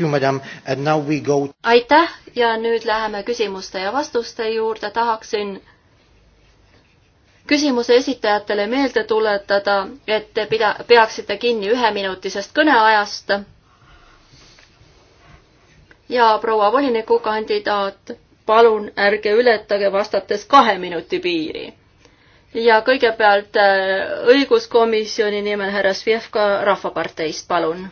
You, aitäh ja nüüd läheme küsimuste ja vastuste juurde, tahaksin küsimuse esitajatele meelde tuletada, et te pida-, peaksite kinni üheminutisest kõneajast. ja proua volinikukandidaat, palun ärge ületage vastates kahe minuti piiri. ja kõigepealt äh, õiguskomisjoni nimel härra Svjevka Rahvaparteist, palun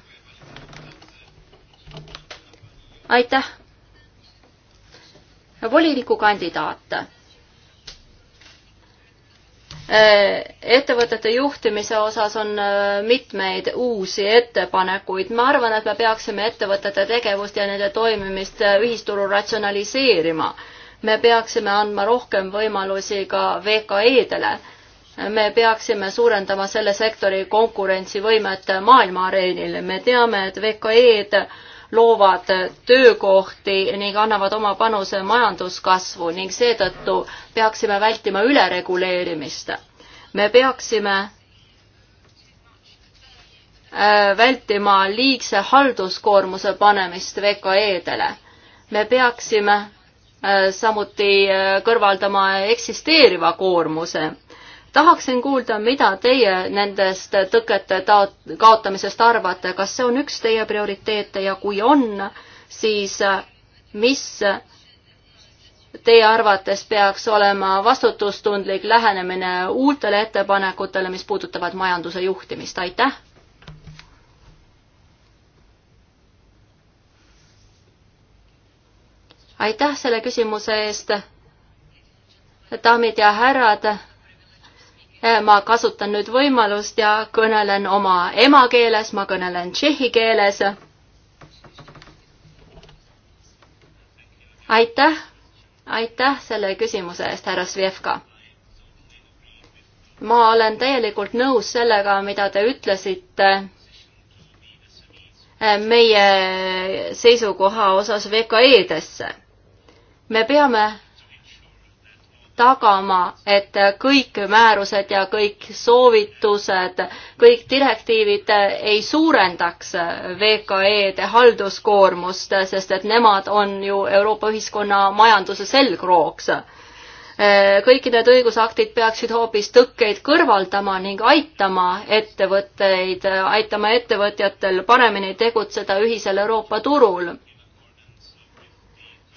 aitäh. volinikukandidaat äh, ettevõtete juhtimise osas on äh, mitmeid uusi ettepanekuid. ma arvan, et me peaksime ettevõtete tegevust ja nende toimimist äh, ühisturu ratsionaliseerima. me peaksime andma rohkem võimalusi ka VKE-dele. me peaksime suurendama selle sektori konkurentsivõimet maailma areenil. me teame, et VKE-d loovad töökohti ning annavad oma panuse majanduskasvu ning seetõttu peaksime vältima ülereguleerimist. me peaksime äh, vältima liigse halduskoormuse panemist VKE-dele. me peaksime äh, samuti äh, kõrvaldama eksisteeriva koormuse tahaksin kuulda, mida teie nendest tõkete taot-, kaotamisest arvate, kas see on üks teie prioriteete ja kui on, siis mis teie arvates peaks olema vastutustundlik lähenemine uutele ettepanekutele, mis puudutavad majanduse juhtimist, aitäh! aitäh selle küsimuse eest, daamid ja härrad Äh, ma kasutan nüüd võimalust ja kõnelen oma emakeeles, ma kõnelen tšehhi keeles. aitäh, aitäh selle küsimuse eest, härra Svjevka. ma olen täielikult nõus sellega, mida te ütlesite äh, meie seisukoha osas VKE-desse. me peame tagama, et kõik määrused ja kõik soovitused, kõik direktiivid ei suurendaks VKE-de halduskoormust, sest et nemad on ju Euroopa ühiskonna majanduse selgrooks. kõik need õigusaktid peaksid hoopis tõkkeid kõrvaldama ning aitama ettevõtteid, aitama ettevõtjatel paremini tegutseda ühisel Euroopa turul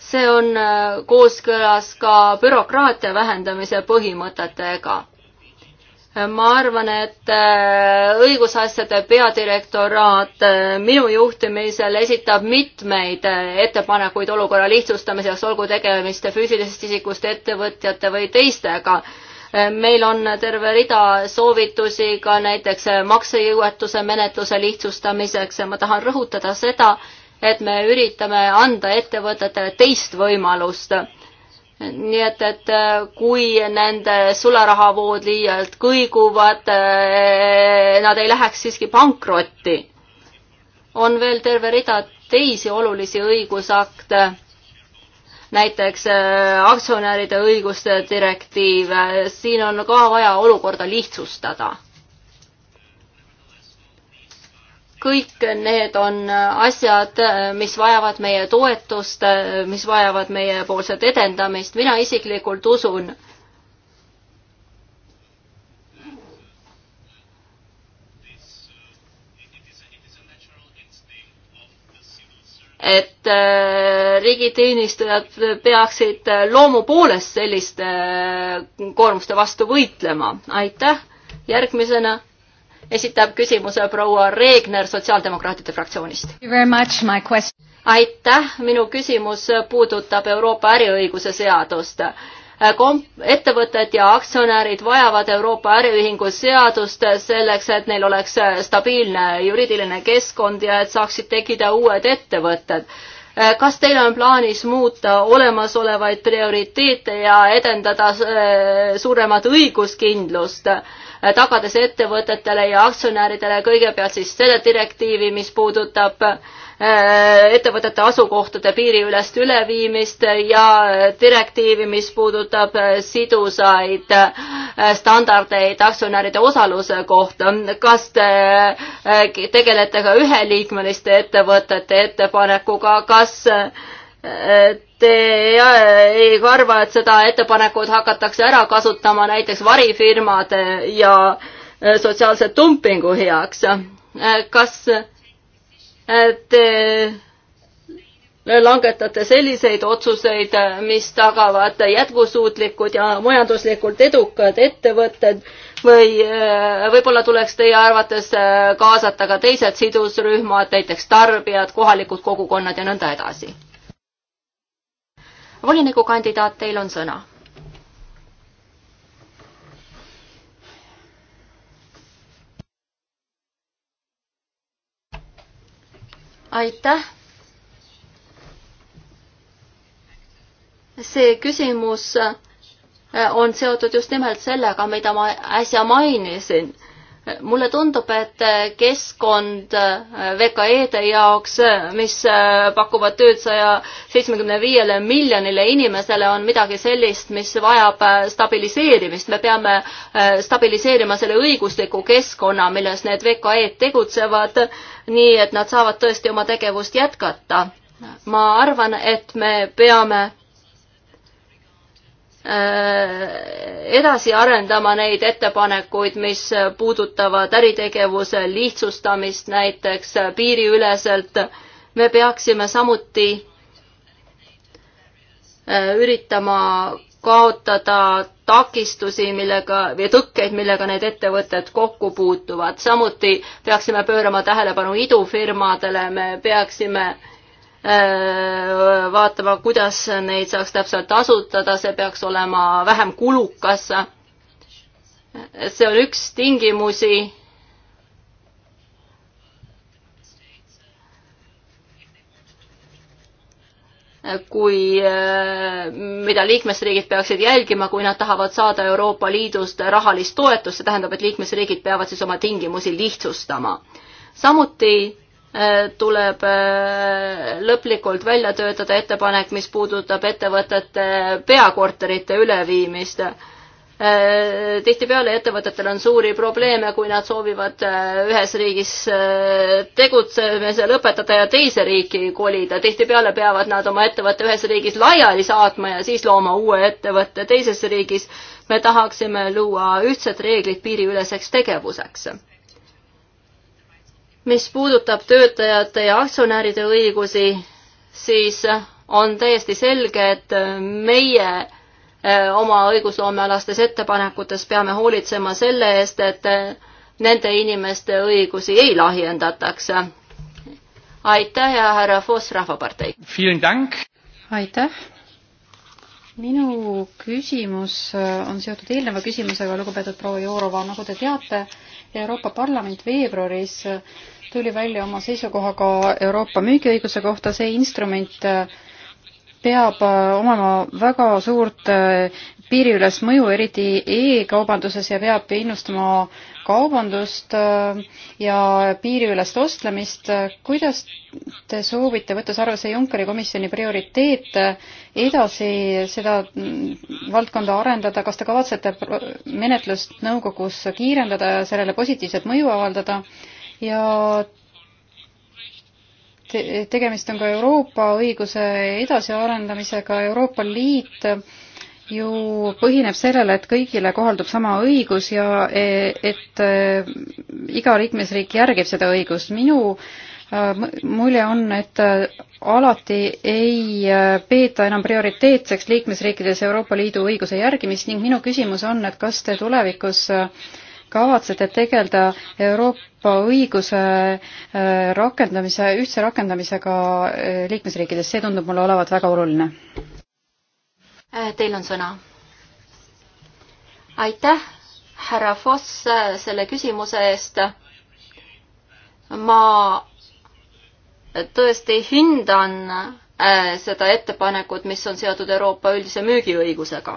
see on äh, kooskõlas ka bürokraatia vähendamise põhimõtetega. Äh, ma arvan, et äh, õigusasjade peadirektoraat minu juhtimisel esitab mitmeid ettepanekuid olukorra lihtsustamiseks, olgu tegemist füüsilisest isikust ettevõtjate või teistega meil on terve rida soovitusi ka näiteks maksejõuetuse menetluse lihtsustamiseks ja ma tahan rõhutada seda, et me üritame anda ettevõtetele teist võimalust nii et, et äh, kui nende sularahavood liialt kõiguvad, äh, nad ei läheks siiski pankrotti. on veel terve rida teisi olulisi õigusakte, näiteks äh, aktsionäride õiguste direktiiv, siin on ka vaja olukorda lihtsustada kõik need on asjad, mis vajavad meie toetust, mis vajavad meiepoolset edendamist, mina isiklikult usun, et äh, riigiteenistujad peaksid loomupoolest selliste äh, koormuste vastu võitlema. aitäh, järgmisena esitab küsimuse proua Reegner Sotsiaaldemokraatide fraktsioonist. aitäh, minu küsimus puudutab Euroopa äriõiguse seadust kom-, ettevõtted ja aktsionärid vajavad Euroopa äriühingu seadust selleks, et neil oleks stabiilne juriidiline keskkond ja et saaksid tekkida uued ettevõtted. kas teil on plaanis muuta olemasolevaid prioriteete ja edendada eh, suuremat õiguskindlust? Äh, tagades ettevõtetele ja aktsionäridele kõigepealt siis selle direktiivi, mis puudutab äh, ettevõtete asukohtade piiriülest üleviimist ja äh, direktiivi, mis puudutab sidusaid standardeid aktsionäride osaluse kohta. kas te tegelete ka üheliikmeliste ettevõtete ettepanekuga, kas te ei arva, et seda ettepanekut hakatakse ära kasutama näiteks varifirmade ja eh, sotsiaalse dumpingu heaks. Eh, kas eh, te langetate selliseid otsuseid, mis tagavad jätkusuutlikud ja majanduslikult edukad ettevõtted või võib-olla tuleks teie arvates kaasata ka teised sidusrühmad, näiteks tarbijad, kohalikud kogukonnad ja nõnda edasi? volinikukandidaat, teil on sõna. aitäh. see küsimus äh, on seotud just nimelt sellega, mida ma äsja mainisin mulle tundub, et keskkond VKE-de jaoks, mis pakuvad tööd saja seitsmekümne viiele miljonile inimesele, on midagi sellist, mis vajab stabiliseerimist. me peame äh, stabiliseerima selle õigusliku keskkonna, milles need VKE-d tegutsevad, nii et nad saavad tõesti oma tegevust jätkata. ma arvan, et me peame Äh, edasi arendama neid ettepanekuid, mis puudutavad äritegevuse lihtsustamist näiteks piiriüleselt. me peaksime samuti äh, üritama kaotada takistusi, millega või tõkkeid, millega need ettevõtted kokku puutuvad. samuti peaksime pöörama tähelepanu idufirmadele, me peaksime äh, Äh, vaatama, kuidas neid saaks täpselt asutada, see peaks olema vähem kulukas. see on üks tingimusi. kui, äh, mida liikmesriigid peaksid jälgima, kui nad tahavad saada Euroopa Liidust rahalist toetust, see tähendab, et liikmesriigid peavad siis oma tingimusi lihtsustama. samuti Äh, tuleb äh, lõplikult välja töötada ettepanek, mis puudutab ettevõtete peakorterite üleviimist. Äh, tihtipeale ettevõtetel on suuri probleeme, kui nad soovivad ühes riigis tegutsemise lõpetada ja teise riiki kolida. tihtipeale peavad nad oma ettevõtte ühes riigis laiali saatma ja siis looma uue ettevõtte teises riigis. me tahaksime luua ühtsed reeglid piiriüleseks tegevuseks mis puudutab töötajate ja aktsionäride õigusi, siis on täiesti selge, et meie eh, oma õigusloomealastes ettepanekutes peame hoolitsema selle eest, et nende inimeste õigusi ei lahjendataks. aitäh ja härra Foss Rahvapartei! aitäh! minu küsimus eh, on seotud eelneva küsimusega, lugupeetud proua Jourova, nagu te teate, Euroopa Parlament veebruaris eh, tuli välja oma seisukohaga Euroopa müügiõiguse kohta, see instrument äh, peab äh, omama väga suurt äh, piiriüles mõju, eriti e-kaubanduses ja peab innustama kaubandust ja piiriülest ostlemist. kuidas te soovite, võttes arvesse Junckeri komisjoni prioriteete, edasi seda mm, valdkonda arendada, kas te kavatsete menetlust nõukogus kiirendada ja sellele positiivset mõju avaldada? ja te tegemist on ka Euroopa õiguse edasiarendamisega, Euroopa Liit ju põhineb sellele, et kõigile kohaldub sama õigus ja e-, et e, iga liikmesriik järgib seda õigust. minu äh, mulje on, et äh, alati ei äh, peeta enam prioriteetseks liikmesriikides Euroopa Liidu õiguse järgimist ning minu küsimus on, et kas te tulevikus äh, kavatsete tegeleda Euroopa õiguse äh, rakendamise, ühtse rakendamisega äh, liikmesriikides, see tundub mulle olevat väga oluline. Äh, teil on sõna. aitäh, härra Foss, selle küsimuse eest. ma tõesti hindan seda ettepanekut, mis on seotud Euroopa üldise müügiõigusega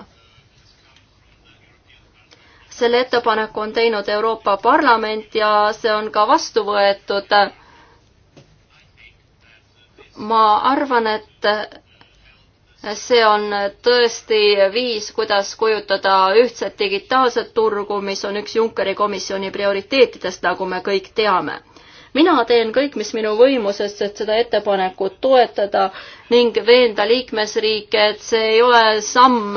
selle ettepaneku on teinud Euroopa Parlament ja see on ka vastu võetud. ma arvan, et see on tõesti viis, kuidas kujutada ühtset digitaalset turgu, mis on üks Junckeri komisjoni prioriteetidest, nagu me kõik teame mina teen kõik, mis minu võimuses, et seda ettepanekut toetada ning veenda liikmesriike, et see ei ole samm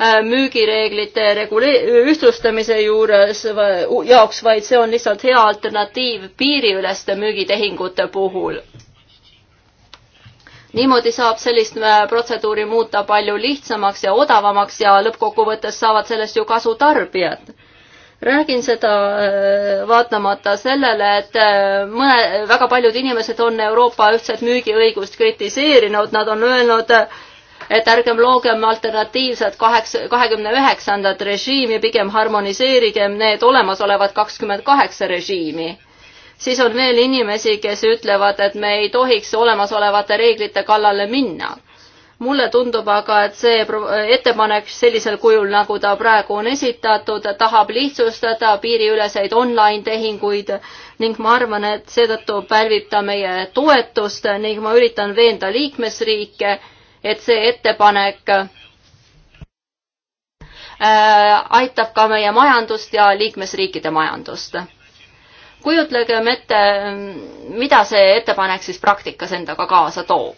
Äh, müügireeglite regulee-, ühtlustamise juures jaoks, vaid see on lihtsalt hea alternatiiv piiriüleste müügitehingute puhul. niimoodi saab sellist äh, protseduuri muuta palju lihtsamaks ja odavamaks ja lõppkokkuvõttes saavad sellest ju kasu tarbijad räägin seda äh, vaatamata sellele, et mõne, väga paljud inimesed on Euroopa ühtset müügiõigust kritiseerinud, nad on öelnud äh, et ärgem loogem alternatiivset kaheksa, kahekümne üheksandat režiimi, pigem harmoniseerigem need olemasolevad kakskümmend kaheksa režiimi. siis on veel inimesi, kes ütlevad, et me ei tohiks olemasolevate reeglite kallale minna. mulle tundub aga, et see ettepanek sellisel kujul, nagu ta praegu on esitatud, tahab lihtsustada piiriüleseid online tehinguid ning ma arvan, et seetõttu pälvib ta meie toetust ning ma üritan veenda liikmesriike et see ettepanek äh, aitab ka meie majandust ja liikmesriikide majandust. kujutlegem ette, mida see ettepanek siis praktikas endaga kaasa toob.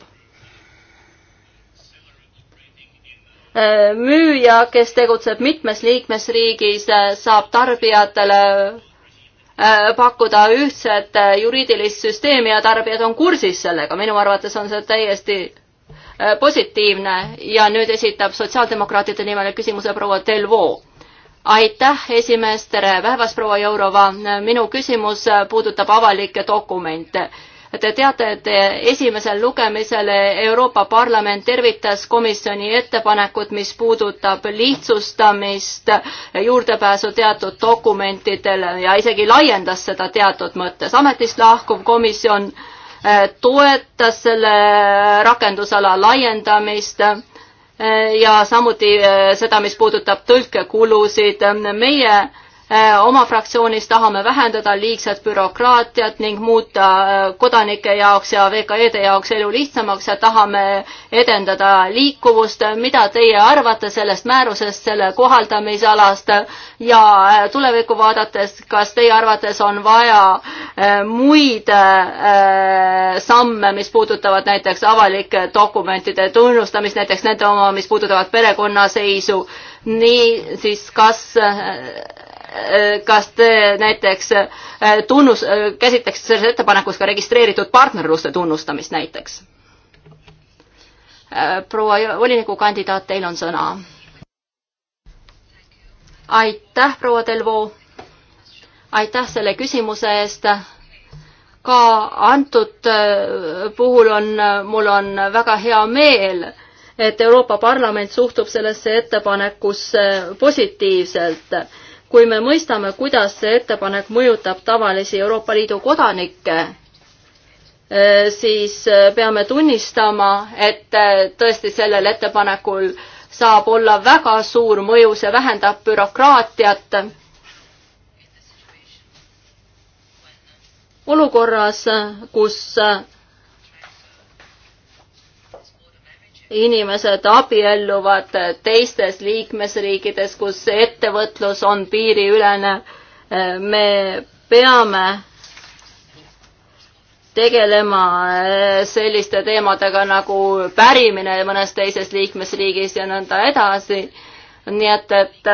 Äh, müüja, kes tegutseb mitmes liikmesriigis, saab tarbijatele äh, pakkuda ühtset juriidilist süsteemi ja tarbijad on kursis sellega, minu arvates on see täiesti Äh, positiivne ja nüüd esitab sotsiaaldemokraatide nimel küsimuse proua Delvaux. aitäh, esimees, tere päevast, proua Jourova. minu küsimus puudutab avalikke dokumente Te teate, et esimesel lugemisel Euroopa Parlament tervitas komisjoni ettepanekut, mis puudutab lihtsustamist juurdepääsu teatud dokumentidele ja isegi laiendas seda teatud mõttes. ametist lahkuv komisjon äh, Äh, toetas selle rakendusala laiendamist äh, ja samuti äh, seda, mis puudutab tõlkekulusid. meie Äh, oma fraktsioonis tahame vähendada liigset bürokraatiat ning muuta äh, kodanike jaoks ja VKE-de jaoks elu lihtsamaks ja tahame edendada liikuvust. mida teie arvate sellest määrusest, selle kohaldamisalast ja äh, tulevikku vaadates, kas teie arvates on vaja muid samme, mis puudutavad näiteks avalike dokumentide tunnustamist, näiteks nende oma, mis puudutavad perekonnaseisu, nii siis kas Äh, kas te näiteks äh, tunnus, äh, käsitleks selles ettepanekus ka registreeritud partnerluste tunnustamist näiteks? proua volinikukandidaat, teil on sõna. aitäh, proua Delvo. aitäh selle küsimuse eest ka antud puhul on, mul on väga hea meel, et Euroopa Parlament suhtub sellesse ettepanekusse positiivselt kui me mõistame, kuidas see ettepanek mõjutab tavalisi Euroopa Liidu kodanikke, eh, siis eh, peame tunnistama, et eh, tõesti sellel ettepanekul saab olla väga suur mõju, see vähendab bürokraatiat. olukorras, kus inimesed abielluvad teistes liikmesriikides, kus ettevõtlus on piiriülene. me peame tegelema eh, selliste teemadega nagu pärimine mõnes teises liikmesriigis ja nõnda edasi. nii et, et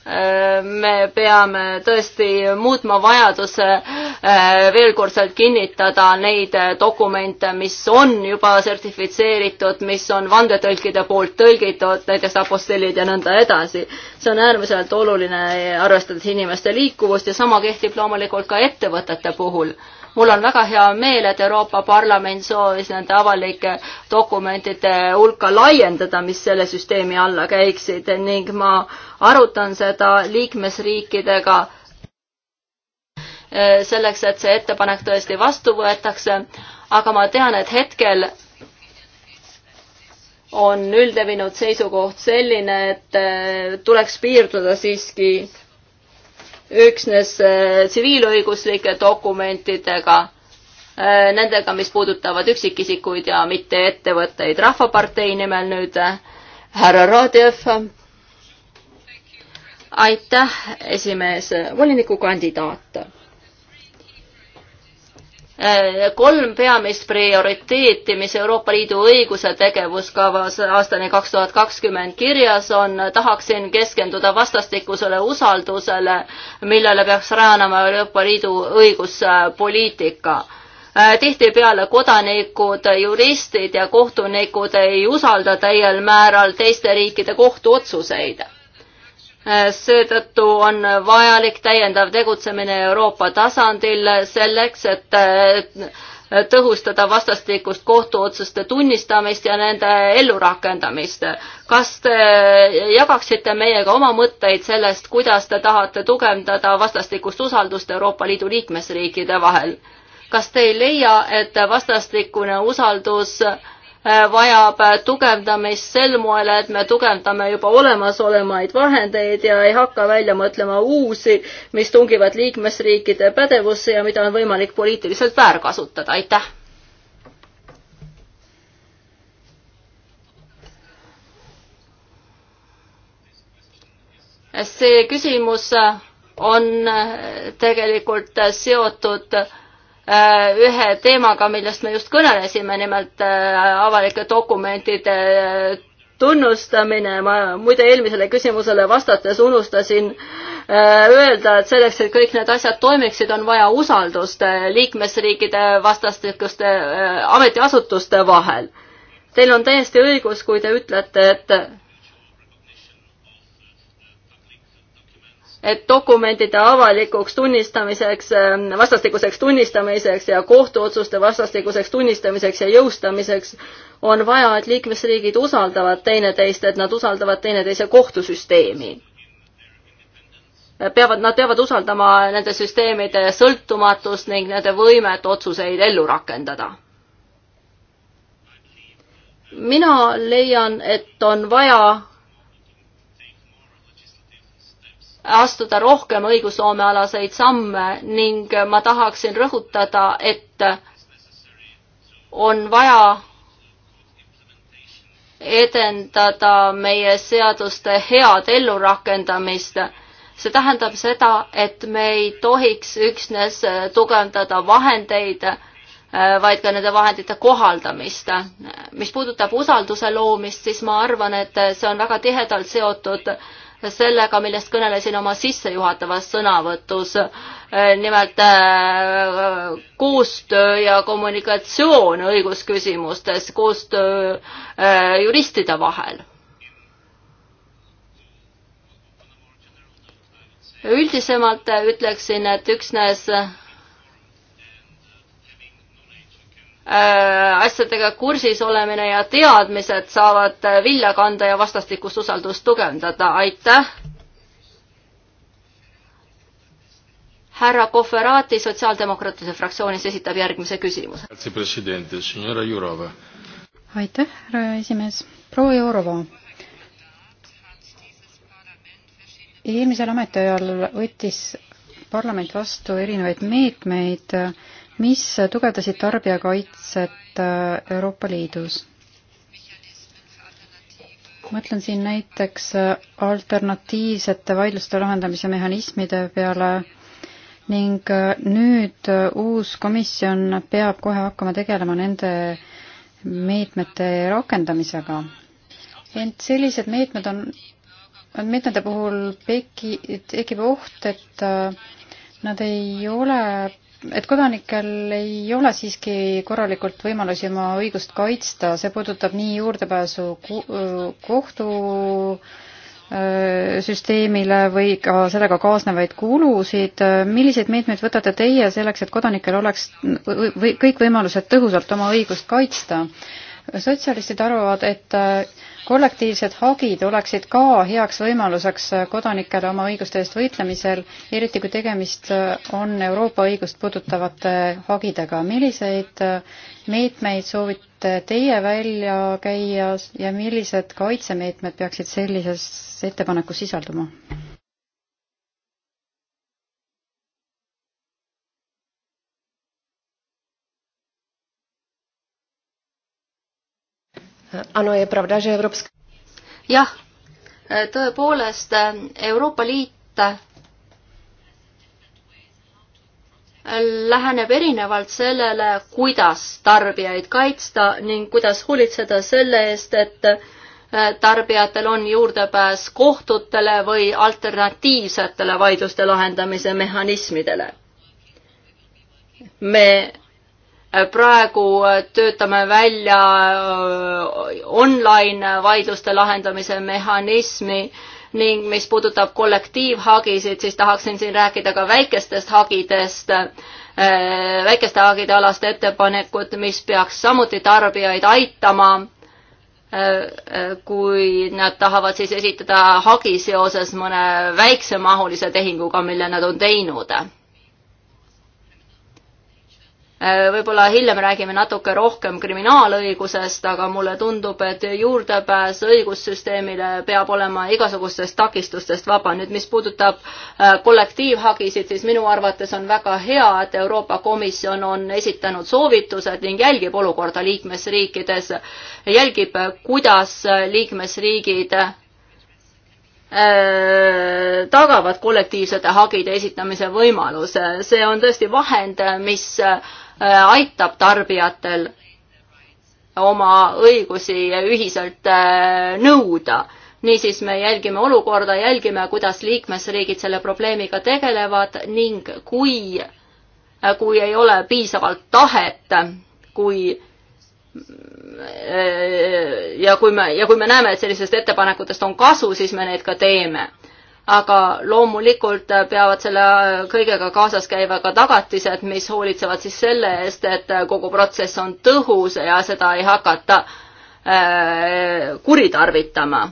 Äh, me peame tõesti muutma vajaduse äh, veelkordselt kinnitada neid äh, dokumente, mis on juba sertifitseeritud, mis on vandetõlkide poolt tõlgitud, näiteks apostillid ja nõnda edasi. see on äärmiselt oluline, eh, arvestades inimeste liikuvust ja sama kehtib loomulikult ka ettevõtete puhul mul on väga hea meel, et Euroopa Parlament soovis nende avalike dokumentide hulka laiendada, mis selle süsteemi alla käiksid ning ma arutan seda liikmesriikidega eh, selleks, et see ettepanek tõesti vastu võetakse, aga ma tean, et hetkel on üldlevinud seisukoht selline, et eh, tuleks piirduda siiski üksnes eh, tsiviilõiguslike dokumentidega, nendega, mis puudutavad üksikisikuid ja mitte ettevõtteid. rahvapartei nimel nüüd härra Radjev aitäh, esimees, volinikukandidaat äh, kolm peamist prioriteeti, mis Euroopa Liidu õiguse tegevuskavas aastani kaks tuhat kakskümmend kirjas on, tahaksin keskenduda vastastikusele usaldusele, millele peaks rajanema Euroopa Liidu õiguspoliitika äh, tihtipeale kodanikud, juristid ja kohtunikud ei usalda täiel määral teiste riikide kohtuotsuseid Äh, seetõttu on vajalik täiendav tegutsemine Euroopa tasandil selleks, et äh, tõhustada vastastikust kohtuotsuste tunnistamist ja nende ellurakendamist. kas te jagaksite meiega oma mõtteid sellest, kuidas te tahate tugevdada vastastikust usaldust Euroopa Liidu liikmesriikide vahel? kas te ei leia, et vastastikune usaldus äh, Äh, vajab tugevdamist sel moel, et me tugevdame juba olemasolevaid vahendeid ja ei hakka välja mõtlema uusi, mis tungivad liikmesriikide pädevusse ja mida on võimalik poliitiliselt väärkasutada, aitäh! see küsimus on tegelikult seotud Äh, ühe teemaga, millest me just kõnelesime, nimelt äh, avalike dokumentide äh, tunnustamine, ma muide eelmisele küsimusele vastates unustasin öelda, et selleks, et kõik need asjad toimiksid, on vaja usaldust liikmesriikide vastastikuste ametiasutuste vahel. Teil on täiesti õigus, kui te ütlete, et et dokumentide avalikuks tunnistamiseks, ähm, vastastikuseks tunnistamiseks ja kohtuotsuste vastastikuseks tunnistamiseks ja jõustamiseks on vaja, et liikmesriigid usaldavad teineteist, et nad usaldavad teineteise kohtusüsteemi. peavad, nad peavad usaldama nende süsteemide sõltumatust ning nende võimet otsuseid ellu rakendada mina leian, et on vaja astuda rohkem õigusloomealaseid samme ning ma tahaksin rõhutada, et on vaja edendada meie seaduste head ellurakendamist. see tähendab seda, et me ei tohiks üksnes tugevdada vahendeid, vaid ka nende vahendite kohaldamist. mis puudutab usalduse loomist, siis ma arvan, et see on väga tihedalt seotud äh, sellega, millest kõnelesin oma sissejuhatavas sõnavõtus. nimelt äh, koostöö ja kommunikatsioon õigusküsimustes, koostöö äh, juristide vahel. üldisemalt ütleksin, et üksnes Äh, asjadega kursis olemine ja teadmised saavad äh, vilja kanda ja vastastikust usaldust tugevdada. aitäh! härra Kohverati Sotsiaaldemokraatide fraktsioonis esitab järgmise küsimuse. aitäh, härra esimees. proua Jourova. eelmisel ametiajal võttis parlament vastu erinevaid meetmeid meet, mis tugevdasid tarbijakaitset äh, Euroopa Liidus. mõtlen siin näiteks äh, alternatiivsete vaidluste lahendamise mehhanismide peale ning äh, nüüd uus komisjon peab kohe hakkama tegelema nende meetmete rakendamisega. ent sellised meetmed on, meetmete puhul teki-, tekib oht, et nad ei ole et kodanikel ei ole siiski korralikult võimalusi oma õigust kaitsta, see puudutab nii juurdepääsu kohtusüsteemile äh, või ka sellega kaasnevaid kulusid. milliseid meetmeid võtate teie selleks, et kodanikel oleks kõik võimalused tõhusalt oma õigust kaitsta? sotsialistid arvavad, et äh, kollektiivsed hagid oleksid ka heaks võimaluseks äh, kodanikele oma õiguste eest võitlemisel, eriti kui tegemist äh, on Euroopa õigust puudutavate hagidega. milliseid meetmeid soovite teie välja käia ja millised kaitsemeetmed peaksid sellises ettepanekus sisalduma? jah, tõepoolest Euroopa Liit läheneb erinevalt sellele, kuidas tarbijaid kaitsta ning kuidas hoolitseda selle eest, et äh, tarbijatel on juurdepääs kohtutele või alternatiivsetele vaidluste lahendamise mehhanismidele. me praegu töötame välja äh, online vaidluste lahendamise mehhanismi ning mis puudutab kollektiivhagisid, siis tahaksin siin rääkida ka väikestest hagidest, äh, väikeste hagide alast ettepanekut, mis peaks samuti tarbijaid aitama, äh, kui nad tahavad siis esitada hagi seoses mõne väiksemahulise tehinguga, mille nad on teinud Äh, võib-olla hiljem räägime natuke rohkem kriminaalõigusest, aga mulle tundub, et juurdepääs õigussüsteemile peab olema igasugustest takistustest vaba. nüüd, mis puudutab äh, kollektiivhagisid, siis minu arvates on väga hea, et Euroopa Komisjon on esitanud soovitused ning jälgib olukorda liikmesriikides, jälgib, kuidas liikmesriigid äh, tagavad kollektiivsete hagide esitamise võimaluse. see on tõesti vahend, mis Äh, aitab tarbijatel oma õigusi ühiselt äh, nõuda. niisiis me jälgime olukorda, jälgime, kuidas liikmesriigid selle probleemiga tegelevad ning kui, äh, kui ei ole piisavalt tahet, kui ja kui me, ja kui me näeme, et sellisest ettepanekutest on kasu, siis me need ka teeme aga loomulikult peavad selle kõigega kaasas käima ka tagatised, mis hoolitsevad siis selle eest, et kogu protsess on tõhus ja seda ei hakata äh, kuritarvitama.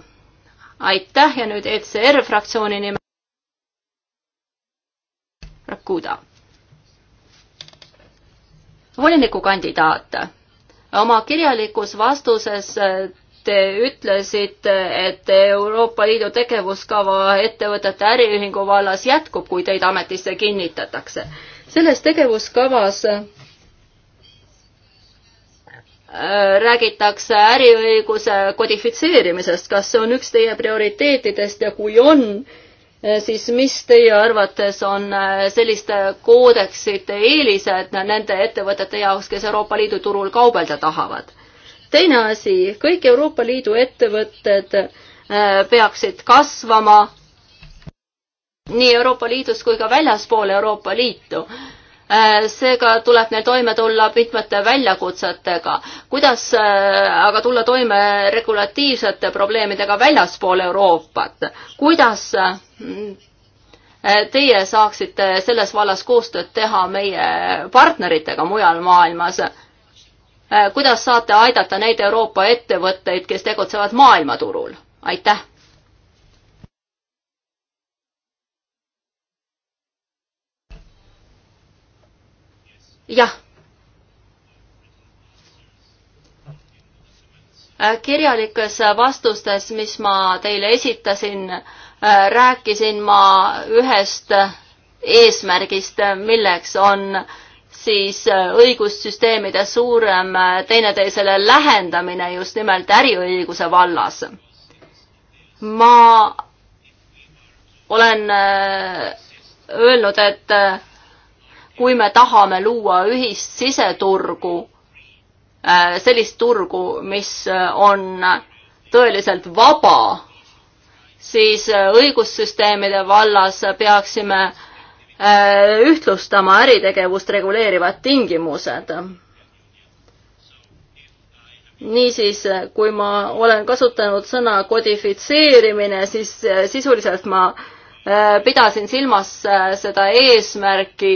aitäh ja nüüd ECR fraktsiooni nimel. Rakuda. volinikukandidaat oma kirjalikus vastuses äh, Te ütlesite, et Euroopa Liidu tegevuskava ettevõtete äriühingu vallas jätkub, kui teid ametisse kinnitatakse. selles tegevuskavas äh, räägitakse äriõiguse kodifitseerimisest, kas see on üks teie prioriteetidest ja kui on, äh, siis mis teie arvates on äh, selliste koodeksite eelised nende ettevõtete jaoks, kes Euroopa Liidu turul kaubelda tahavad? teine asi, kõik Euroopa Liidu ettevõtted äh, peaksid kasvama nii Euroopa Liidus kui ka väljaspool Euroopa Liitu äh, seega tuleb neil toime tulla mitmete väljakutsetega. kuidas äh, aga tulla toime regulatiivsete probleemidega väljaspool Euroopat? kuidas teie saaksite selles vallas koostööd teha meie partneritega mujal maailmas? Äh, kuidas saate aidata neid Euroopa ettevõtteid, kes tegutsevad maailmaturul? aitäh! jah. Äh, kirjalikes vastustes, mis ma teile esitasin, äh, rääkisin ma ühest eesmärgist, milleks on äh, siis äh, õigussüsteemide suurem äh, teineteisele lähendamine just nimelt äriõiguse vallas. ma olen äh, öelnud, et kui me tahame luua ühist siseturgu, sellist turgu, mis on tõeliselt vaba, siis õigussüsteemide vallas peaksime Äh, ühtlustama äritegevust reguleerivad tingimused. niisiis, kui ma olen kasutanud sõna kodifitseerimine, siis äh, sisuliselt ma äh, pidasin silmas seda eesmärki,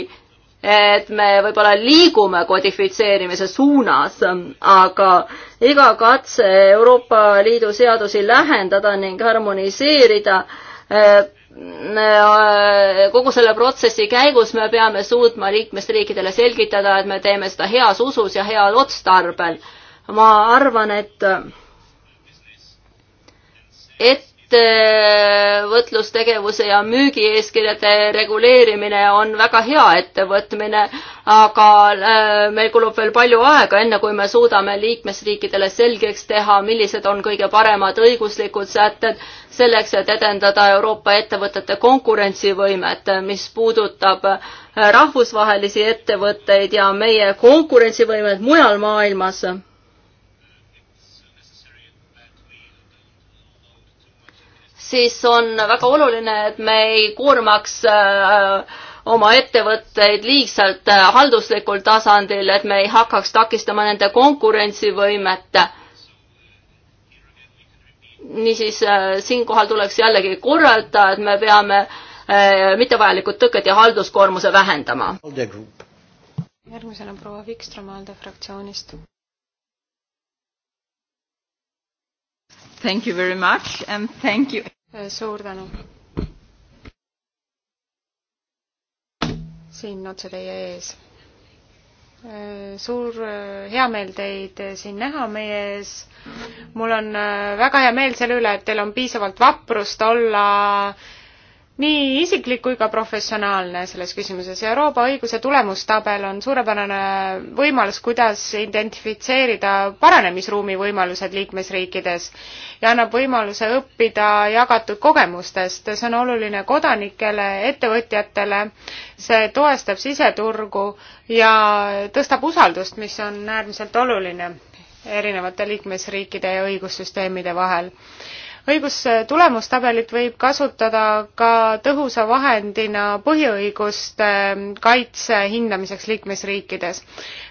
et me võib-olla liigume kodifitseerimise suunas, aga iga katse Euroopa Liidu seadusi lähendada ning harmoniseerida Äh, kogu selle protsessi käigus me peame suutma liikmesriikidele selgitada, et me teeme seda heas usus ja heal otstarbel. ma arvan, et et ettevõtlustegevuse äh, ja müügieeskirjade reguleerimine on väga hea ettevõtmine, aga äh, meil kulub veel palju aega, enne kui me suudame liikmesriikidele selgeks teha, millised on kõige paremad õiguslikud sätted selleks, et edendada Euroopa ettevõtete konkurentsivõimet, mis puudutab äh, rahvusvahelisi ettevõtteid ja meie konkurentsivõimet mujal maailmas siis on väga oluline, et me ei koormaks äh, oma ettevõtteid liigselt äh, halduslikul tasandil, et me ei hakkaks takistama nende konkurentsivõimet. niisiis äh, siinkohal tuleks jällegi korrata, et me peame mittevajalikud tõkked ja halduskoormuse vähendama. järgmisena proua Vikström ALDE fraktsioonist. Thank you very much and thank you. Äh, suur tänu. siin otse teie ees. Äh, suur äh, heameel teid siin näha meie ees. mul on väga hea meel selle üle, et teil on piisavalt vaprust olla äh, nii isiklik kui ka professionaalne selles küsimuses. Euroopa õiguse tulemustabel on suurepärane võimalus, kuidas identifitseerida paranemisruumi võimalused liikmesriikides ja annab võimaluse õppida jagatud kogemustest. see on oluline kodanikele, ettevõtjatele, see toestab siseturgu ja tõstab usaldust, mis on äärmiselt oluline erinevate liikmesriikide ja õigussüsteemide vahel õigustulemustabelit võib kasutada ka tõhusa vahendina põhiõiguste kaitse hindamiseks liikmesriikides.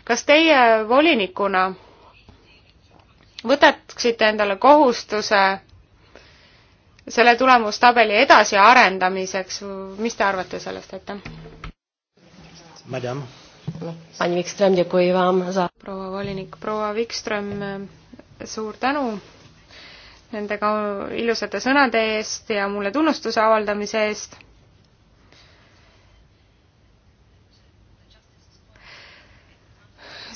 kas teie volinikuna võtaksite endale kohustuse selle tulemustabeli edasiarendamiseks, mis te arvate sellest, aitäh? Madame. Pani Wikström, proua volinik, proua Wikström, suur tänu nende ka ilusate sõnade eest ja mulle tunnustuse avaldamise eest.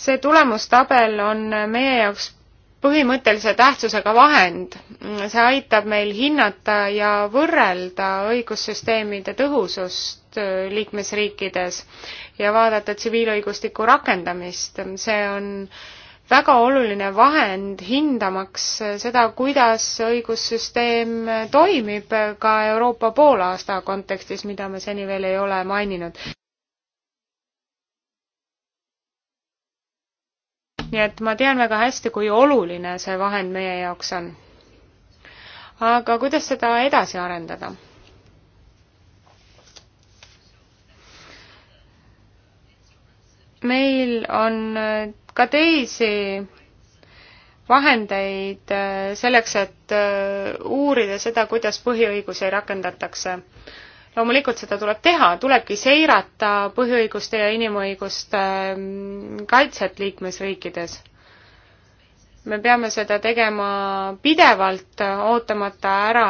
see tulemustabel on meie jaoks põhimõttelise tähtsusega vahend. see aitab meil hinnata ja võrrelda õigussüsteemide tõhusust liikmesriikides ja vaadata tsiviilõigustiku rakendamist. see on äh, väga oluline vahend hindamaks seda, kuidas õigussüsteem toimib ka Euroopa poolaasta kontekstis, mida me seni veel ei ole maininud. nii et ma tean väga hästi, kui oluline see vahend meie jaoks on. aga kuidas seda edasi arendada? meil on äh, ka teisi vahendeid äh, selleks, et äh, uurida seda, kuidas põhiõigusi rakendatakse. loomulikult seda tuleb teha, tulebki seirata põhiõiguste ja inimõiguste mm, kaitset liikmesriikides. me peame seda tegema pidevalt, ootamata ära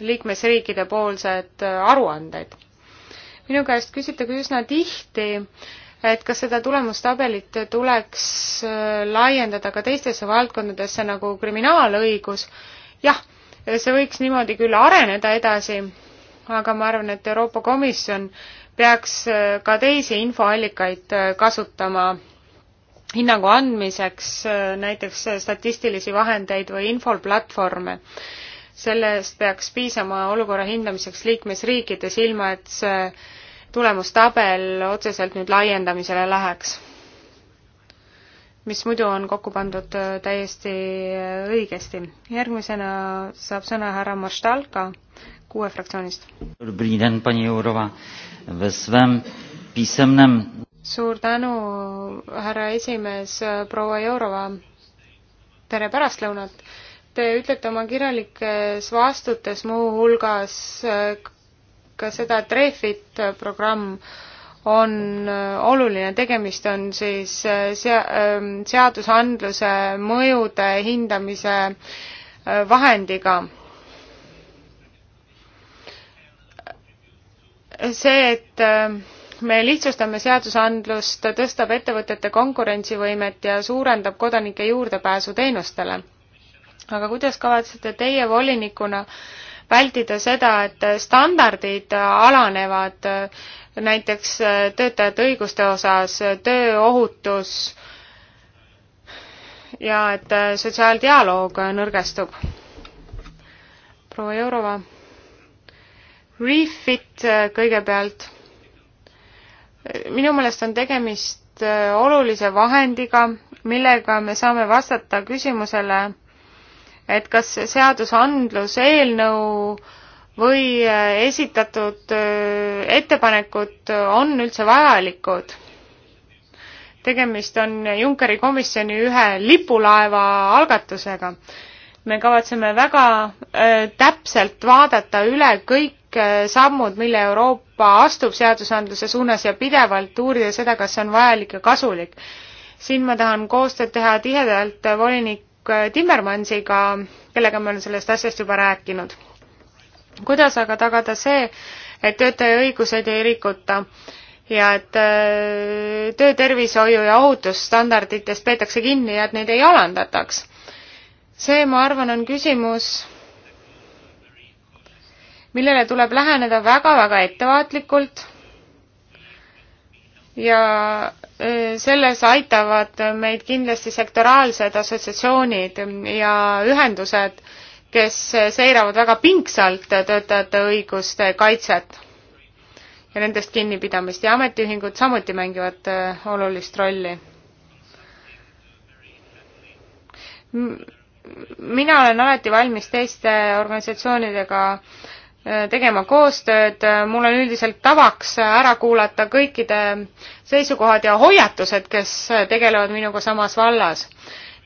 liikmesriikide poolsed aruanded. minu käest küsitakse üsna tihti, et kas seda tulemustabelit tuleks äh, laiendada ka teistesse valdkondadesse nagu kriminaalõigus. jah, see võiks niimoodi küll areneda edasi, aga ma arvan, et Euroopa Komisjon peaks äh, ka teisi infoallikaid äh, kasutama hinnangu andmiseks, näiteks statistilisi vahendeid või infoplatvorme sellest peaks piisama olukorra hindamiseks liikmesriikides, ilma et see tulemustabel otseselt nüüd laiendamisele läheks. mis muidu on kokku pandud äh, täiesti äh, õigesti. järgmisena saab sõna härra Maštalka kuue fraktsioonist. suur tänu, härra esimees, äh, proua Jourova. tere pärastlõunat Te ütlete oma kirjalikes vastutes muuhulgas ka seda, et Refit programm on äh, oluline, tegemist on siis äh, sea-, ähm, seadusandluse mõjude hindamise äh, vahendiga. see, et me lihtsustame seadusandlust, tõstab ettevõtete konkurentsivõimet ja suurendab kodanike juurdepääsu teenustele. aga kuidas kavatsete teie volinikuna äh, vältida seda, et standardid alanevad äh, näiteks äh, töötajate õiguste osas, äh, tööohutus ja et sotsiaaldialoog nõrgestub. proua Jourova. Refit kõigepealt. minu meelest on tegemist olulise vahendiga, millega me saame vastata küsimusele, et kas seadusandlus, eelnõu või äh, esitatud äh, ettepanekud on üldse vajalikud. tegemist on Junckeri komisjoni ühe lipulaeva algatusega. me kavatseme väga äh, täpselt vaadata üle kõik sammud, mille Euroopa astub seadusandluse suunas ja pidevalt uurida seda, kas see on vajalik ja kasulik. siin ma tahan koostööd teha tihedalt volinik Timmermansiga, kellega me oleme sellest asjast juba rääkinud. kuidas aga tagada see, et töötaja õiguseid ei rikuta ja et äh, töötervishoiu ja ohutusstandarditest peetakse kinni ja et neid ei alandataks? see, ma arvan, on küsimus, millele tuleb läheneda väga-väga ettevaatlikult ja e, selles aitavad meid kindlasti sektoraalsed assotsiatsioonid ja ühendused, kes seiravad väga pingsalt töötajate õiguste kaitset ja nendest kinnipidamist ja ametiühingud samuti mängivad e, olulist rolli. mina olen alati valmis teiste organisatsioonidega äh, Äh, tegema koostööd, mul on üldiselt tavaks ära kuulata kõikide seisukohad ja hoiatused, kes tegelevad minuga samas vallas.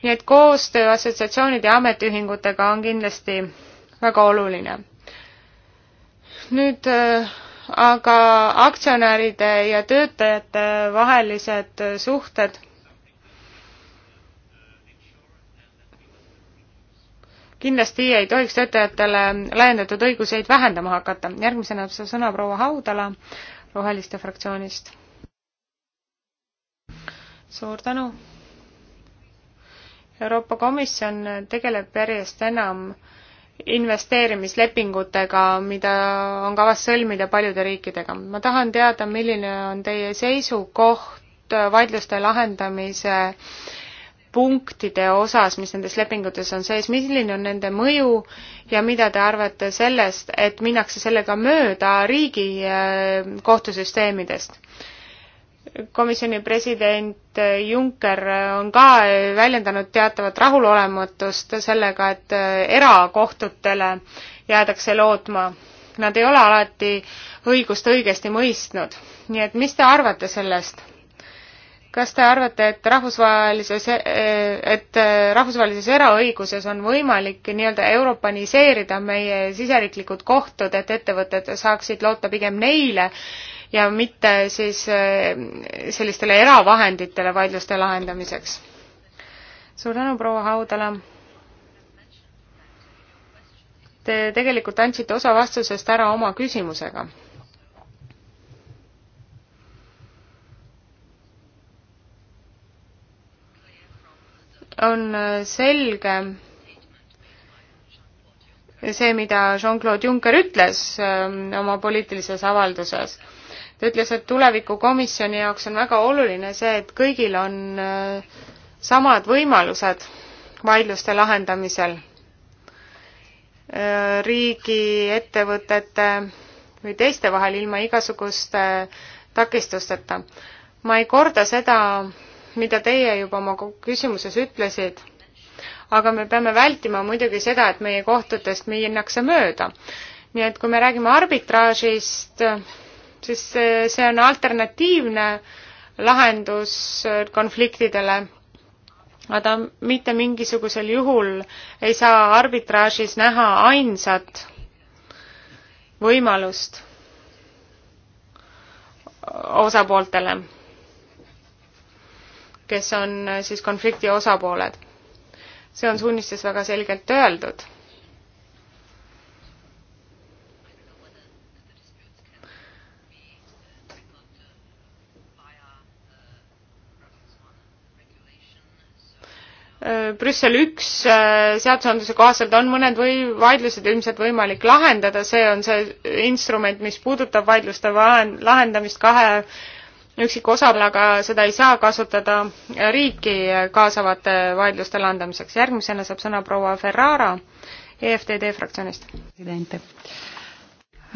nii et koostöö assotsiatsioonide ja ametiühingutega on kindlasti väga oluline. nüüd äh, aga aktsionäride ja töötajate vahelised suhted kindlasti ei tohiks töötajatele laiendatud õiguseid vähendama hakata. järgmisena saab sõna proua Haudala Roheliste fraktsioonist. suur tänu. Euroopa Komisjon tegeleb järjest enam investeerimislepingutega, mida on kavas sõlmida paljude riikidega. ma tahan teada, milline on teie seisukoht vaidluste lahendamise äh, punktide osas, mis nendes lepingutes on sees, milline on nende mõju ja mida te arvate sellest, et minnakse sellega mööda riigi äh, kohtusüsteemidest? komisjoni president äh, Juncker äh, on ka väljendanud teatavat rahulolematust sellega, et erakohtutele jäädakse lootma. Nad ei ole alati õigust õigesti mõistnud. nii et mis te arvate sellest? kas te arvate, et rahvusvahelises, et rahvusvahelises eraõiguses on võimalik nii-öelda europaniseerida meie siseriiklikud kohtud, et ettevõtted saaksid loota pigem neile ja mitte siis eh, sellistele eravahenditele vaidluste lahendamiseks? suur tänu, proua Haudala. Te tegelikult andsite osa vastusest ära oma küsimusega on selge see, mida Jean-Claude Juncker ütles ähm, oma poliitilises avalduses. ta ütles, et tulevikukomisjoni jaoks on väga oluline see, et kõigil on äh, samad võimalused vaidluste lahendamisel äh, riigi, ettevõtete või teiste vahel ilma igasuguste takistusteta. ma ei korda seda, mida teie juba oma küsimuses ütlesid, aga me peame vältima muidugi seda, et meie kohtutest minnakse mööda. nii et kui me räägime arbitraažist, siis see on alternatiivne lahendus konfliktidele aga mitte mingisugusel juhul ei saa arbitraažis näha ainsat võimalust osapooltele kes on äh, siis konflikti osapooled. see on suunistes väga selgelt öeldud. Äh, Brüssel üks äh, seadusandluse kohaselt on mõned või vaidlused ilmselt võimalik lahendada, see on see instrument, mis puudutab vaidluste lahendamist kahe üksikosal, aga seda ei saa kasutada riiki kaasavate vaidluste lahendamiseks. järgmisena saab sõna proua Ferrara EFTD fraktsioonist.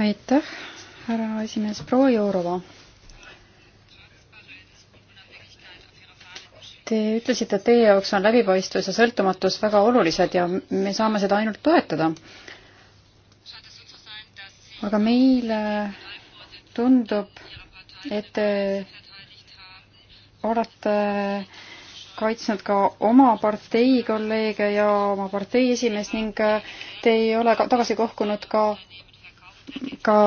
aitäh, härra esimees, proua Jourova. Te ütlesite, et teie jaoks on läbipaistvus ja sõltumatus väga olulised ja me saame seda ainult toetada. aga meile tundub, et te äh, olete kaitsnud ka oma partei kolleege ja oma partei esimeest ning äh, te ei ole ka tagasi kohkunud ka ka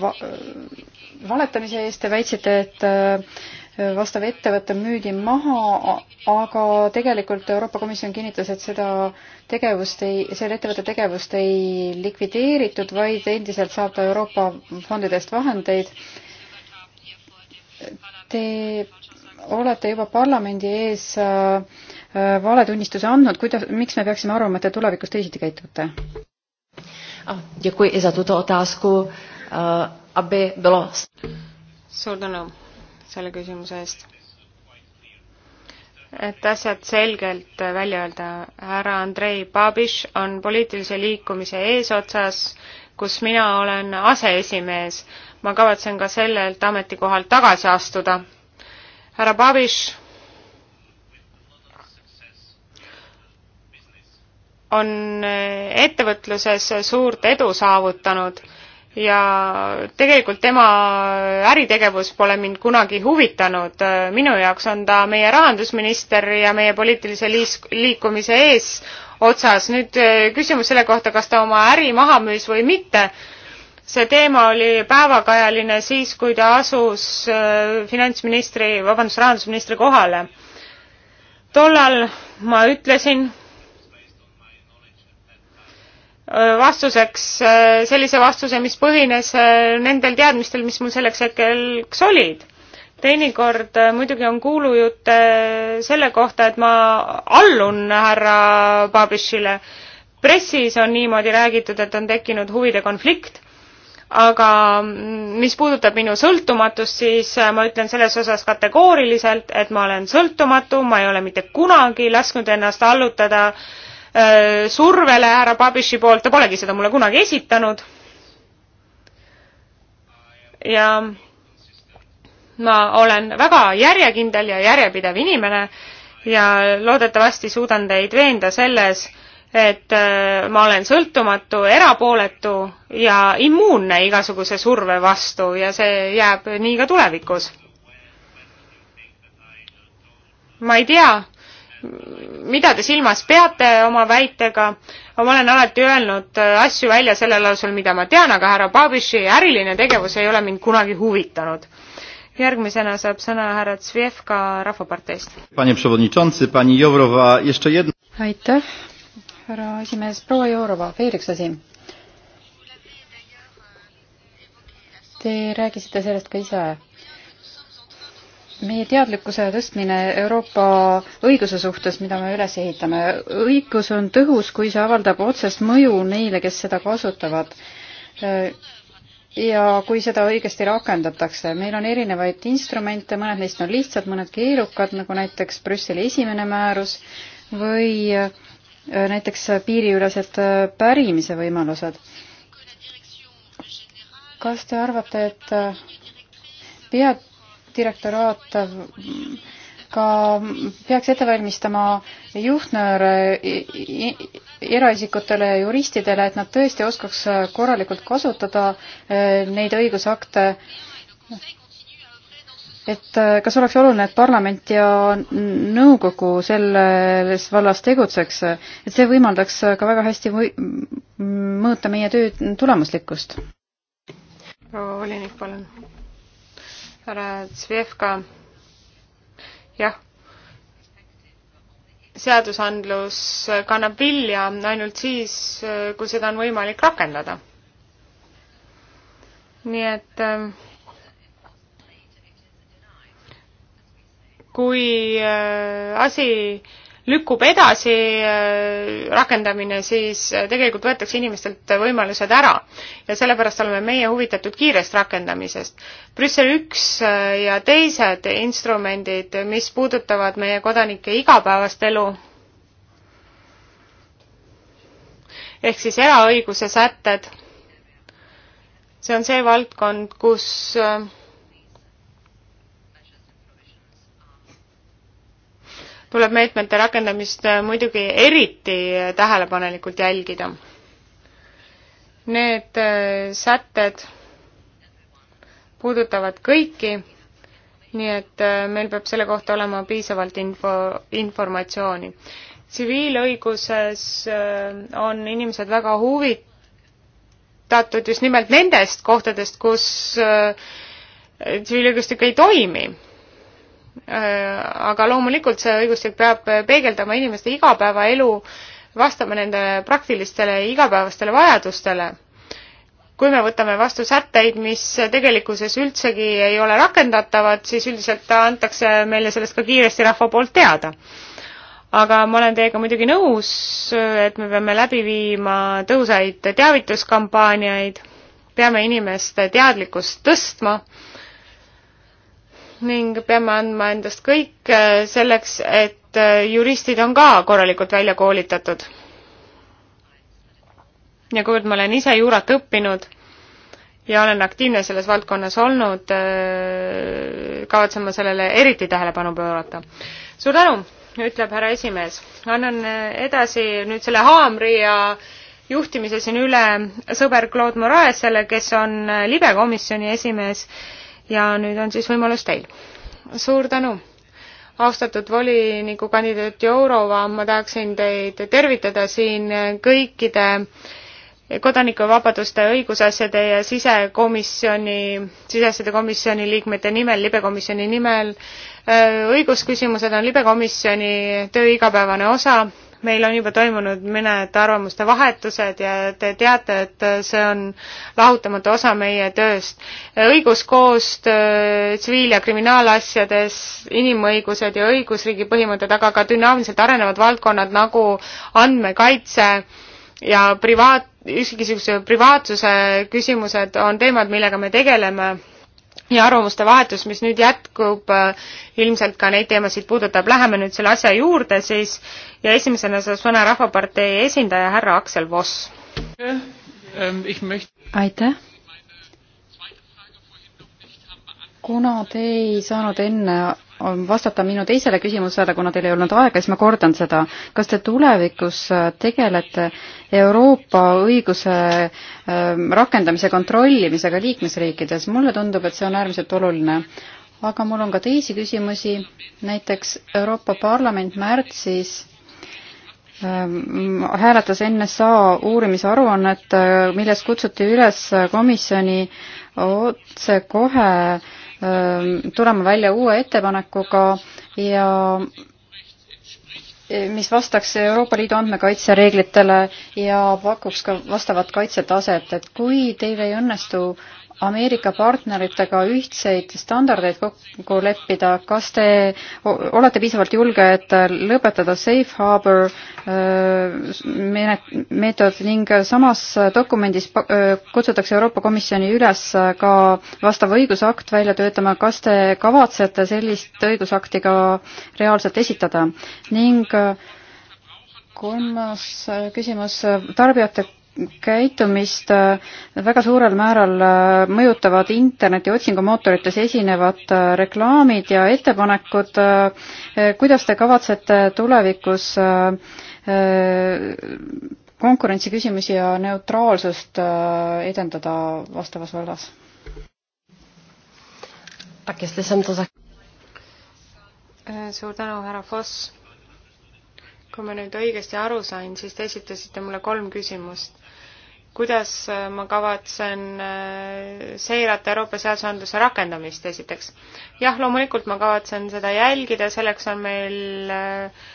va valetamise eest te väitsite, et äh, vastav ettevõte müüdi maha, aga tegelikult Euroopa Komisjon kinnitas, et seda tegevust ei, selle ettevõtte tegevust ei likvideeritud, vaid endiselt saab ta Euroopa fondidest vahendeid Te olete juba parlamendi ees äh, äh, valetunnistuse andnud, kuidas, miks me peaksime arvama, et te tulevikus teisiti käitute? Ah, äh, suur tänu selle küsimuse eest. et asjad selgelt välja öelda, härra Andrei Babiš on poliitilise liikumise eesotsas, kus mina olen aseesimees ma kavatsen ka sellelt ametikohalt tagasi astuda. härra Babiš on ettevõtluses suurt edu saavutanud ja tegelikult tema äritegevus pole mind kunagi huvitanud. minu jaoks on ta meie rahandusminister ja meie poliitilise liis-, liikumise eesotsas. nüüd äh, küsimus selle kohta, kas ta oma äri maha müüs või mitte see teema oli päevakajaline siis, kui ta asus äh, finantsministri, vabandust, rahandusministri kohale. tollal ma ütlesin äh, vastuseks äh, sellise vastuse, mis põhines nendel teadmistel, mis mul selleks hetkeks olid. teinekord muidugi on kuulujutte selle kohta, et ma allun härra Babišile. pressis on niimoodi räägitud, et on tekkinud huvide konflikt aga mis puudutab minu sõltumatust, siis äh, ma ütlen selles osas kategooriliselt, et ma olen sõltumatu, ma ei ole mitte kunagi lasknud ennast allutada öö, äh, survele härra Babiši poolt, ta polegi seda mulle kunagi esitanud. ja ma olen väga järjekindel ja järjepidev inimene ja loodetavasti suudan teid veenda selles, et äh, ma olen sõltumatu, erapooletu ja immuunne igasuguse surve vastu ja see jääb nii ka tulevikus. ma ei tea, mida te silmas peate oma väitega, ma olen alati öelnud äh, asju välja sellel alusel, mida ma tean, aga härra Babiši äriline tegevus ei ole mind kunagi huvitanud. järgmisena saab sõna härra Zvjevka Rahvaparteist. aitäh, härra esimees, proua Jourova, veel üks asi. Te rääkisite sellest ka ise. meie teadlikkuse tõstmine Euroopa õiguse suhtes, mida me üles ehitame, õigus on tõhus, kui see avaldab otsest mõju neile, kes seda kasutavad ja kui seda õigesti rakendatakse, meil on erinevaid instrumente, mõned neist on lihtsad, mõned keerukad, nagu näiteks Brüsseli esimene määrus või äh, Äh, näiteks äh, piiriülesed äh, pärimise võimalused. kas te arvate, et peadirektoraat ka peaks ette valmistama juhtnööre eraisikutele ja juristidele, et nad tõesti oskaks korralikult kasutada neid õigusakte et äh, kas oleks oluline, et parlament ja nõukogu selles vallas tegutseks, et see võimaldaks ka väga hästi mõõta meie töö tulemuslikkust? proua volinik, palun. härra Zvjevka. jah seadusandlus kannab vilja ainult siis, kui seda on võimalik rakendada. nii et ähm, kui äh, asi lükkub edasi äh, rakendamine, siis äh, tegelikult võetakse inimestelt võimalused ära ja sellepärast oleme meie huvitatud kiirest rakendamisest. Brüssel üks ja teised instrumendid, mis puudutavad meie kodanike igapäevast elu, ehk siis eraõiguse sätted, see on see valdkond, kus tuleb meetmete rakendamist muidugi eriti tähelepanelikult jälgida. Need äh, sätted puudutavad kõiki, nii et äh, meil peab selle kohta olema piisavalt info, informatsiooni. tsiviilõiguses äh, on inimesed väga huvitatud just nimelt nendest kohtadest, kus tsiviilõigustik ei toimi aga loomulikult see õigustik peab peegeldama inimeste igapäevaelu, vastama nende praktilistele igapäevastele vajadustele. kui me võtame vastu sätteid, mis tegelikkuses üldsegi ei ole rakendatavad, siis üldiselt antakse meile sellest ka kiiresti rahva poolt teada. aga ma olen teiega muidugi nõus, et me peame läbi viima tõhusaid teavituskampaaniaid, peame inimeste teadlikkust tõstma ning peame andma endast kõik äh, selleks, et äh, juristid on ka korralikult välja koolitatud. ja kuivõrd ma olen ise juurat õppinud ja olen aktiivne selles valdkonnas olnud, äh, kavatsen ma sellele eriti tähelepanu pöörata. suur tänu, ütleb härra esimees. annan edasi nüüd selle haamri ja juhtimise siin üle sõber Claude Moraesele, kes on libekomisjoni esimees ja nüüd on siis võimalus teil. suur tänu! austatud volinikukandidaat Jourova, ma tahaksin teid tervitada siin kõikide kodanikuvabaduste õigusasjade ja sisekomisjoni, siseasjade komisjoni liikmete nimel, libekomisjoni nimel. õigusküsimused on libekomisjoni töö igapäevane osa meil on juba toimunud mõned arvamuste vahetused ja te teate, et see on lahutamatu osa meie tööst. õiguskoostöö äh, tsiviil- ja kriminaalasjades, inimõigused ja õigusriigi põhimõtted, aga ka dünaamiliselt arenevad valdkonnad nagu andmekaitse ja privaat, üksikisuguse privaatsuse küsimused on teemad, millega me tegeleme ja arvamuste vahetus, mis nüüd jätkub, äh, ilmselt ka neid teemasid puudutab. Läheme nüüd selle asja juurde siis ja esimesena saab sõna Rahvapartei esindaja härra Aksel Voss. aitäh. kuna te ei saanud enne vastata minu teisele küsimusele, kuna teil ei olnud aega, siis ma kordan seda. kas te tulevikus tegelete Euroopa õiguse ähm, rakendamise kontrollimisega liikmesriikides. mulle tundub, et see on äärmiselt oluline. aga mul on ka teisi küsimusi, näiteks Euroopa Parlament märtsis ähm, hääletas NSA uurimisaruannet, äh, milles kutsuti üles komisjoni otsekohe ähm, tulema välja uue ettepanekuga ja Eh, mis vastaks Euroopa Liidu andmekaitsereeglitele ja pakuks ka vastavat kaitsetaset, et kui teil ei õnnestu Ameerika partneritega ühtseid standardeid kokku leppida, kas te olete piisavalt julge, et lõpetada safe harbor äh, meetod ning samas dokumendis äh, kutsutakse Euroopa Komisjoni üles ka vastav õigusakt välja töötama, kas te kavatsete sellist õigusakti ka reaalselt esitada ning äh, kolmas küsimus, tarbijate käitumist äh, väga suurel määral äh, mõjutavad interneti otsingumootorites esinevad äh, reklaamid ja ettepanekud. kuidas te kavatsete tulevikus konkurentsiküsimusi ja neutraalsust edendada vastavas vallas? suur tänu, härra Foss. kui ma nüüd õigesti aru sain, siis te esitasite mulle kolm küsimust kuidas äh, ma kavatsen äh, seirata Euroopa seadusandluse rakendamist esiteks. jah, loomulikult ma kavatsen seda jälgida, selleks on meil äh,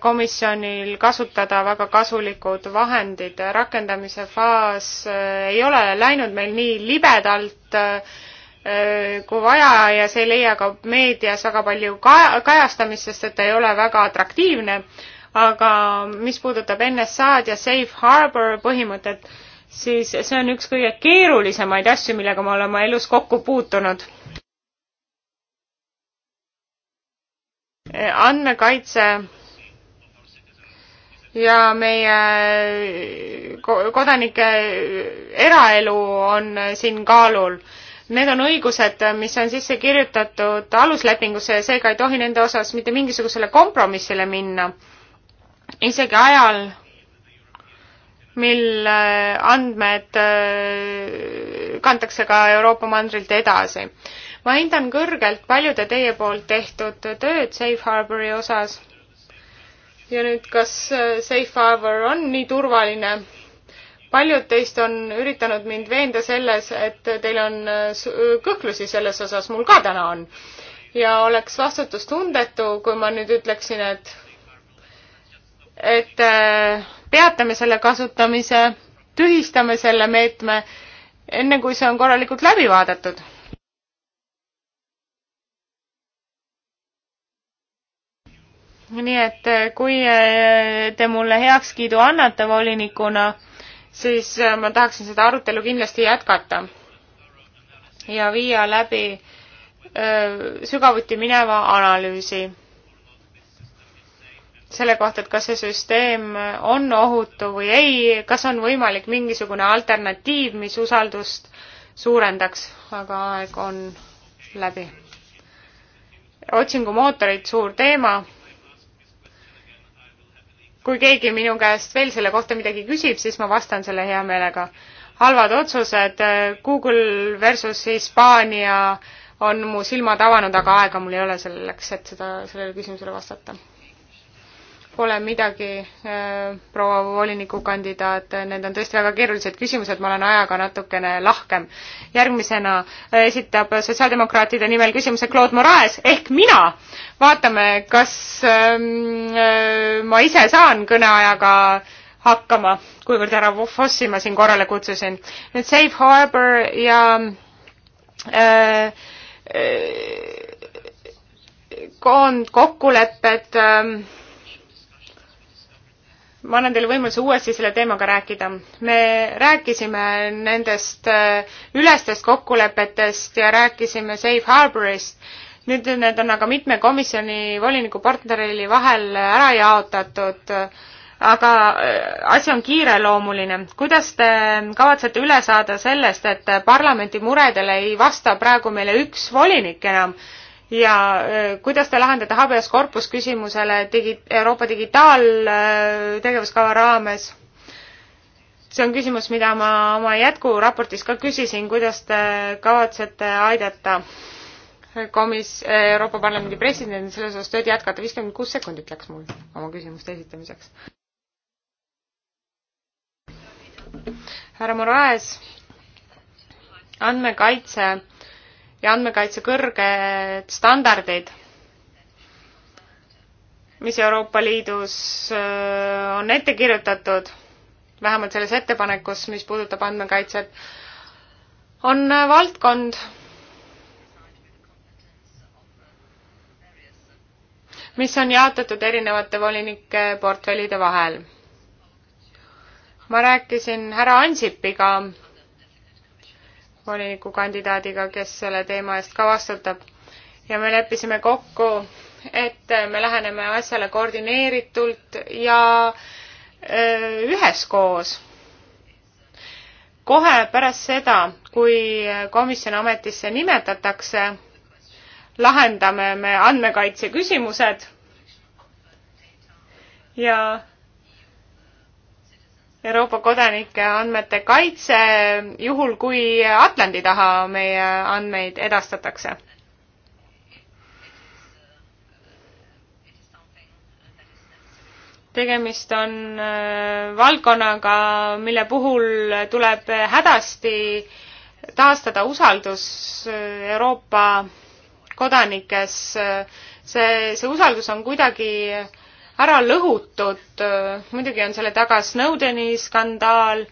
komisjonil kasutada väga kasulikud vahendid, rakendamise faas ei ole läinud meil nii libedalt kui vaja ja see ei leia ka meedias väga palju ka-, kajastamist, sest et ta ei ole väga atraktiivne, aga mis puudutab NSA-d ja Safe Harbor põhimõtet, siis see on üks kõige keerulisemaid asju, millega ma olen oma elus kokku puutunud. andmekaitse ja meie kodanike eraelu on siin kaalul. Need on õigused, mis on sisse kirjutatud aluslepingusse ja seega ei tohi nende osas mitte mingisugusele kompromissile minna. isegi ajal, mil andmed äh, kantakse ka Euroopa mandrilt edasi. ma hindan kõrgelt paljude teie poolt tehtud tööd Safe Harbori osas. ja nüüd, kas äh, Safe Harbor on nii turvaline? paljud teist on üritanud mind veenda selles, et teil on äh, kõhklusi selles osas, mul ka täna on. ja oleks vastutustundetu, kui ma nüüd ütleksin, et et peatame selle kasutamise, tühistame selle meetme, enne kui see on korralikult läbi vaadatud. nii et eh, kui eh, te mulle heakskiidu annate volinikuna, siis eh, ma tahaksin seda arutelu kindlasti jätkata ja viia läbi sügavuti mineva analüüsi selle kohta, et kas see süsteem on ohutu või ei, kas on võimalik mingisugune alternatiiv, mis usaldust suurendaks, aga aeg on läbi. otsingumootorid, suur teema. kui keegi minu käest veel selle kohta midagi küsib, siis ma vastan selle hea meelega. halvad otsused, Google versus Hispaania on mu silmad avanud, aga aega mul ei ole selleks, et seda, sellele küsimusele vastata pole midagi, äh, proua volinikukandidaat, need on tõesti väga keerulised küsimused, ma olen ajaga natukene lahkem. järgmisena äh, esitab sotsiaaldemokraatide nimel küsimuse Claude Moraes ehk mina. vaatame, kas ähm, äh, ma ise saan kõneajaga hakkama, kuivõrd härra Fossi ma siin korrale kutsusin. nüüd Safe Harbor ja äh, äh, koondkokkulepped äh, ma annan teile võimaluse uuesti selle teemaga rääkida. me rääkisime nendest äh, ülestest kokkulepetest ja rääkisime Safe Harborist. nüüd need on aga mitme komisjoni voliniku portfelli vahel ära jaotatud. aga äh, asi on kiireloomuline. kuidas te kavatsete üle saada sellest, et parlamendi muredele ei vasta praegu meile üks volinik enam? ja äh, kuidas te lahendate habeas corpus küsimusele digi-, Euroopa digitaaltegevuskava äh, raames? see on küsimus, mida ma oma jätkuraportis ka küsisin, kuidas te kavatsete aidata komis-, Euroopa Parlamendi presidendil selles osas tööd jätkata, viiskümmend kuus sekundit läks mul oma küsimuste esitamiseks. härra Moraes, andmekaitse ja andmekaitse kõrged standardid, mis Euroopa Liidus äh, on ette kirjutatud, vähemalt selles ettepanekus, mis puudutab andmekaitset, on äh, valdkond, mis on jaotatud erinevate volinike portfellide vahel. ma rääkisin härra Ansipiga volinikukandidaadiga, kes selle teema eest ka vastutab. ja me leppisime kokku, et me läheneme asjale koordineeritult ja äh, üheskoos. kohe pärast seda, kui komisjon ametisse nimetatakse, lahendame me andmekaitse küsimused ja Euroopa kodanike andmete kaitse, juhul kui Atlandi taha meie andmeid edastatakse tegemist on äh, valdkonnaga, mille puhul tuleb hädasti taastada usaldus äh, Euroopa kodanikes. Äh, see, see usaldus on kuidagi ära lõhutud. muidugi on selle taga Snowdeni skandaal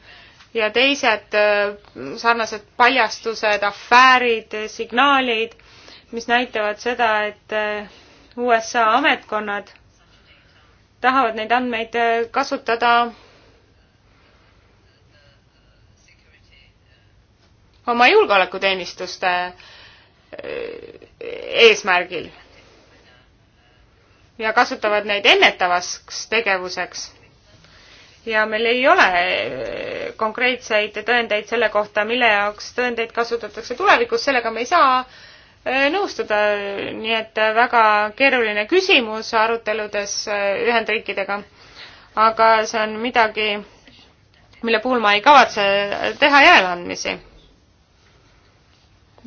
ja teised äh, sarnased paljastused, afäärid, signaalid, mis näitavad seda, et äh, USA ametkonnad tahavad neid andmeid äh, kasutada oma julgeolekuteenistuste eesmärgil ja kasutavad neid ennetavaks tegevuseks. ja meil ei ole eh, konkreetseid tõendeid selle kohta, mille jaoks tõendeid kasutatakse tulevikus, sellega me ei saa eh, nõustuda, nii et väga keeruline küsimus aruteludes eh, Ühendriikidega. aga see on midagi, mille puhul ma ei kavatse teha järeleandmisi.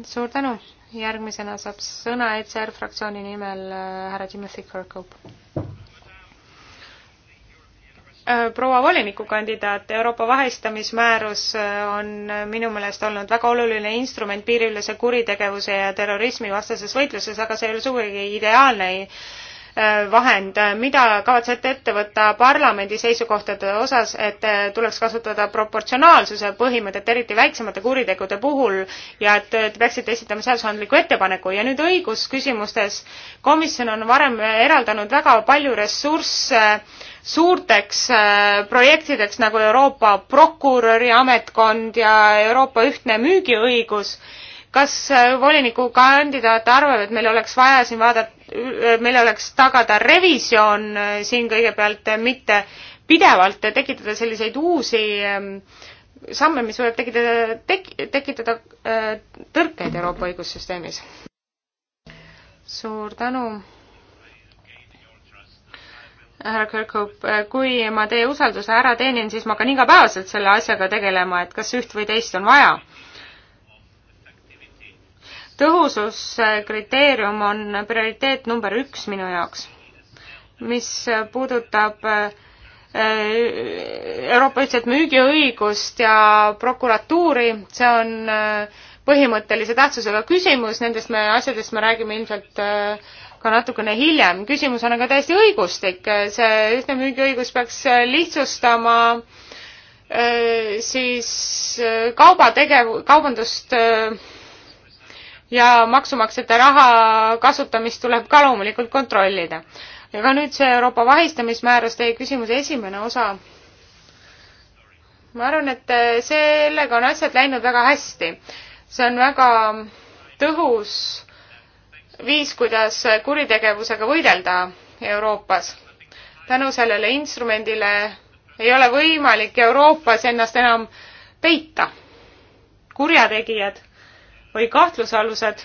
suur tänu! järgmisena saab sõna ECR fraktsiooni nimel äh, härra Timothy Kirkhope. Äh, proua volinikukandidaat, Euroopa vahistamismäärus äh, on minu meelest olnud väga oluline instrument piiriülese kuritegevuse ja terrorismi vastases võitluses, aga see ei ole sugugi ideaalne ei vahend, mida kavatsete ette võtta parlamendi seisukohtade osas, et eh, tuleks kasutada proportsionaalsuse põhimõtet, eriti väiksemate kuritegude puhul ja et te peaksite esitama seadusandliku ettepaneku ja nüüd õigusküsimustes. komisjon on varem eraldanud väga palju ressursse suurteks eh, projektideks nagu Euroopa prokuröri ametkond ja Euroopa ühtne müügiõigus kas äh, volinikukandidaat arvab, et meil oleks vaja siin vaadata, meil oleks tagada revisjon äh, siin kõigepealt, äh, mitte pidevalt tekitada selliseid uusi ähm, samme, mis võivad tekitada tek,, tekitada tõrkeid Euroopa õigussüsteemis? suur tänu härra Kirkhope, kui ma teie usalduse ära teenin, siis ma hakkan igapäevaselt selle asjaga tegelema, et kas üht või teist on vaja tõhususkriteerium on prioriteet number üks minu jaoks, mis puudutab äh, Euroopa ühtset müügiõigust ja prokuratuuri, see on äh, põhimõttelise tähtsusega küsimus, nendest me, asjadest me räägime ilmselt äh, ka natukene hiljem. küsimus on aga täiesti õigustik, see ühtne müügiõigus peaks lihtsustama siis kaubategev-, kaubandust ja maksumaksjate raha kasutamist tuleb ka loomulikult kontrollida. aga nüüd see Euroopa vahistamismäärus, teie küsimuse esimene osa. ma arvan, et sellega on asjad läinud väga hästi. see on väga tõhus viis, kuidas kuritegevusega võidelda Euroopas. tänu sellele instrumendile ei ole võimalik Euroopas ennast enam peita. kurjategijad või kahtlusalused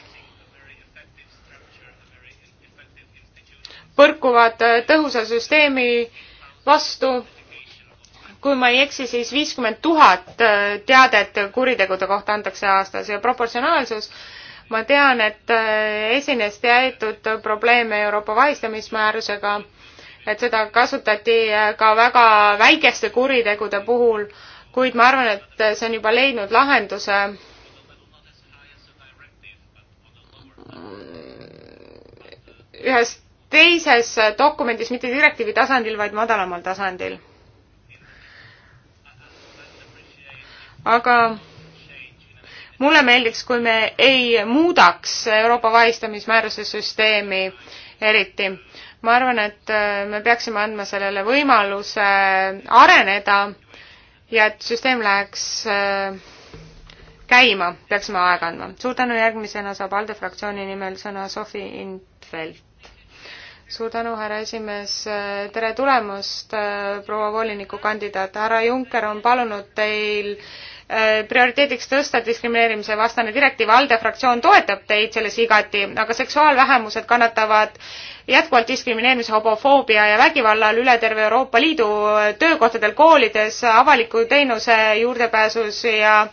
põrkuvad tõhusa süsteemi vastu. kui ma ei eksi, siis viiskümmend tuhat teadet kuritegude kohta antakse aastas ja proportsionaalsus ma tean, et esines teatud probleeme Euroopa vahistamismäärusega, et seda kasutati ka väga väikeste kuritegude puhul, kuid ma arvan, et see on juba leidnud lahenduse ühes teises dokumendis, mitte direktiivi tasandil, vaid madalamal tasandil. aga mulle meeldiks, kui me ei muudaks Euroopa vahistamismääruse süsteemi eriti. ma arvan, et äh, me peaksime andma sellele võimaluse areneda ja et süsteem läheks äh, käima, peaksime aega andma. suur tänu, järgmisena saab ALDE fraktsiooni nimel sõna Sofi Intfeld suur tänu, härra esimees, tere tulemast, äh, proua volinikukandidaat, härra Juncker on palunud teil äh, prioriteediks tõsta diskrimineerimise vastane direktiiv, ALDE fraktsioon toetab teid selles igati, aga seksuaalvähemused kannatavad jätkuvalt diskrimineerimise, homofoobia ja vägivalla all üle terve Euroopa Liidu äh, töökohtadel, koolides, avaliku teenuse juurdepääsus ja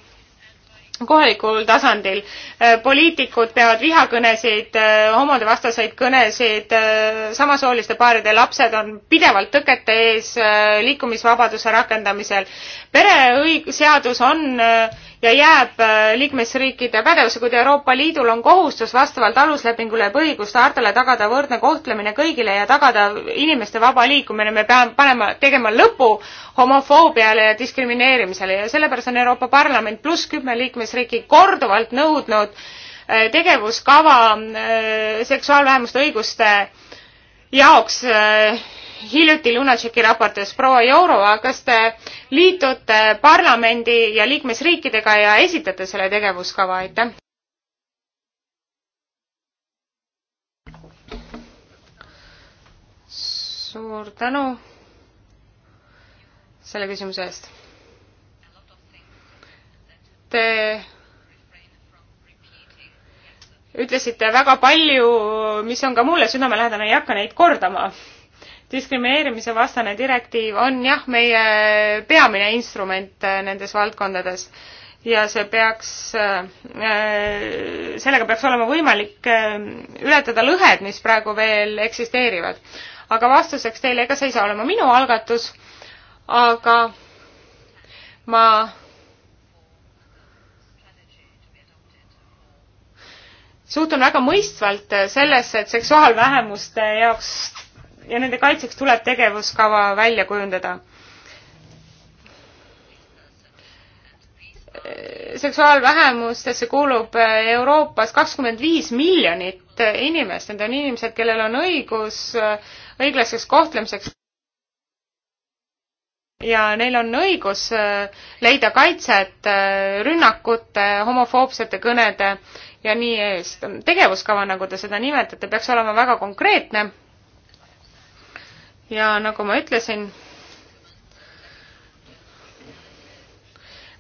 kohalikul tasandil. Äh, poliitikud peavad vihakõnesid, äh, homode vastaseid kõnesid, äh, samasooliste paaride lapsed on pidevalt tõkete ees liikumisvabaduse rakendamisel. pereõigusseadus on äh, ja jääb äh, liikmesriikide pädevuse, kuid Euroopa Liidul on kohustus vastavalt aluslepingule ja põhiõiguste hartale tagada võrdne kohtlemine kõigile ja tagada inimeste vaba liikumine. me peame panema, tegema lõpu homofoobiale ja diskrimineerimisele ja sellepärast on Euroopa Parlament pluss kümme liikmesriiki korduvalt nõudnud äh, tegevuskava äh, seksuaalvähemuste õiguste jaoks hiljuti Lunacheki raportis. proua Jourova, kas te liitute parlamendi ja liikmesriikidega ja esitate selle tegevuskava, aitäh? suur tänu selle küsimuse eest. Te ütlesite väga palju, mis on ka mulle südamelähedane, ei hakka neid kordama diskrimineerimise vastane direktiiv on jah, meie peamine instrument äh, nendes valdkondades ja see peaks, äh, äh, sellega peaks olema võimalik ületada lõhed, mis praegu veel eksisteerivad. aga vastuseks teile, ega see ei saa olema minu algatus, aga ma suhtun väga mõistvalt sellesse, et seksuaalvähemuste jaoks ja nende kaitseks tuleb tegevuskava välja kujundada. seksuaalvähemustesse kuulub Euroopas kakskümmend viis miljonit inimest, need on inimesed, kellel on õigus õiglaseks kohtlemiseks ja neil on õigus leida kaitset rünnakute, homofoobsete kõnede ja nii eest. tegevuskava, nagu te seda nimetate, peaks olema väga konkreetne ja nagu ma ütlesin,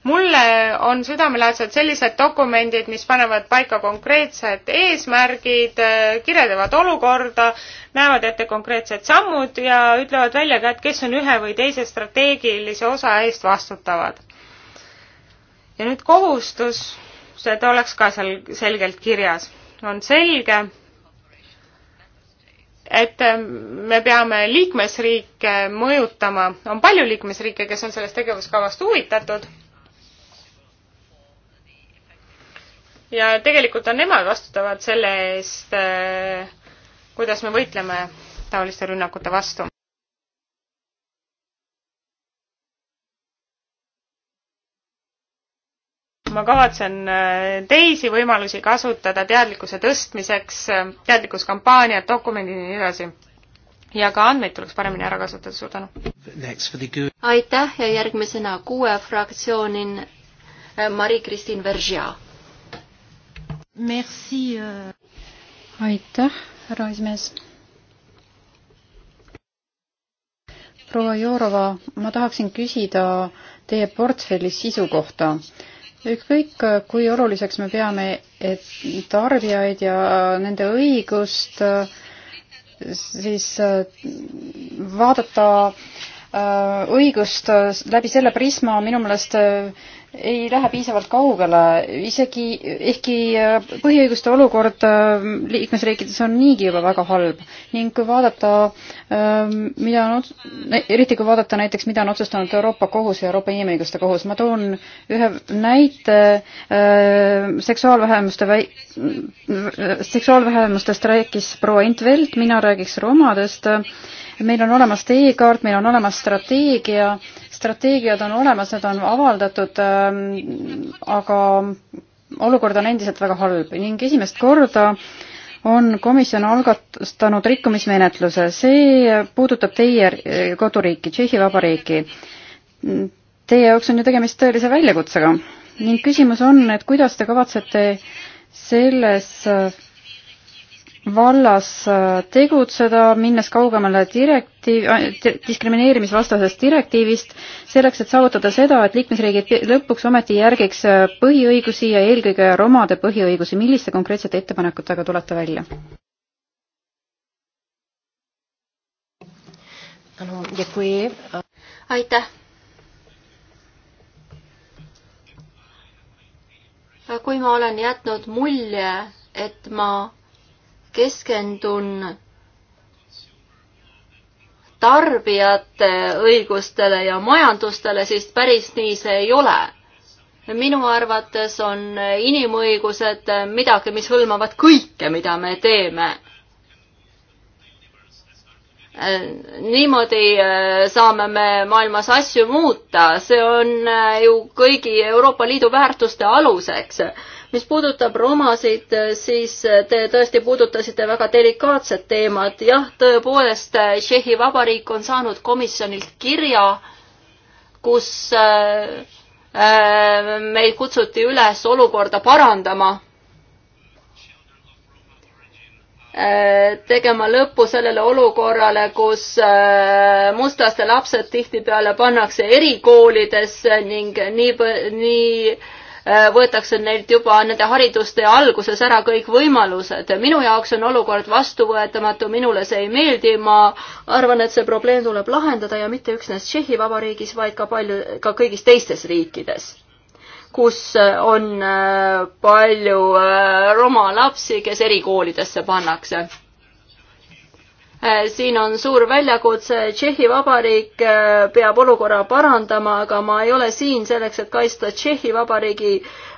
mulle on südamelähedased sellised dokumendid, mis panevad paika konkreetsed eesmärgid, kirjeldavad olukorda, näevad ette konkreetsed sammud ja ütlevad välja ka, et kes on ühe või teise strateegilise osa eest vastutavad. ja nüüd kohustused oleks ka seal selgelt kirjas. on selge, et ähm, me peame liikmesriike mõjutama, on palju liikmesriike, kes on sellest tegevuskavast huvitatud. ja tegelikult on nemad vastutavad selle eest, äh, kuidas me võitleme taoliste rünnakute vastu. ma kavatsen äh, teisi võimalusi kasutada teadlikkuse tõstmiseks, äh, teadlikkuskampaaniad, dokumendid ja nii edasi. ja ka andmeid tuleks paremini ära kasutada, suur tänu. aitäh ja järgmisena kuue fraktsiooni äh, Marie-Christine Vergia. Merci. aitäh, härra esimees. proua Jourova, ma tahaksin küsida teie portfelli sisu kohta ükskõik, kui oluliseks me peame tarbijaid ja nende õigust siis vaadata õigust läbi selle prisma minu meelest ei lähe piisavalt kaugele, isegi ehkki äh, põhiõiguste olukord äh, liikmesriikides on niigi juba väga halb ning kui vaadata, ähm, mida on, eriti kui vaadata näiteks, mida on otsustanud Euroopa Kohus ja Euroopa Inimõiguste Kohus, ma toon ühe näite äh, seksuaalvähemuste väi-, seksuaalvähemustest rääkis proua Int Velt, mina räägiks romadest, meil on olemas teekaart, meil on olemas strateegia, strateegiad on olemas, need on avaldatud, ähm, aga olukord on endiselt väga halb ning esimest korda on komisjon algatanud rikkumismenetluse, see puudutab teie koduriiki, Tšehhi Vabariiki. Teie jaoks on ju tegemist tõelise väljakutsega ning küsimus on, et kuidas te kavatsete selles vallas äh, tegutseda, minnes kaugemale direktiiv, äh, diskrimineerimisvastasest direktiivist, selleks, et saavutada seda, et liikmesriigid lõpuks ometi järgiks äh, põhiõigusi ja eelkõige romade põhiõigusi. milliste konkreetsete ettepanekutega tulete välja? Ano, děkuji. Aitäh. kui ma olen jätnud mulje, et ma keskendun tarbijate õigustele ja majandustele, siis päris nii see ei ole. minu arvates on inimõigused midagi, mis hõlmavad kõike, mida me teeme. niimoodi äh, saame me maailmas asju muuta, see on äh, ju kõigi Euroopa Liidu väärtuste aluseks mis puudutab romasid, siis te tõesti puudutasite väga delikaatset teemat. jah, tõepoolest, Tšehhi Vabariik on saanud komisjonilt kirja, kus äh, äh, meid kutsuti üles olukorda parandama, äh, tegema lõpu sellele olukorrale, kus mustlaste lapsed tihtipeale pannakse erikoolidesse ning nii, nii Äh, võetakse neilt juba nende hariduste alguses ära kõik võimalused. minu jaoks on olukord vastuvõetamatu, minule see ei meeldi, ma arvan, et see probleem tuleb lahendada ja mitte üksnes Tšehhi Vabariigis, vaid ka palju, ka kõigis teistes riikides kus äh, on äh, palju roma lapsi, kes erikoolidesse pannakse Äh, siin on suur väljakutse, Tšehhi Vabariik äh, peab olukorra parandama, aga ma ei ole siin selleks, et kaitsta Tšehhi Vabariigi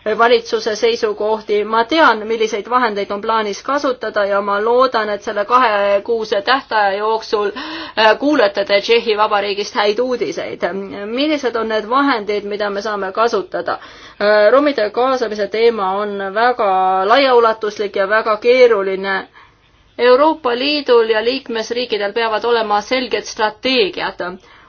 äh, valitsuse seisukohti. ma tean, milliseid vahendeid on plaanis kasutada ja ma loodan, et selle kahekuuse tähtaja jooksul kuulete te Tšehhi Vabariigist häid uudiseid. millised on need vahendid, mida me saame kasutada? romide kaasamise teema on väga laiaulatuslik ja väga keeruline Euroopa Liidul ja liikmesriikidel peavad olema selged strateegiad.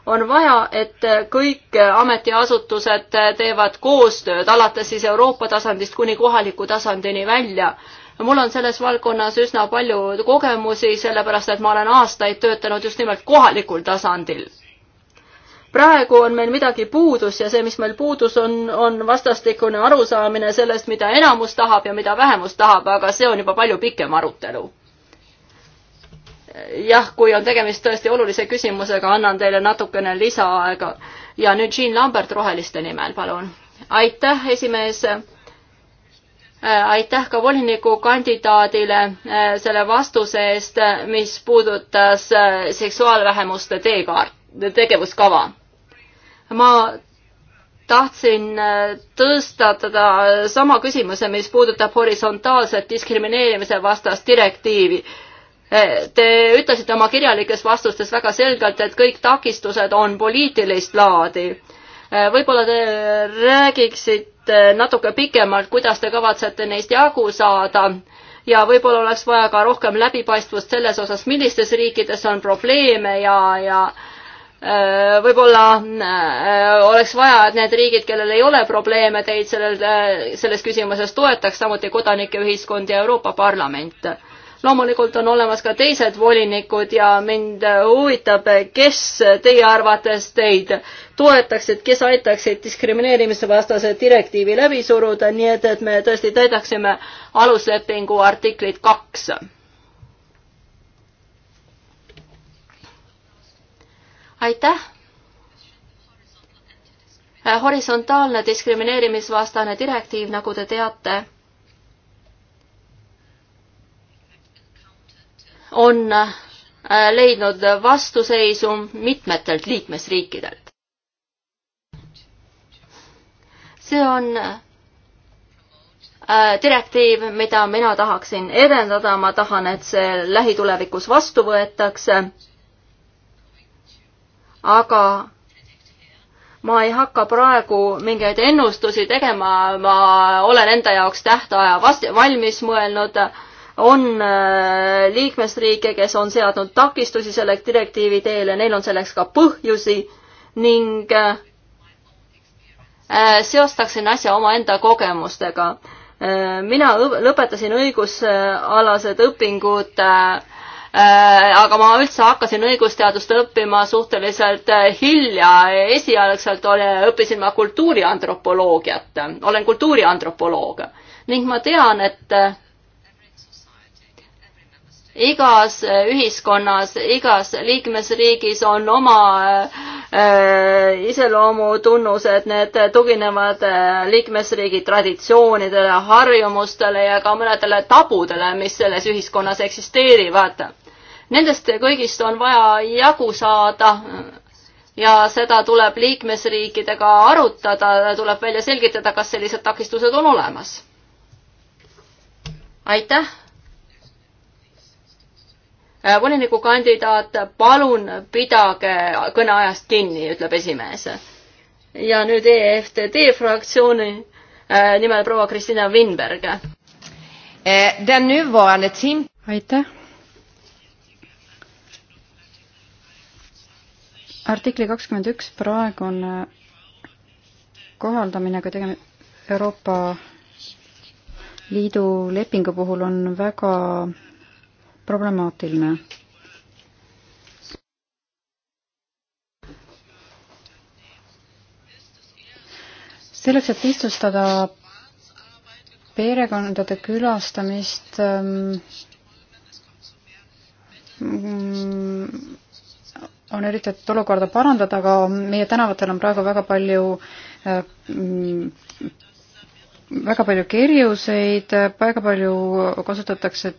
on vaja, et kõik ametiasutused teevad koostööd, alates siis Euroopa tasandist kuni kohaliku tasandini välja mul on selles valdkonnas üsna palju kogemusi, sellepärast et ma olen aastaid töötanud just nimelt kohalikul tasandil. praegu on meil midagi puudus ja see, mis meil puudus on, on vastastikune arusaamine sellest, mida enamus tahab ja mida vähemus tahab, aga see on juba palju pikem arutelu jah, kui on tegemist tõesti olulise küsimusega, annan teile natukene lisaaega. ja nüüd Jean Lambert Roheliste nimel, palun. aitäh, esimees. Äh, aitäh ka volinikukandidaadile äh, selle vastuse eest, äh, mis puudutas seksuaalvähemuste teekaart, tegevuskava. ma tahtsin tõstatada sama küsimuse, mis puudutab horisontaalset diskrimineerimise vastast direktiivi Te ütlesite oma kirjalikes vastustes väga selgelt, et kõik takistused on poliitilist laadi. Eh, võib-olla te räägiksite natuke pikemalt, kuidas te kavatsete neist jagu saada ja võib-olla oleks vaja ka rohkem läbipaistvust selles osas, millistes riikides on probleeme ja, ja eh, võib-olla eh, oleks vaja, et need riigid, kellel ei ole probleeme, teid sellel, selles küsimuses toetaks, samuti kodanikeühiskond ja Euroopa Parlament loomulikult on olemas ka teised volinikud ja mind huvitab, kes teie arvates teid toetaksid, kes aitaksid diskrimineerimise vastase direktiivi läbi suruda, nii et, et me tõesti täidaksime aluslepingu artiklit kaks. aitäh horisontaalne diskrimineerimisvastane direktiiv, nagu te teate, on äh, leidnud vastuseisu mitmetelt liikmesriikidelt. see on äh, direktiiv, mida mina tahaksin edendada, ma tahan, et see lähitulevikus vastu võetakse. aga ma ei hakka praegu mingeid ennustusi tegema, ma olen enda jaoks tähtaja vast-, valmis mõelnud äh, on äh, liikmesriike, kes on seadnud takistusi selle direktiivi teele, neil on selleks ka põhjusi ning äh, äh, seostaksin asja omaenda kogemustega. mina lõpetasin õigusalased õpingud aga ma üldse hakkasin õigusteadust õppima suhteliselt hilja, esialgselt ole, õppisin ma kultuuriantropoloogiat, olen kultuuriantropoloog ning ma tean, et igas äh, ühiskonnas, igas liikmesriigis on oma äh, iseloomutunnused, need tuginevad äh, liikmesriigi traditsioonidele, harjumustele ja ka mõnedele tabudele, mis selles ühiskonnas eksisteerivad. Nendest kõigist on vaja jagu saada ja seda tuleb liikmesriikidega arutada, tuleb välja selgitada, kas sellised takistused on olemas. aitäh Äh, volinikukandidaat, palun pidage kõneajast kinni, ütleb esimees. ja nüüd EFTD fraktsiooni äh, nimel proua Kristina Winberg. Äh, aitäh. artikli kakskümmend üks praegune kohaldamine, aga tegema Euroopa Liidu lepingu puhul on väga problemaatiline. selleks, et lihtsustada perekondade külastamist ähm, mm, on üritatud olukorda parandada, aga meie tänavatel on praegu väga palju äh, mm, väga palju kerjuseid, väga palju kasutatakse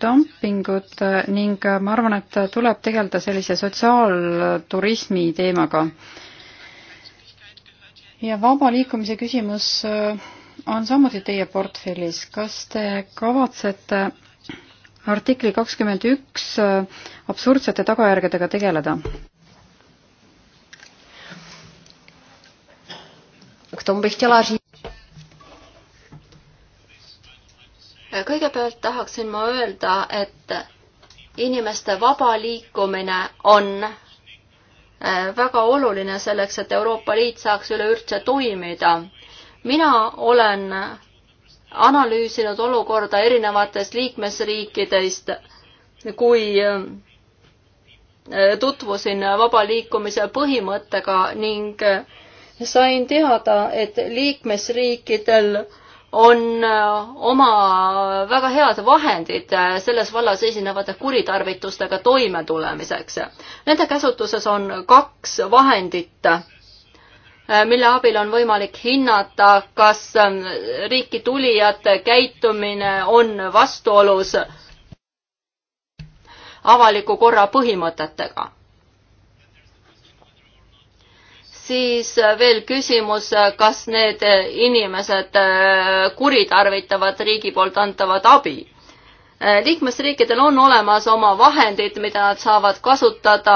dumpingut äh, ning äh, ma arvan, et tuleb tegeleda sellise sotsiaalturismi teemaga. ja vaba liikumise küsimus äh, on samuti teie portfellis. kas te kavatsete artikli kakskümmend üks absurdsete tagajärgedega tegeleda? k tomu bych chtěla říct, kõigepealt tahaksin ma öelda, et inimeste vaba liikumine on äh, väga oluline selleks, et Euroopa Liit saaks üleüldse toimida. mina olen analüüsinud olukorda erinevatest liikmesriikidest, kui äh, tutvusin vaba liikumise põhimõttega ning sain teada, et liikmesriikidel on äh, oma väga head vahendid äh, selles vallas esinevate kuritarvitustega toimetulemiseks. Nende käsutuses on kaks vahendit, äh, mille abil on võimalik hinnata, kas riiki tulijate käitumine on vastuolus avaliku korra põhimõtetega siis äh, veel küsimus, äh, kas need äh, inimesed kuritarvitavad riigi poolt antavat abi. liikmesriikidel on olemas oma vahendid, mida nad saavad kasutada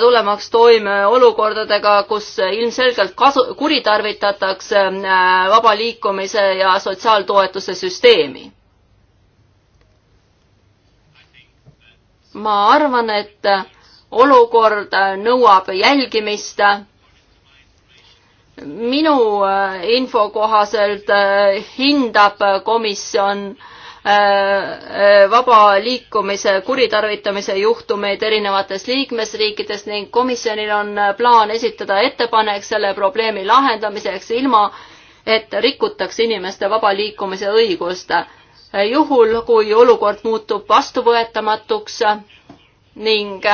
tulemaks toime olukordadega, kus ilmselgelt kasu, kuritarvitatakse vaba liikumise ja sotsiaaltoetuse süsteemi. ma arvan, et olukord nõuab jälgimist minu äh, info kohaselt äh, hindab komisjon äh, vaba liikumise kuritarvitamise juhtumeid erinevates liikmesriikides ning komisjonil on plaan esitada ettepanek selle probleemi lahendamiseks ilma, et rikutakse inimeste vaba liikumise õigust. juhul, kui olukord muutub vastuvõetamatuks ning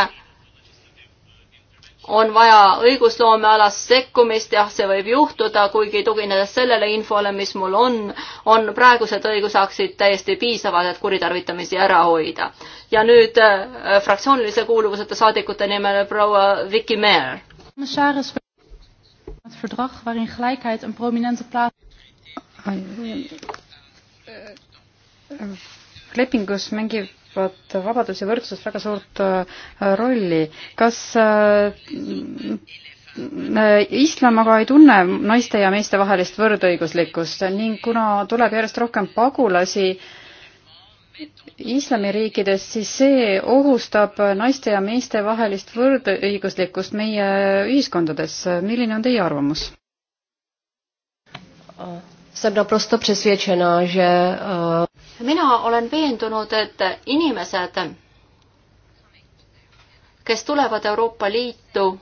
on vaja õigusloomealast sekkumist, jah, see võib juhtuda, kuigi tuginedes sellele infole, mis mul on, on praegused õigusaktid täiesti piisavad, et kuritarvitamisi ära hoida. ja nüüd äh, fraktsioonilise kuuluvuseta saadikute nimel proua Vicky Meer. lepingus mängib mängivad vabadus ja võrdsus väga suurt äh, rolli. kas äh, äh, islam aga ei tunne naiste ja meeste vahelist võrdõiguslikkust ning kuna tuleb järjest rohkem pagulasi islamiriikides, siis see ohustab naiste ja meeste vahelist võrdõiguslikkust meie ühiskondades. milline on teie arvamus? Jsem naprosto přesvědčena, že mina olen veendunud, et inimesed, kes tulevad Euroopa Liitu,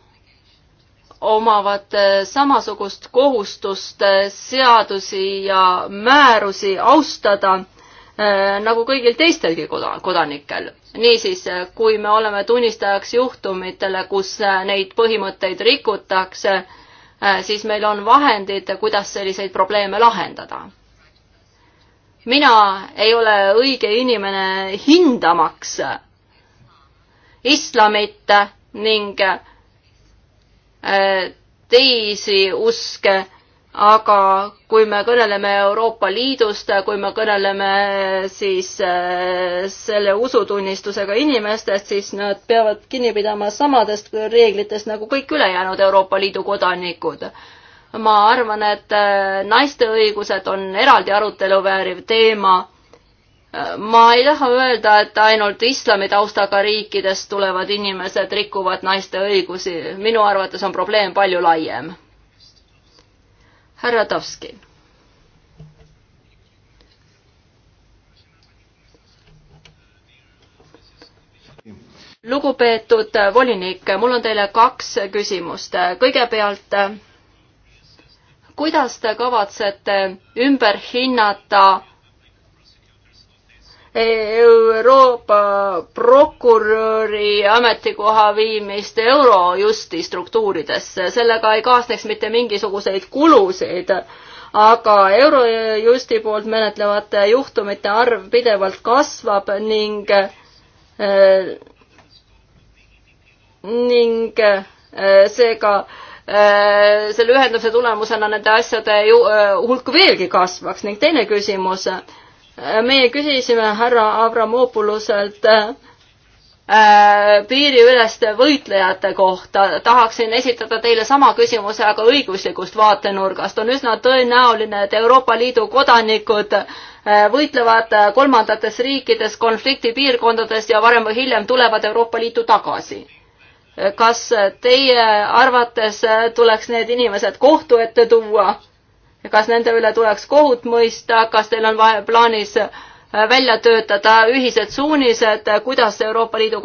omavad samasugust kohustust seadusi ja määrusi austada eh, nagu kõigil teistelgi kodanikel. niisiis, kui me oleme tunnistajaks juhtumitele, kus neid põhimõtteid rikutakse, eh, siis meil on vahendid, kuidas selliseid probleeme lahendada mina ei ole õige inimene hindamaks islamit ning äh, teisi uske, aga kui me kõneleme Euroopa Liidust, kui me kõneleme siis äh, selle usutunnistusega inimestest, siis nad peavad kinni pidama samadest reeglitest nagu kõik ülejäänud Euroopa Liidu kodanikud ma arvan, et äh, naiste õigused on eraldi arutelu vääriv teema. Äh, ma ei taha öelda, et ainult islami taustaga riikidest tulevad inimesed rikuvad naiste õigusi. minu arvates on probleem palju laiem. härra Tovski lugupeetud volinik, mul on teile kaks küsimust. kõigepealt kuidas te kavatsete ümber hinnata Euroopa prokuröri ametikoha viimist Eurojusti struktuuridesse, sellega ei kaasneks mitte mingisuguseid kulusid, aga Eurojusti poolt menetlevate juhtumite arv pidevalt kasvab ning eh, ning eh, seega äh, Äh, selle ühenduse tulemusena nende asjade äh, hulk veelgi kasvaks ning teine küsimus. Äh, meie küsisime härra Avramopuluselt piiriüleste võitlejate kohta. tahaksin esitada teile sama küsimuse, aga õiguslikust vaatenurgast. on üsna tõenäoline, et Euroopa Liidu kodanikud võitlevad kolmandates riikides konfliktipiirkondades ja varem või hiljem tulevad Euroopa Liitu tagasi kas teie arvates tuleks need inimesed kohtu ette tuua? kas nende üle tuleks kohut mõista, kas teil on vahe, plaanis välja töötada ühised suunised, kuidas Euroopa Liidu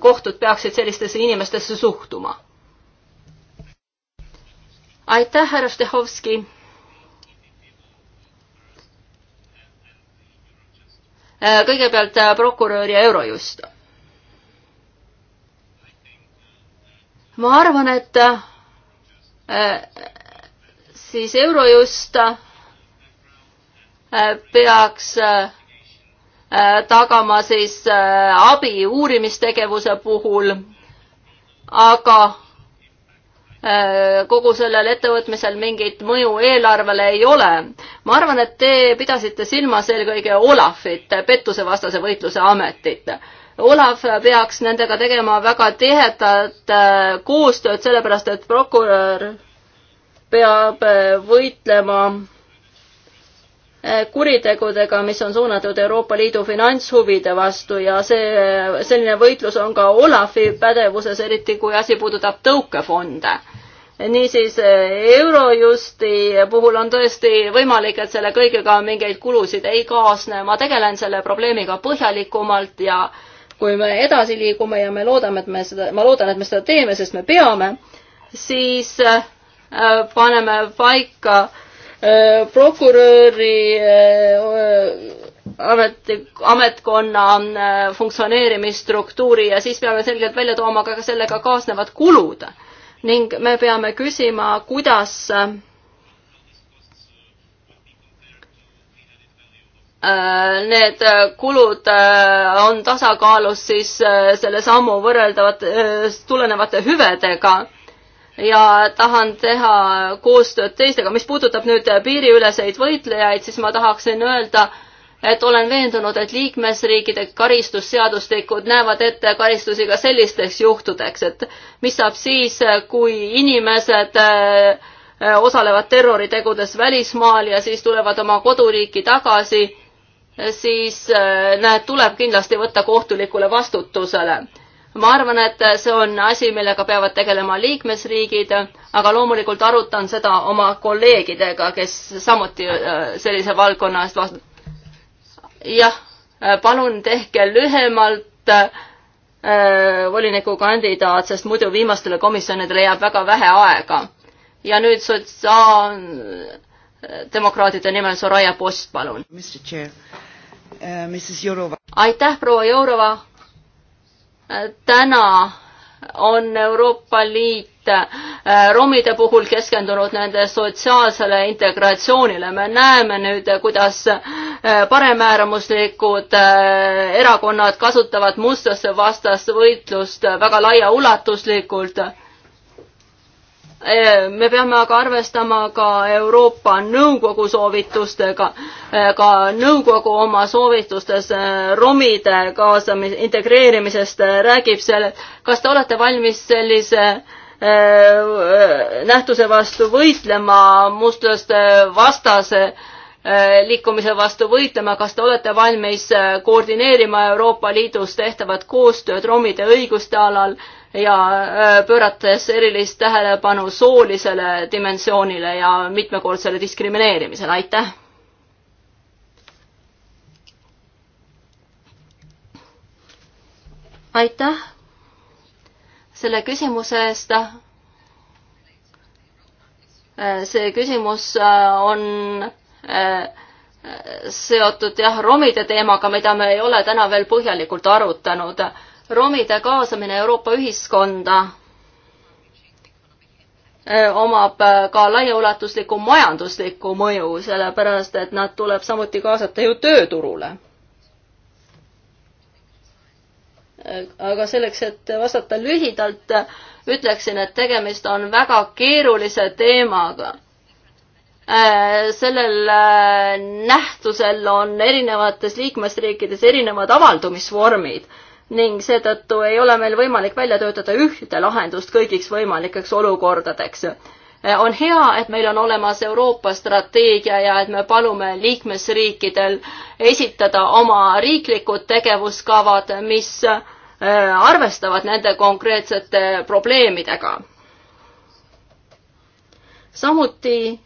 kohtud peaksid sellistesse inimestesse suhtuma? aitäh, härra Štehovski. kõigepealt prokurör ja Eurojust ma arvan, et äh, siis Eurojust äh, peaks äh, tagama siis abi uurimistegevuse puhul, aga kogu sellel ettevõtmisel mingit mõju eelarvele ei ole. ma arvan, et te pidasite silmas eelkõige Olafit, pettusevastase võitluse ametit. Olav peaks nendega tegema väga tihedat äh, koostööd, sellepärast et prokurör peab äh, võitlema äh, kuritegudega, mis on suunatud Euroopa Liidu finantshuvide vastu ja see, selline võitlus on ka Olafi pädevuses, eriti kui asi puudutab tõukefonde. niisiis Eurojusti puhul on tõesti võimalik, et selle kõigega mingeid kulusid ei kaasne, ma tegelen selle probleemiga põhjalikumalt ja äh, kui me edasi liigume ja me loodame, et me seda, ma loodan, et me seda teeme, sest me peame, siis äh, paneme paika äh, prokuröri äh, amet, ametkonna funktsioneerimisstruktuuri ja siis peame selgelt välja tooma ka sellega kaasnevad kulud. ning me peame küsima, kuidas äh, Äh, need äh, kulud äh, on tasakaalus siis selle sammu võrreldavate, tulenevate hüvedega ja tahan teha koostööd teistega. mis puudutab nüüd piiriüleseid võitlejaid, siis ma tahaksin öelda, et olen veendunud, et liikmesriikide karistusseadustikud näevad ette karistusi ka sellisteks juhtudeks, et mis saab siis, kui inimesed osalevad terroritegudes välismaal ja siis tulevad oma koduriiki tagasi siis äh, näed, tuleb kindlasti võtta kohtulikule vastutusele ma arvan, et see on asi, millega peavad tegelema liikmesriigid, aga loomulikult arutan seda oma kolleegidega, kes samuti äh, sellise valdkonna eest vastutavad. jah, äh, palun tehke lühemalt äh, volinikukandidaat, sest muidu viimastele komisjonidele jääb väga vähe aega. ja nüüd sotsiaaldemokraatide nimel Soraya Post, palun. Äh, aitäh, proua Jourova. Äh, täna on Euroopa Liit äh, romide puhul keskendunud nende sotsiaalsele integratsioonile. me näeme nüüd, kuidas paremäärmuslikud erakonnad kasutavad mustlaste vastast võitlust väga laiaulatuslikult Eh, me peame aga arvestama ka Euroopa Nõukogu soovitustega, eh, ka nõukogu oma soovitustes eh, romide kaasamis, integreerimisest räägib seal, kas te olete valmis sellise nähtuse vastu võitlema, mustlaste vastase liikumise vastu võitlema, kas te olete valmis koordineerima Euroopa Liidus tehtavat koostööd romide õiguste alal ja äh, pöörates erilist tähelepanu soolisele dimensioonile ja mitmekordsele diskrimineerimisele, aitäh! aitäh selle küsimuse eest äh, see küsimus äh, on seotud jah, romide teemaga, mida me ei ole täna veel põhjalikult arutanud romide kaasamine Euroopa ühiskonda eh, omab eh, ka laiaulatuslikku majanduslikku mõju, sellepärast et nad tuleb samuti kaasata ju tööturule. aga selleks, et vastata lühidalt, ütleksin, et tegemist on väga keerulise teemaga eh, sellel nähtusel on erinevates liikmesriikides erinevad avaldumisvormid ning seetõttu ei ole meil võimalik välja töötada ühte lahendust kõigiks võimalikeks olukordadeks. on hea, et meil on olemas Euroopa strateegia ja et me palume liikmesriikidel esitada oma riiklikud tegevuskavad, mis äh, arvestavad nende konkreetsete probleemidega. samuti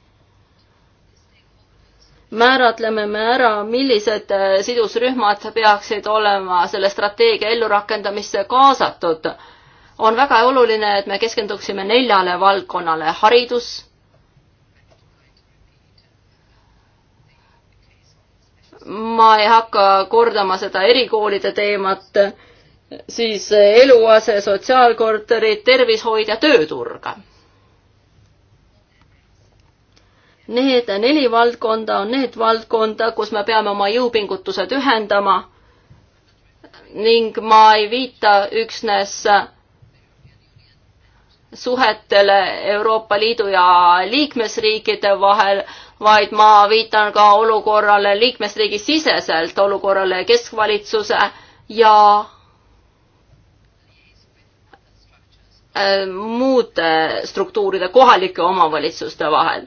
määratleme me ära, millised äh, sidusrühmad peaksid olema selle strateegia ellurakendamisse kaasatud. on väga oluline, et me keskenduksime neljale valdkonnale, haridus, ma ei hakka kordama seda erikoolide teemat, siis eluase, sotsiaalkorterid, tervishoid ja tööturg Need neli valdkonda on need valdkonda, kus me peame oma jõupingutused ühendama ning ma ei viita üksnes suhetele Euroopa Liidu ja liikmesriikide vahel, vaid ma viitan ka olukorrale liikmesriigi siseselt, olukorrale keskvalitsuse ja äh, muude struktuuride kohalike omavalitsuste vahel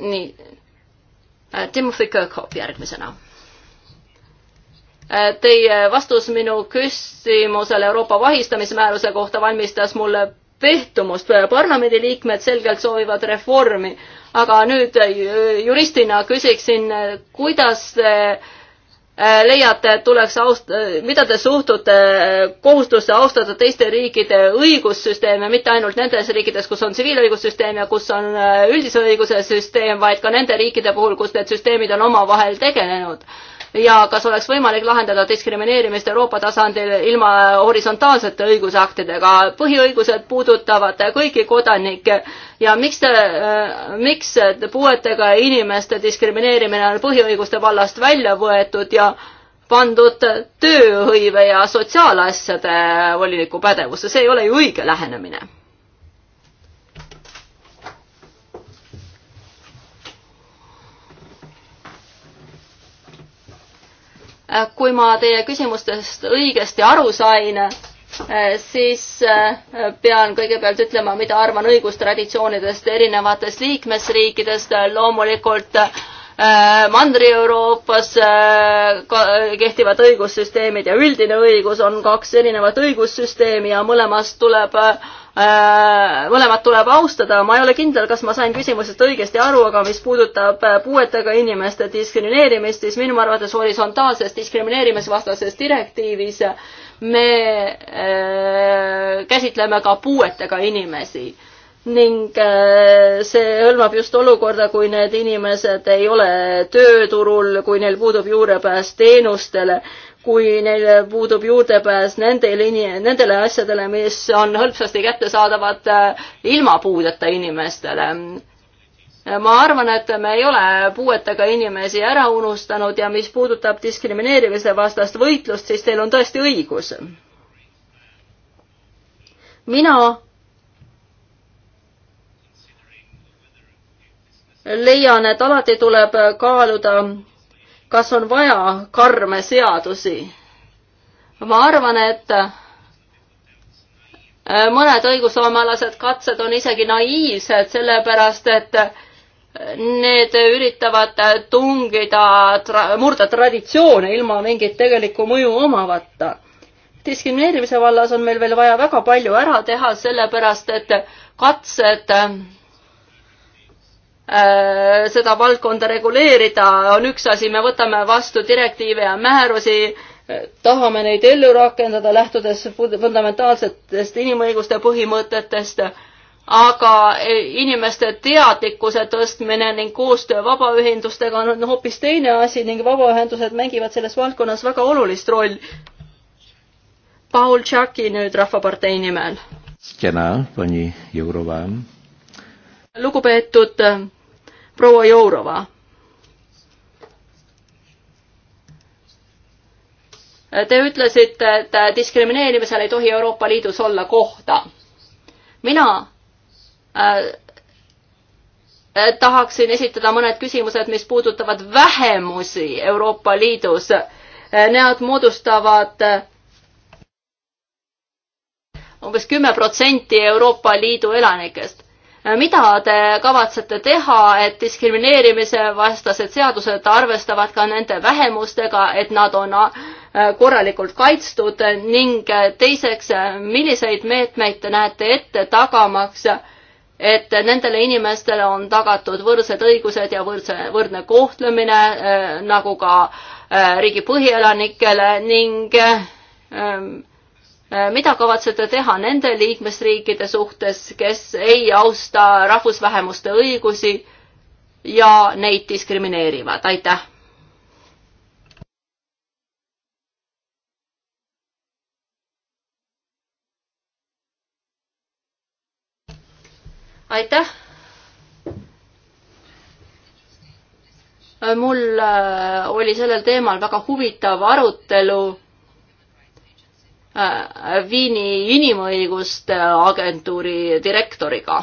nii, äh, Timothy Kirkhope järgmisena. Äh, Teie vastus minu küsimusele Euroopa vahistamismääruse kohta valmistas mulle pehtumust, parlamendiliikmed selgelt soovivad reformi, aga nüüd äh, juristina küsiksin, kuidas te Äh, leiate, et tuleks aust-, äh, mida te suhtute äh, kohustusse austada teiste riikide õigussüsteeme, mitte ainult nendes riikides, kus on tsiviilõigussüsteem ja kus on üldise õiguse süsteem, vaid ka nende riikide puhul, kus need süsteemid on omavahel tegelenud ja kas oleks võimalik lahendada diskrimineerimist Euroopa tasandil ilma horisontaalsete õigusaktidega. põhiõigused puudutavad kõiki kodanikke ja miks te, miks puuetega inimeste diskrimineerimine on põhiõiguste vallast välja võetud ja pandud tööhõive ja sotsiaalasjade voliniku pädevusse, see ei ole ju õige lähenemine kui ma teie küsimustest õigesti aru sain, eh, siis eh, pean kõigepealt ütlema, mida arvan õigustraditsioonidest erinevatest liikmesriikidest, loomulikult eh, Mandri-Euroopas kehtivad õigussüsteemid ja üldine õigus on kaks erinevat õigussüsteemi ja mõlemast tuleb äh, Äh, mõlemat tuleb austada, ma ei ole kindel, kas ma sain küsimusest õigesti aru, aga mis puudutab äh, puuetega inimeste diskrimineerimist, siis minu arvates horisontaalses diskrimineerimisvastases direktiivis me äh, käsitleme ka puuetega inimesi ning äh, see hõlmab just olukorda, kui need inimesed ei ole tööturul, kui neil puudub juurepääs teenustele kui neil puudub juurdepääs nendele, nendele asjadele, mis on hõlpsasti kättesaadavad äh, ilma puudeta inimestele. ma arvan, et me ei ole puuetega inimesi ära unustanud ja mis puudutab diskrimineerimise vastast võitlust, siis teil on tõesti õigus. mina leian, et alati tuleb kaaluda kas on vaja karme seadusi? ma arvan, et äh, mõned õigusloomealased katsed on isegi naiivsed, sellepärast et äh, need üritavad tungida, murda traditsioone ilma mingit tegelikku mõju omavata. diskrimineerimise vallas on meil veel vaja väga palju ära teha, sellepärast et katsed äh, Äh, seda valdkonda reguleerida, on üks asi, me võtame vastu direktiive ja määrusi, äh, tahame neid ellu rakendada, lähtudes fundamentaalsetest inimõiguste põhimõtetest, aga äh, inimeste teadlikkuse tõstmine ning koostöö vabaühendustega on hoopis teine asi ning vabaühendused mängivad selles valdkonnas väga olulist rolli. Paul Tšaki nüüd Rahvapartei nimel. lugupeetud proua Jourova. Te ütlesite, et diskrimineerimisel ei tohi Euroopa Liidus olla kohta. mina äh, tahaksin esitada mõned küsimused, mis puudutavad vähemusi Euroopa Liidus. Nad moodustavad äh, umbes kümme protsenti Euroopa Liidu elanikest mida te kavatsete teha, et diskrimineerimise vastased seadused arvestavad ka nende vähemustega, et nad on äh, korralikult kaitstud ning äh, teiseks, äh, milliseid meetmeid te näete ette tagamaks, et nendele inimestele on tagatud võrdsed õigused ja võrdse, võrdne kohtlemine äh, nagu ka äh, riigi põhieelanikele ning äh, ähm, Äh, mida kavatsete teha nende liikmesriikide suhtes, kes ei austa rahvusvähemuste õigusi ja neid diskrimineerivad, aitäh! aitäh! Äh, mul äh, oli sellel teemal väga huvitav arutelu Äh, Viini inimõiguste agentuuri direktoriga.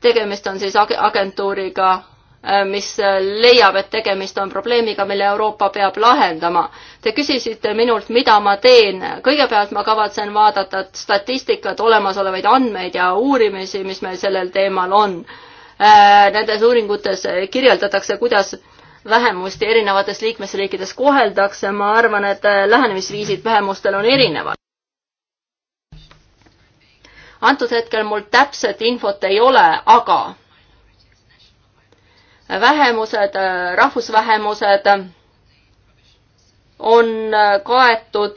tegemist on siis agentuuriga, äh, mis leiab, et tegemist on probleemiga, mille Euroopa peab lahendama. Te küsisite minult, mida ma teen. kõigepealt ma kavatsen vaadata statistikat, olemasolevaid andmeid ja uurimisi, mis meil sellel teemal on. Äh, nendes uuringutes kirjeldatakse, kuidas vähemusti erinevates liikmesriikides koheldakse, ma arvan, et äh, lähenemisviisid vähemustel on erinevad. antud hetkel mul täpset infot ei ole, aga vähemused, äh, rahvusvähemused on äh, kaetud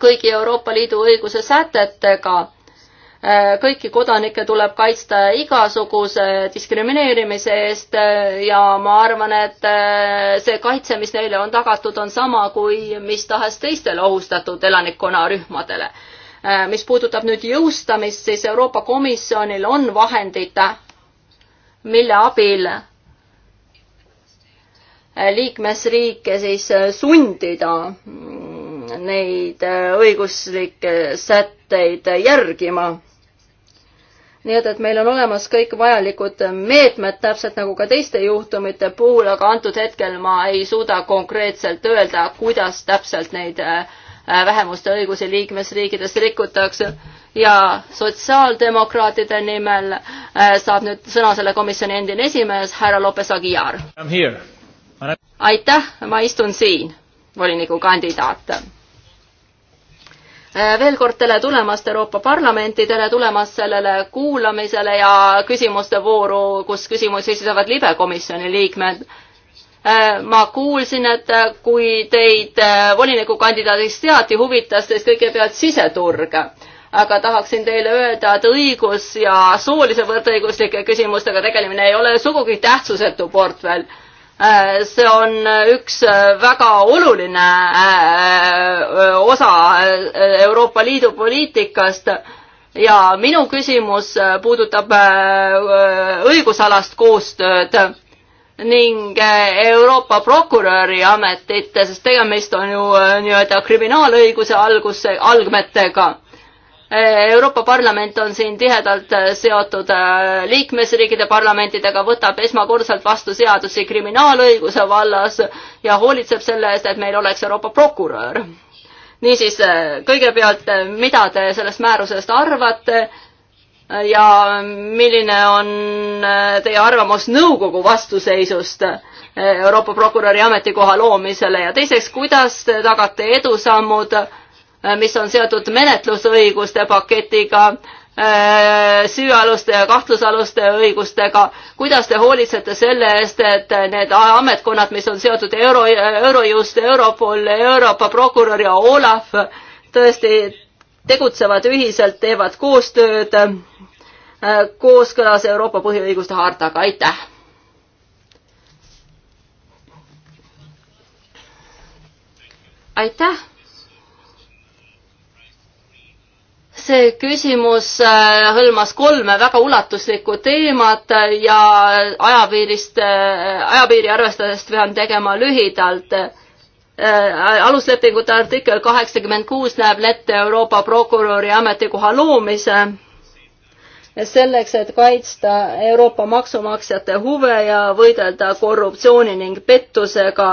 kõigi Euroopa Liidu õiguse sätetega Äh, kõiki kodanikke tuleb kaitsta igasuguse diskrimineerimise eest äh, ja ma arvan, et äh, see kaitse, mis neile on tagatud, on sama kui mis tahes teistele ohustatud elanikkonnarühmadele. mis puudutab nüüd jõustamist, siis Euroopa Komisjonil on vahendid, mille abil liikmesriike siis sundida mm, neid õiguslikke sätteid järgima nii et, et meil on olemas kõik vajalikud meetmed, täpselt nagu ka teiste juhtumite puhul, aga antud hetkel ma ei suuda konkreetselt öelda, kuidas täpselt neid äh, vähemuste õigusi liikmesriikides rikutakse ja sotsiaaldemokraatide nimel äh, saab nüüd sõna selle komisjoni endine esimees härra Lopez Aguiar. aitäh, ma istun siin, volinikukandidaat Äh, veel kord tere tulemast Euroopa Parlamenti, tere tulemast sellele kuulamisele ja küsimuste vooru, kus küsimusi esitavad libekomisjoni liikmed äh, ma kuulsin, et kui teid äh, volinikukandidaadiks seati, huvitas teist kõigepealt siseturg. aga tahaksin teile öelda, et õigus ja soolise võrdõiguslike küsimustega tegelemine ei ole sugugi tähtsusetu portfell Äh, see on äh, üks äh, väga oluline osa Euroopa Liidu poliitikast ja minu küsimus puudutab õigusalast koostööd ning Euroopa prokuröri ametit, sest tegemist on ju nii-öelda kriminaalõiguse alguse, algmetega Euroopa Parlament on siin tihedalt äh, seotud äh, liikmesriikide parlamentidega, võtab esmakordselt vastu seadusi kriminaalõiguse vallas ja hoolitseb selle eest, et meil oleks Euroopa prokurör. niisiis, äh, kõigepealt, mida te sellest määrusest arvate ja milline on teie arvamus nõukogu vastuseisust Euroopa prokuröri ametikoha loomisele ja teiseks, kuidas te tagate edusammud Äh, mis on seotud menetlusõiguste paketiga, äh, süüaluste ja kahtlusaluste õigustega, kuidas te hoolitsete selle eest, et need ametkonnad, mis on seotud Euro, Eurojust, Europol, Euroopa prokurör ja Olav, tõesti tegutsevad ühiselt, teevad koostööd äh, kooskõlas Euroopa põhiõiguste hartaga, aitäh! aitäh! see küsimus äh, hõlmas kolme väga ulatuslikku teemat ja ajapiirist, äh, ajapiiri arvestades pean tegema lühidalt. Äh, aluslepingute artikkel kaheksakümmend kuus näeb ette Euroopa prokuröri ametikoha loomise selleks, et kaitsta Euroopa maksumaksjate huve ja võidelda korruptsiooni ning pettusega.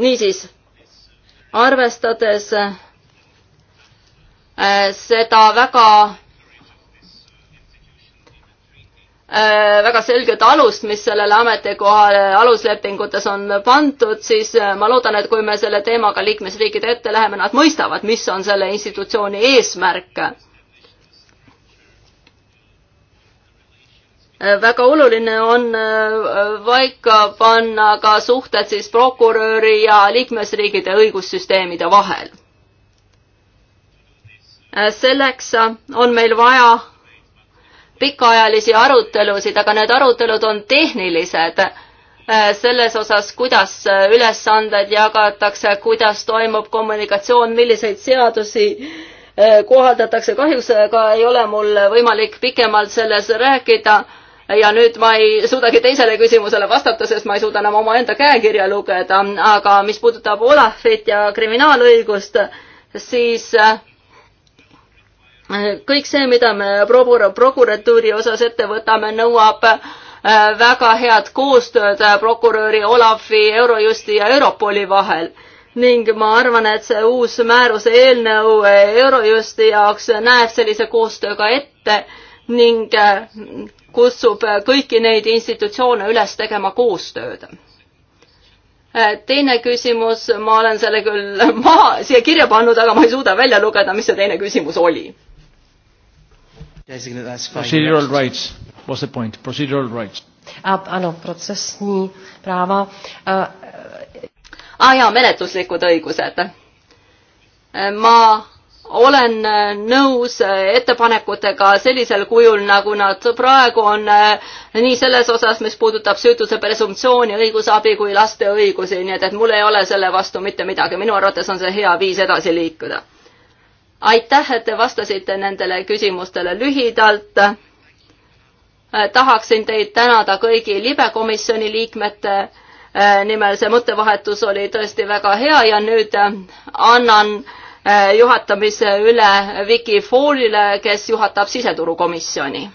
niisiis, arvestades Äh, seda väga äh, väga selget alust, mis sellele ametikohale aluslepingutes on pandud, siis äh, ma loodan, et kui me selle teemaga liikmesriikide ette läheme, nad mõistavad, mis on selle institutsiooni eesmärk. väga oluline on paika panna ka suhted siis prokuröri ja liikmesriikide õigussüsteemide vahel Äh, selleks äh, on meil vaja pikaajalisi arutelusid, aga need arutelud on tehnilised äh, selles osas, kuidas ülesanded jagatakse, kuidas toimub kommunikatsioon, milliseid seadusi kohaldatakse. kahjuks ka ei ole mul võimalik pikemalt selles rääkida ja nüüd ma ei suudagi teisele küsimusele vastata, sest ma ei suuda enam omaenda käekirja lugeda, aga mis puudutab Olafit ja kriminaalõigust, siis äh, kõik see, mida me prokuratuuri osas ette võtame, nõuab äh, väga head koostööd äh, prokuröri Olavi, Eurojusti ja Europoli vahel ning ma arvan, et see uus määruse eelnõu äh, Eurojusti jaoks näeb sellise koostööga ette ning kutsub kõiki neid institutsioone üles tegema koostööd. teine küsimus, ma olen selle küll maha siia kirja pannud, aga ma ei suuda välja lugeda, mis see teine küsimus oli Procedural rights. What's the point? Procedural rights. A, ah, ano, protsessní práva. aa ah, eh, ah, jaa, menetluslikud õigused. Eh, ma olen eh, nõus ettepanekutega sellisel kujul, nagu nad praegu on, nii selles osas, mis puudutab süütuse presumptsiooni, õigusabi kui laste õigusi, nii et, et mul ei ole selle vastu mitte midagi, minu arvates on see hea viis edasi liikuda aitäh, et te vastasite nendele küsimustele lühidalt. Äh, tahaksin teid tänada kõigi libekomisjoni liikmete äh, nimel, see mõttevahetus oli tõesti väga hea ja nüüd äh, annan juhatamise üle Viki Foolile, kes juhatab siseturukomisjoni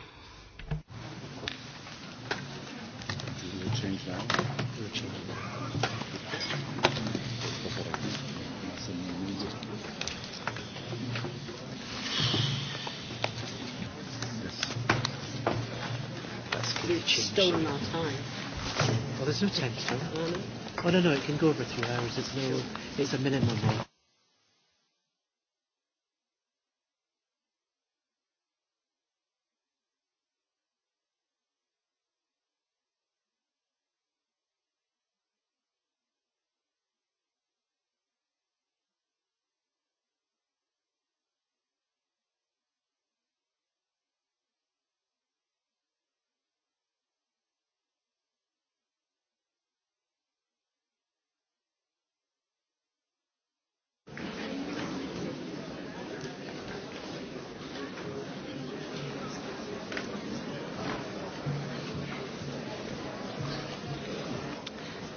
change. Stolen our time. Well, there's no time, sir. Oh, no, no, it can go over three hours. It's no, it's a minimum.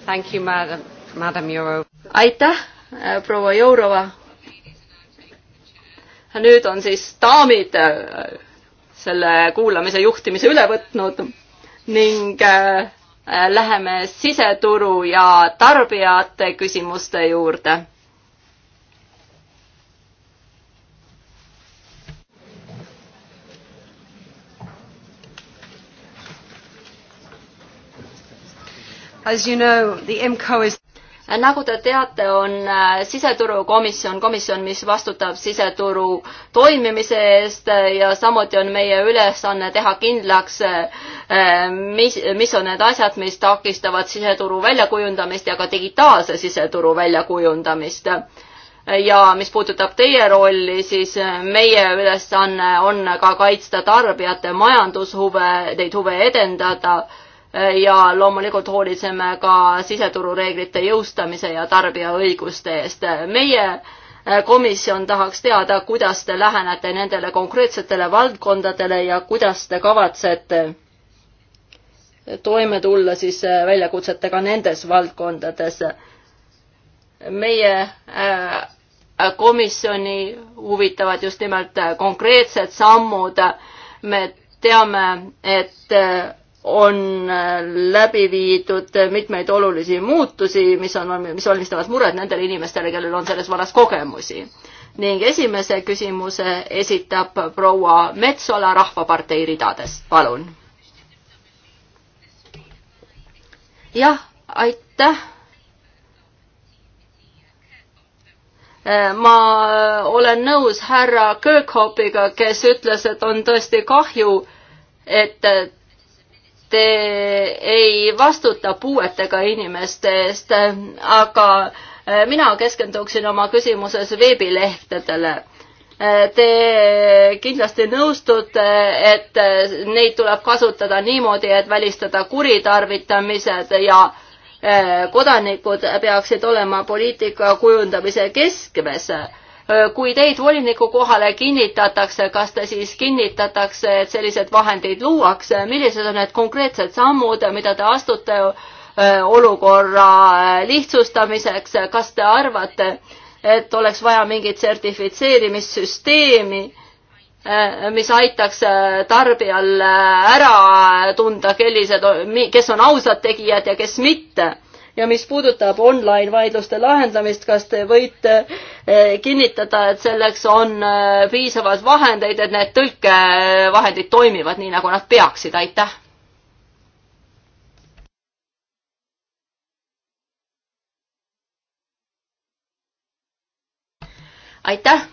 Thank you, madam, madam Euro. aitäh, äh, proua Jourova. nüüd on siis daamid äh, selle kuulamise juhtimise üle võtnud ning äh, läheme siseturu ja tarbijate küsimuste juurde As you know, the IMCO is nagu te teate, on äh, siseturukomisjon komisjon, mis vastutab siseturu toimimise eest äh, ja samuti on meie ülesanne teha kindlaks, äh, mis, mis on need asjad, mis takistavad siseturu väljakujundamist ja ka digitaalse siseturu väljakujundamist. ja mis puudutab teie rolli, siis meie ülesanne on ka kaitsta tarbijate majandushuve, neid huve edendada ja loomulikult hoolitseme ka siseturureeglite jõustamise ja tarbija õiguste eest. meie äh, komisjon tahaks teada, kuidas te lähenete nendele konkreetsetele valdkondadele ja kuidas te kavatsete toime tulla siis äh, väljakutsetega nendes valdkondades. meie äh, komisjoni huvitavad just nimelt konkreetsed sammud. me teame, et on äh, läbi viidud äh, mitmeid olulisi muutusi, mis on, mis valmistavad muret nendele inimestele, kellel on selles vallas kogemusi. ning esimese küsimuse esitab proua Metsola Rahvapartei ridadest, palun. jah, aitäh. Äh, ma olen nõus härra Köökhoopiga, kes ütles, et on tõesti kahju, et te ei vastuta puuetega inimeste eest, aga äh, mina keskenduksin oma küsimuses veebilehtedele. Äh, te kindlasti nõustute, et äh, neid tuleb kasutada niimoodi, et välistada kuritarvitamised ja kodanikud peaksid olema poliitika kujundamise keskmes kui teid voliniku kohale kinnitatakse, kas te siis kinnitatakse, et sellised vahendid luuakse, millised on need konkreetsed sammud, mida te astute äh, olukorra äh, lihtsustamiseks, kas te arvate, et oleks vaja mingit sertifitseerimissüsteemi, äh, mis aitaks tarbijal ära tunda, kellised, kes on ausad tegijad ja kes mitte ja mis puudutab online vaidluste lahendamist, kas te võite eh, kinnitada, et selleks on eh, piisavalt vahendeid, et need tõlkevahendid toimivad nii, nagu nad peaksid, aitäh aitäh!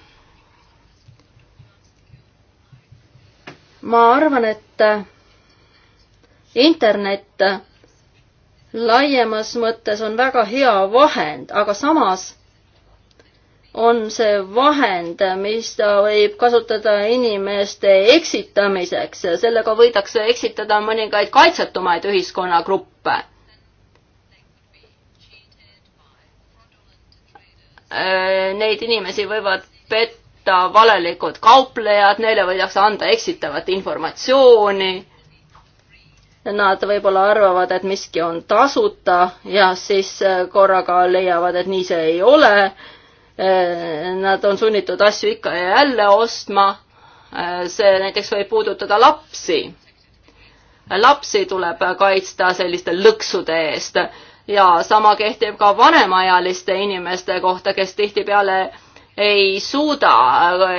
ma arvan, et internet laiemas mõttes on väga hea vahend, aga samas on see vahend, mis ta võib kasutada inimeste eksitamiseks, sellega võidakse eksitada mõningaid kaitsetumaid ühiskonnagruppe. Neid inimesi võivad petta valelikud kauplejad, neile võidakse anda eksitavat informatsiooni nad võib-olla arvavad, et miski on tasuta ja siis äh, korraga leiavad, et nii see ei ole. Äh, nad on sunnitud asju ikka ja jälle ostma. Äh, see näiteks võib puudutada lapsi. lapsi tuleb kaitsta selliste lõksude eest ja sama kehtib ka vanemaealiste inimeste kohta, kes tihtipeale ei suuda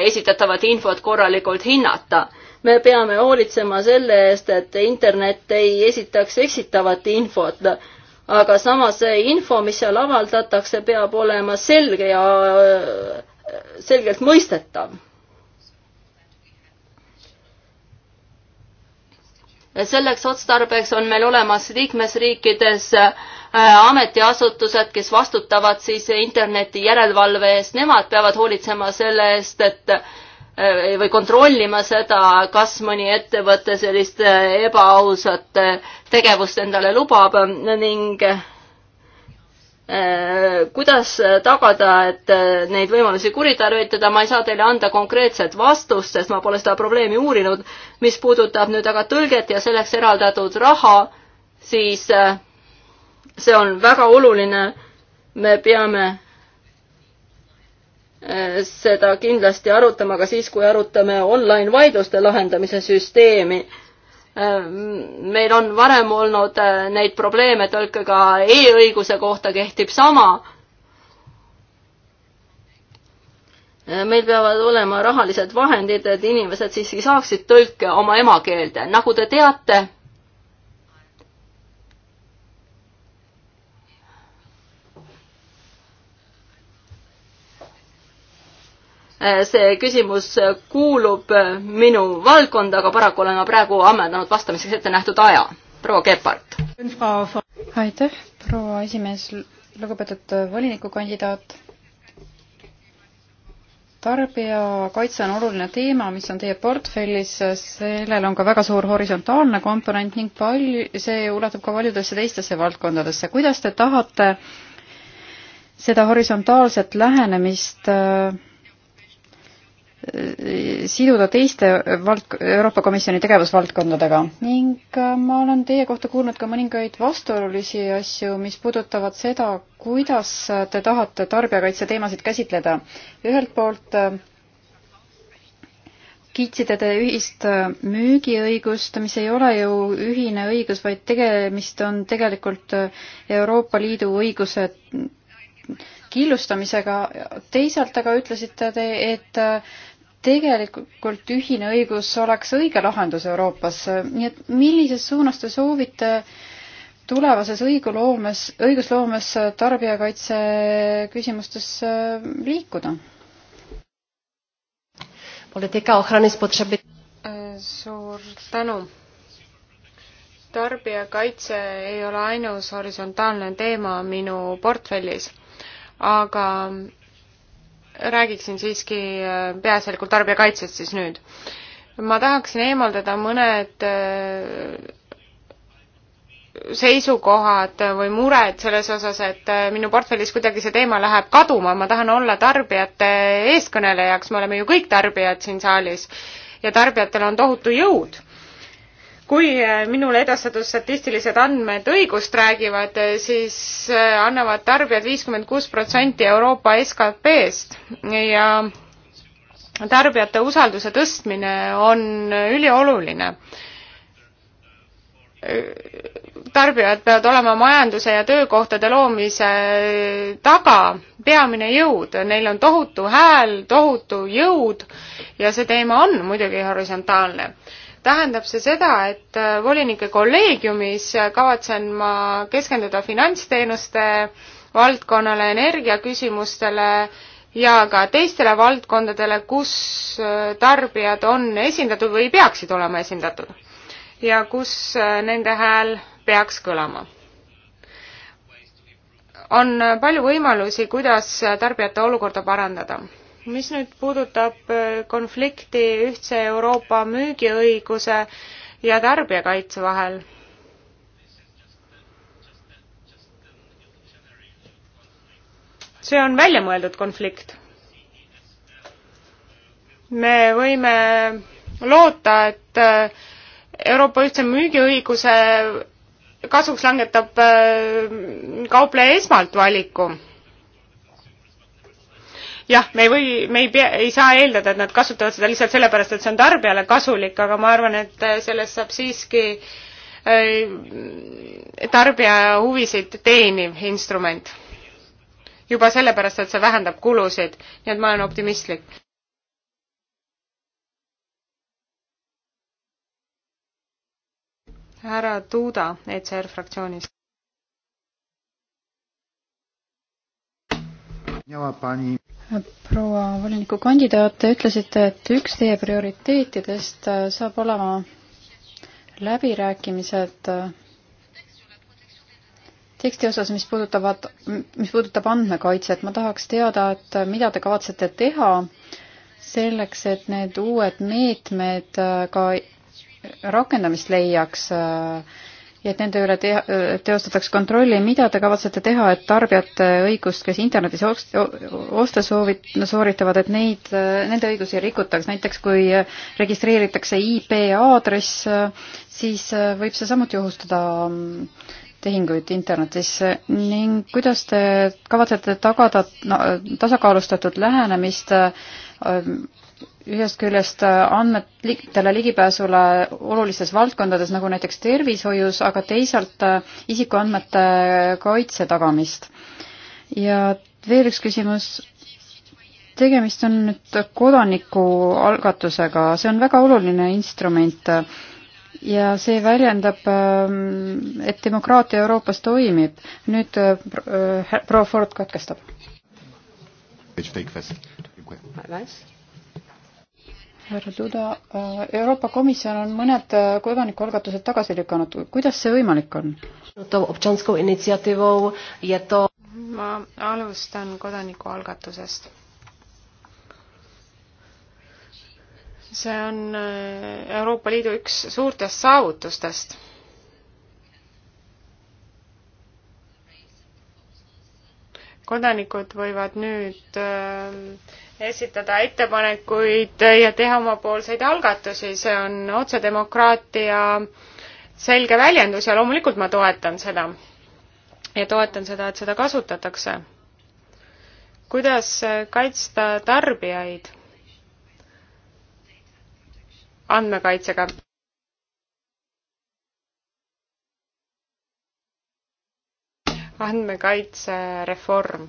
esitatavat infot korralikult hinnata me peame hoolitsema selle eest, et internet ei esitaks eksitavat infot, aga samas see info, mis seal avaldatakse, peab olema selge ja äh, selgelt mõistetav. selleks otstarbeks on meil olemas liikmesriikides äh, ametiasutused, kes vastutavad siis interneti järelevalve eest, nemad peavad hoolitsema selle eest, et Äh, või kontrollima seda, kas mõni ettevõte sellist äh, ebaausat äh, tegevust endale lubab ning kuidas tagada, et neid võimalusi kuritarvitada, ma ei saa teile anda konkreetset vastust, sest ma pole seda probleemi uurinud. mis puudutab nüüd aga tõlget ja selleks eraldatud raha, siis see on väga oluline. me peame Äh, seda kindlasti arutama ka siis, kui arutame online vaidluste lahendamise süsteemi. Äh, meil on varem olnud äh, neid probleeme tõlkega e-õiguse kohta kehtib sama. meil peavad olema rahalised vahendid, et inimesed siiski saaksid tõlke oma emakeelde, nagu te teate Eh, see küsimus eh, kuulub eh, minu valdkonda, aga paraku olen ma praegu ammendanud vastamiseks ette nähtud aja. proua Kepart. aitäh, proua esimees, lugupeetud volinikukandidaat. tarbijakaitse on oluline teema, mis on teie portfellis, sellel on ka väga suur horisontaalne komponent ning palju, see ulatub ka paljudesse teistesse valdkondadesse. kuidas te tahate seda horisontaalset lähenemist äh, siduda teiste vald-, Euroopa Komisjoni tegevusvaldkondadega ning äh, ma olen teie kohta kuulnud ka mõningaid vastuolulisi asju, mis puudutavad seda, kuidas te tahate tarbijakaitse teemasid käsitleda. ühelt poolt äh, kiitsite te ühist äh, müügiõigust, mis ei ole ju ühine õigus, vaid tegemist on tegelikult Euroopa Liidu õiguse killustamisega, teisalt aga ütlesite te, et tegelikult ühine õigus oleks õige lahendus Euroopas, nii et millises suunas te soovite tulevases õiguloomes, õigusloomes tarbijakaitse küsimustes äh, liikuda? poliitika ohrani spotšebi. Äh, suur tänu. tarbijakaitse ei ole ainus horisontaalne teema minu portfellis, aga räägiksin siiski äh, peaasjalikult tarbijakaitsest siis nüüd. ma tahaksin eemaldada mõned äh, seisukohad või mured selles osas, et äh, minu portfellis kuidagi see teema läheb kaduma, ma tahan olla tarbijate eeskõnelejaks, me oleme ju kõik tarbijad siin saalis ja tarbijatel on tohutu jõud kui äh, minule edastatud statistilised andmed õigust räägivad, äh, siis äh, annavad tarbijad viiskümmend kuus protsenti Euroopa SKP-st ja tarbijate usalduse tõstmine on ülioluline. tarbijad peavad olema majanduse ja töökohtade loomise taga peamine jõud, neil on tohutu hääl, tohutu jõud ja see teema on muidugi horisontaalne tähendab see seda, et äh, volinike kolleegiumis äh, kavatsen ma keskenduda finantsteenuste valdkonnale, energiaküsimustele ja ka teistele valdkondadele, kus äh, tarbijad on esindatud või peaksid olema esindatud ja kus nende hääl peaks kõlama. on palju võimalusi, kuidas tarbijate olukorda parandada mis nüüd puudutab äh, konflikti ühtse Euroopa müügiõiguse ja tarbijakaitse vahel, see on väljamõeldud konflikt. me võime loota, et äh, Euroopa ühtse müügiõiguse kasuks langetab äh, kaupleja esmalt valiku jah, me ei või, me ei pea, ei saa eeldada, et nad kasutavad seda lihtsalt sellepärast, et see on tarbijale kasulik, aga ma arvan, et äh, sellest saab siiski äh, tarbija huvisid teeniv instrument. juba sellepärast, et see vähendab kulusid, nii et ma olen optimistlik. härra Tuuda ECR fraktsioonist. miała pani proua volinikukandidaat, te ütlesite, et üks teie prioriteetidest äh, saab olema läbirääkimised äh, teksti osas, mis puudutavad, mis puudutab andmekaitset, ma tahaks teada, et äh, mida te kavatsete teha selleks, et need uued meetmed ka rakendamist leiaks äh, ja et nende üle te teostataks kontrolli, mida te kavatsete teha, et tarbijate õigust, kes internetis oste soovid, sooritavad, et neid, nende õigusi rikutaks, näiteks kui registreeritakse IP aadress, siis võib see samuti ohustada mm, tehinguid internetis ning kuidas te kavatsete tagada no, tasakaalustatud lähenemist mm, ühest küljest äh, andmetele ligipääsule olulistes valdkondades, nagu näiteks tervishoius, aga teisalt äh, isikuandmete kaitse tagamist. ja veel üks küsimus, tegemist on nüüd kodanikualgatusega, see on väga oluline instrument ja see väljendab, äh, et demokraatia Euroopas toimib. nüüd proua Ford katkestab. Which take first? Nice härra Duda, äh, Euroopa Komisjon on mõned äh, kodanikualgatused tagasi lükanud, kuidas see võimalik on? ma alustan kodanikualgatusest. see on äh, Euroopa Liidu üks suurtest saavutustest kodanikud võivad nüüd esitada ettepanekuid ja teha omapoolseid algatusi, see on otsedemokraatia selge väljendus ja loomulikult ma toetan seda. ja toetan seda, et seda kasutatakse. kuidas kaitsta tarbijaid andmekaitsega? andmekaitsereform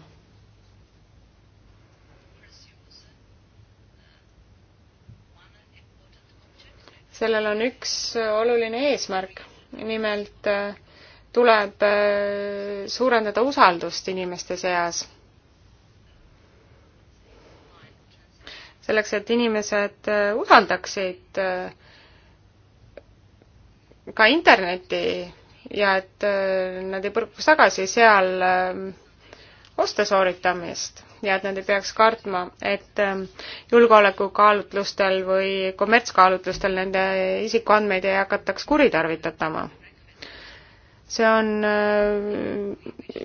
sellel on üks oluline eesmärk, nimelt äh, tuleb äh, suurendada usaldust inimeste seas. selleks, et inimesed äh, usaldaksid ka Internetti ja et nad ei põrkuks tagasi seal oste sooritamist ja et nad ei peaks kartma, et ähm, julgeolekukaalutlustel või kommertskaalutlustel nende isikuandmeid ei hakataks kuritarvitatama. see on äh,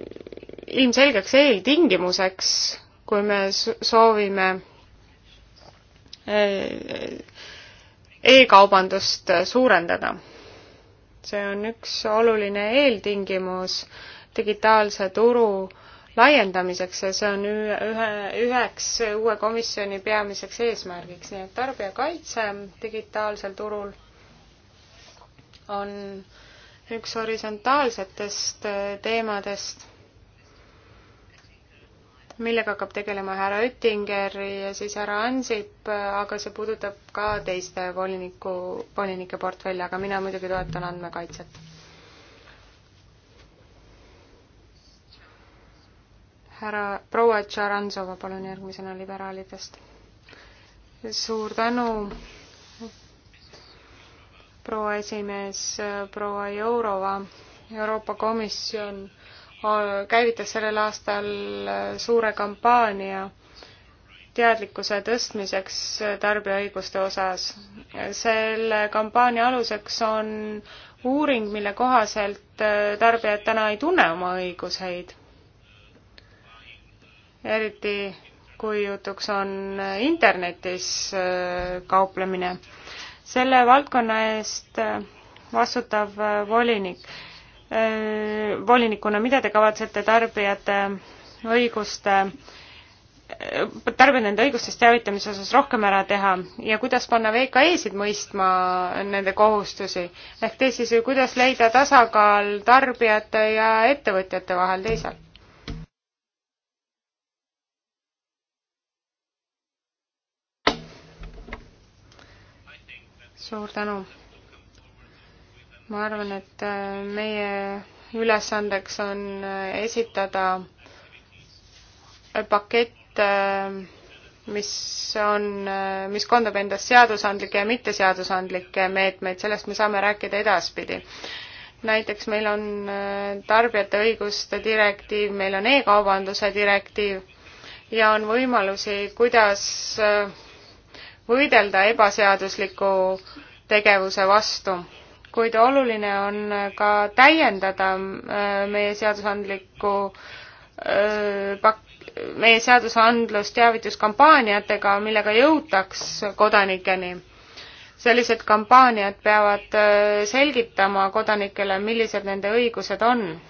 ilmselgeks eeltingimuseks, kui me soovime äh, e-kaubandust äh, suurendada. see on üks oluline eeltingimus digitaalse turu äh, laiendamiseks ja see on ühe, üheks uue komisjoni peamiseks eesmärgiks, nii et tarbijakaitse digitaalsel turul on üks horisontaalsetest äh, teemadest, millega hakkab tegelema härra Oettinger ja siis härra Ansip, äh, aga see puudutab ka teiste voliniku, volinike portfelli, aga mina muidugi toetan andmekaitset härra proua Tšarantsova, palun järgmisena liberaalidest. suur tänu, proua esimees, proua Jourova, Euroopa Komisjon äh, käivitas sellel aastal äh, suure kampaania teadlikkuse tõstmiseks äh, tarbijaõiguste osas. selle kampaania aluseks on uuring, mille kohaselt tarbijad täna ei tunne oma õiguseid eriti kui jutuks on internetis äh, kauplemine. selle valdkonna eest äh, vastutav äh, volinik, volinikuna, mida te kavatsete tarbijate õiguste tarbijate enda õigustest teavitamise osas rohkem ära teha ja kuidas panna VKE-sid mõistma nende kohustusi. ehk teisisõnu, kuidas leida tasakaal tarbijate ja ettevõtjate vahel teisalt? suur tänu. ma arvan, et äh, meie ülesandeks on äh, esitada äh, pakett, mis on, mis kondab endas seadusandlikke ja mitteseadusandlikke meetmeid, sellest me saame rääkida edaspidi näiteks meil on tarbijate õiguste direktiiv, meil on e-kaubanduse direktiiv ja on võimalusi, kuidas võidelda ebaseadusliku tegevuse vastu. kuid oluline on ka täiendada äh, meie seadusandlikku äh, pak-, meie seadusandlust teavituskampaaniatega, millega jõutaks kodanikeni. sellised kampaaniad peavad äh, selgitama kodanikele, millised nende õigused on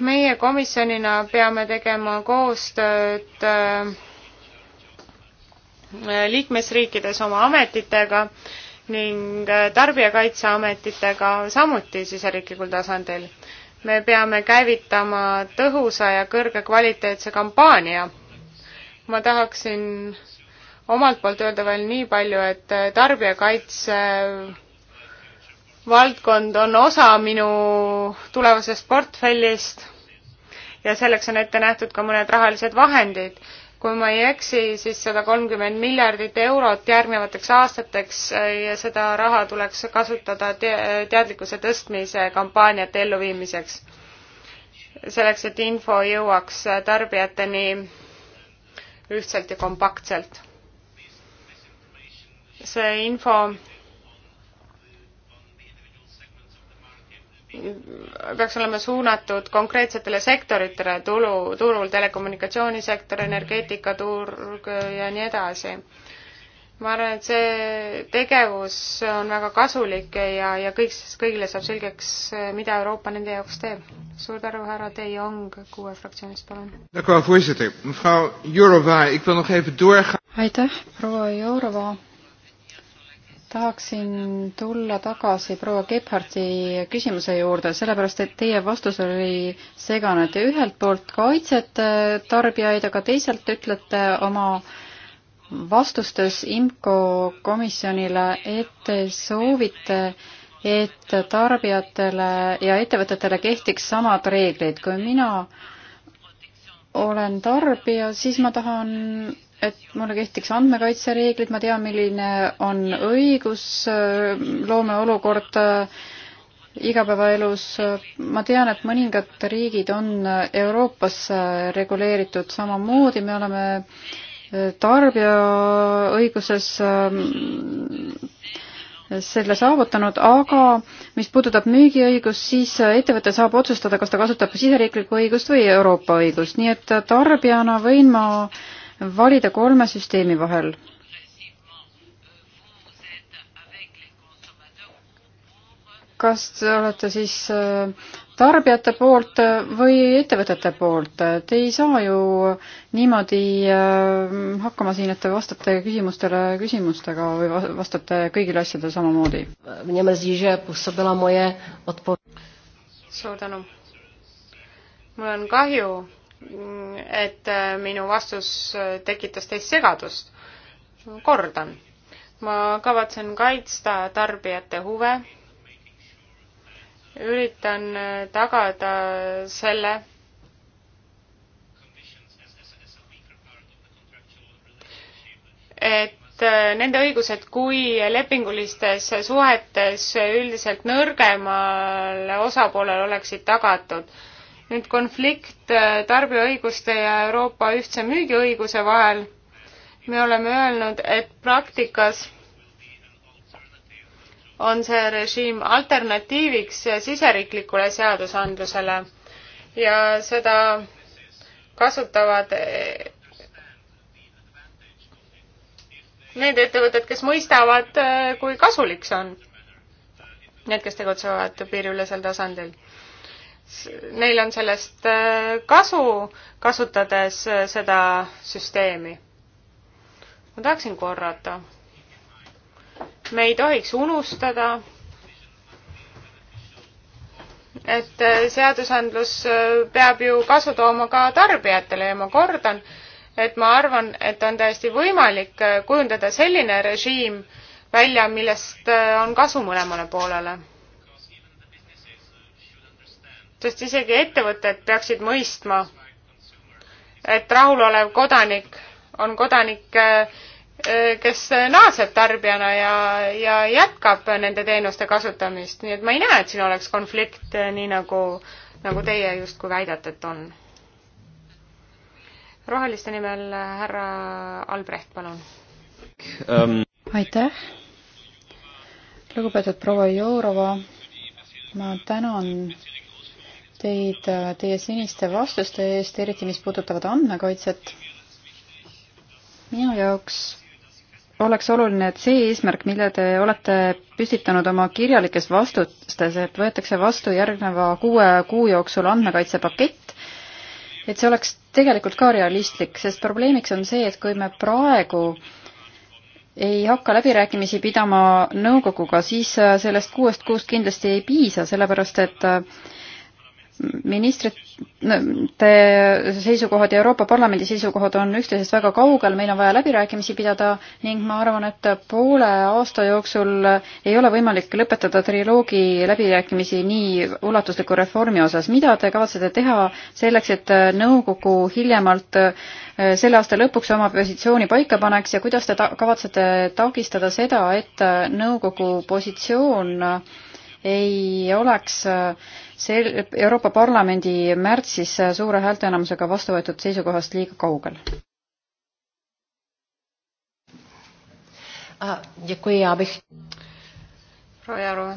meie komisjonina peame tegema koostööd äh, liikmesriikides oma ametitega ning tarbijakaitseametitega samuti siseriiklikul tasandil. me peame käivitama tõhusa ja kõrgekvaliteetse kampaania. ma tahaksin omalt poolt öelda veel nii palju, et tarbijakaitse valdkond on osa minu tulevasest portfellist ja selleks on ette nähtud ka mõned rahalised vahendid kui ma ei eksi, siis sada kolmkümmend miljardit eurot järgnevateks aastateks äh, ja seda raha tuleks kasutada te teadlikkuse tõstmise kampaaniate elluviimiseks. selleks, et info jõuaks äh, tarbijateni ühtselt ja kompaktselt. see info peaks olema suunatud konkreetsetele sektoritele, tulu, turul telekommunikatsioonisektor, energeetikaturg ja nii edasi. ma arvan, et see tegevus on väga kasulik ja, ja kõik, kõigile saab selgeks, mida Euroopa nende jaoks teeb. suur tänu, härra De Jong, kuue fraktsioonist, palun. aitäh, proua Jourova tahaksin tulla tagasi proua Gebhardi küsimuse juurde, sellepärast et teie vastus oli segane. Te ühelt poolt kaitsete tarbijaid, aga teisalt ütlete oma vastustes IMCO komisjonile, et te soovite, et tarbijatele ja ettevõtetele kehtiks samad reeglid. kui mina olen tarbija, siis ma tahan et mulle kehtiks andmekaitsereeglid, ma tean, milline on õigusloome olukord äh, igapäevaelus. ma tean, et mõningad riigid on äh, Euroopas äh, reguleeritud samamoodi, me oleme tarbijaõiguses ähm, selle saavutanud, aga mis puudutab müügiõigust, siis ettevõte saab otsustada, kas ta kasutab siseriiklikku õigust või Euroopa õigust, nii et tarbijana võin ma äh, valida kolme süsteemi vahel. kas te olete siis äh, tarbijate poolt äh, või ettevõtete poolt? Te ei saa ju niimoodi äh, hakkama siin, et te vastate küsimustele küsimustega või vastate kõigile asjadele samamoodi. suur tänu. mul on kahju, et äh, minu vastus äh, tekitas teis segadust. kordan, ma kavatsen kaitsta tarbijate huve, üritan äh, tagada selle, et nende õigused kui lepingulistes suhetes üldiselt nõrgemale osapoolele oleksid tagatud nüüd konflikt äh, tarbijaõiguste ja Euroopa ühtse müügiõiguse vahel. me oleme öelnud, et praktikas on see režiim alternatiiviks siseriiklikule seadusandlusele ja seda kasutavad äh, need ettevõtted, kes mõistavad, äh, kui kasulik see on. Need, kes tegutsevad piiriülesel tasandil neil on sellest äh, kasu, kasutades äh, seda süsteemi. ma tahaksin korrata. me ei tohiks unustada, et äh, seadusandlus peab ju kasu tooma ka tarbijatele ja ma kordan, et ma arvan, et on täiesti võimalik kujundada selline režiim välja, millest on kasu mõlemale poolele sest isegi ettevõtted peaksid mõistma, et rahulolev kodanik on kodanik, eh, kes naaseb tarbijana ja, ja jätkab nende teenuste kasutamist, nii et ma ei näe, et siin oleks konflikt, eh, nii nagu, nagu teie justkui väidate, et on. roheliste nimel eh, härra Albrecht, palun um.... aitäh, lugupeetud proua Jourova, ma tänan teid äh, teie siniste vastuste eest, eriti mis puudutavad andmekaitset. minu jaoks oleks oluline, et see eesmärk, mille te olete püstitanud oma kirjalikes vastustes, et võetakse vastu järgneva kuue kuu jooksul andmekaitsepakett, et see oleks tegelikult ka realistlik, sest probleemiks on see, et kui me praegu ei hakka läbirääkimisi pidama nõukoguga, siis äh, sellest kuuest kuust kindlasti ei piisa, sellepärast et äh, ministrite seisukohad ja Euroopa Parlamendi seisukohad on üksteisest väga kaugel, meil on vaja läbirääkimisi pidada ning ma arvan, et poole aasta jooksul ei ole võimalik lõpetada triloogi läbirääkimisi nii ulatusliku reformi osas. mida te kavatsete teha selleks, et nõukogu hiljemalt eh, selle aasta lõpuks oma positsiooni paika paneks ja kuidas te ta kavatsete takistada seda, et nõukogu positsioon ei oleks äh, sel-, Euroopa Parlamendi märtsis äh, suure häälteenamusega vastu võetud seisukohast liiga kaugel? Děkuji, já bych... Pro Jaro.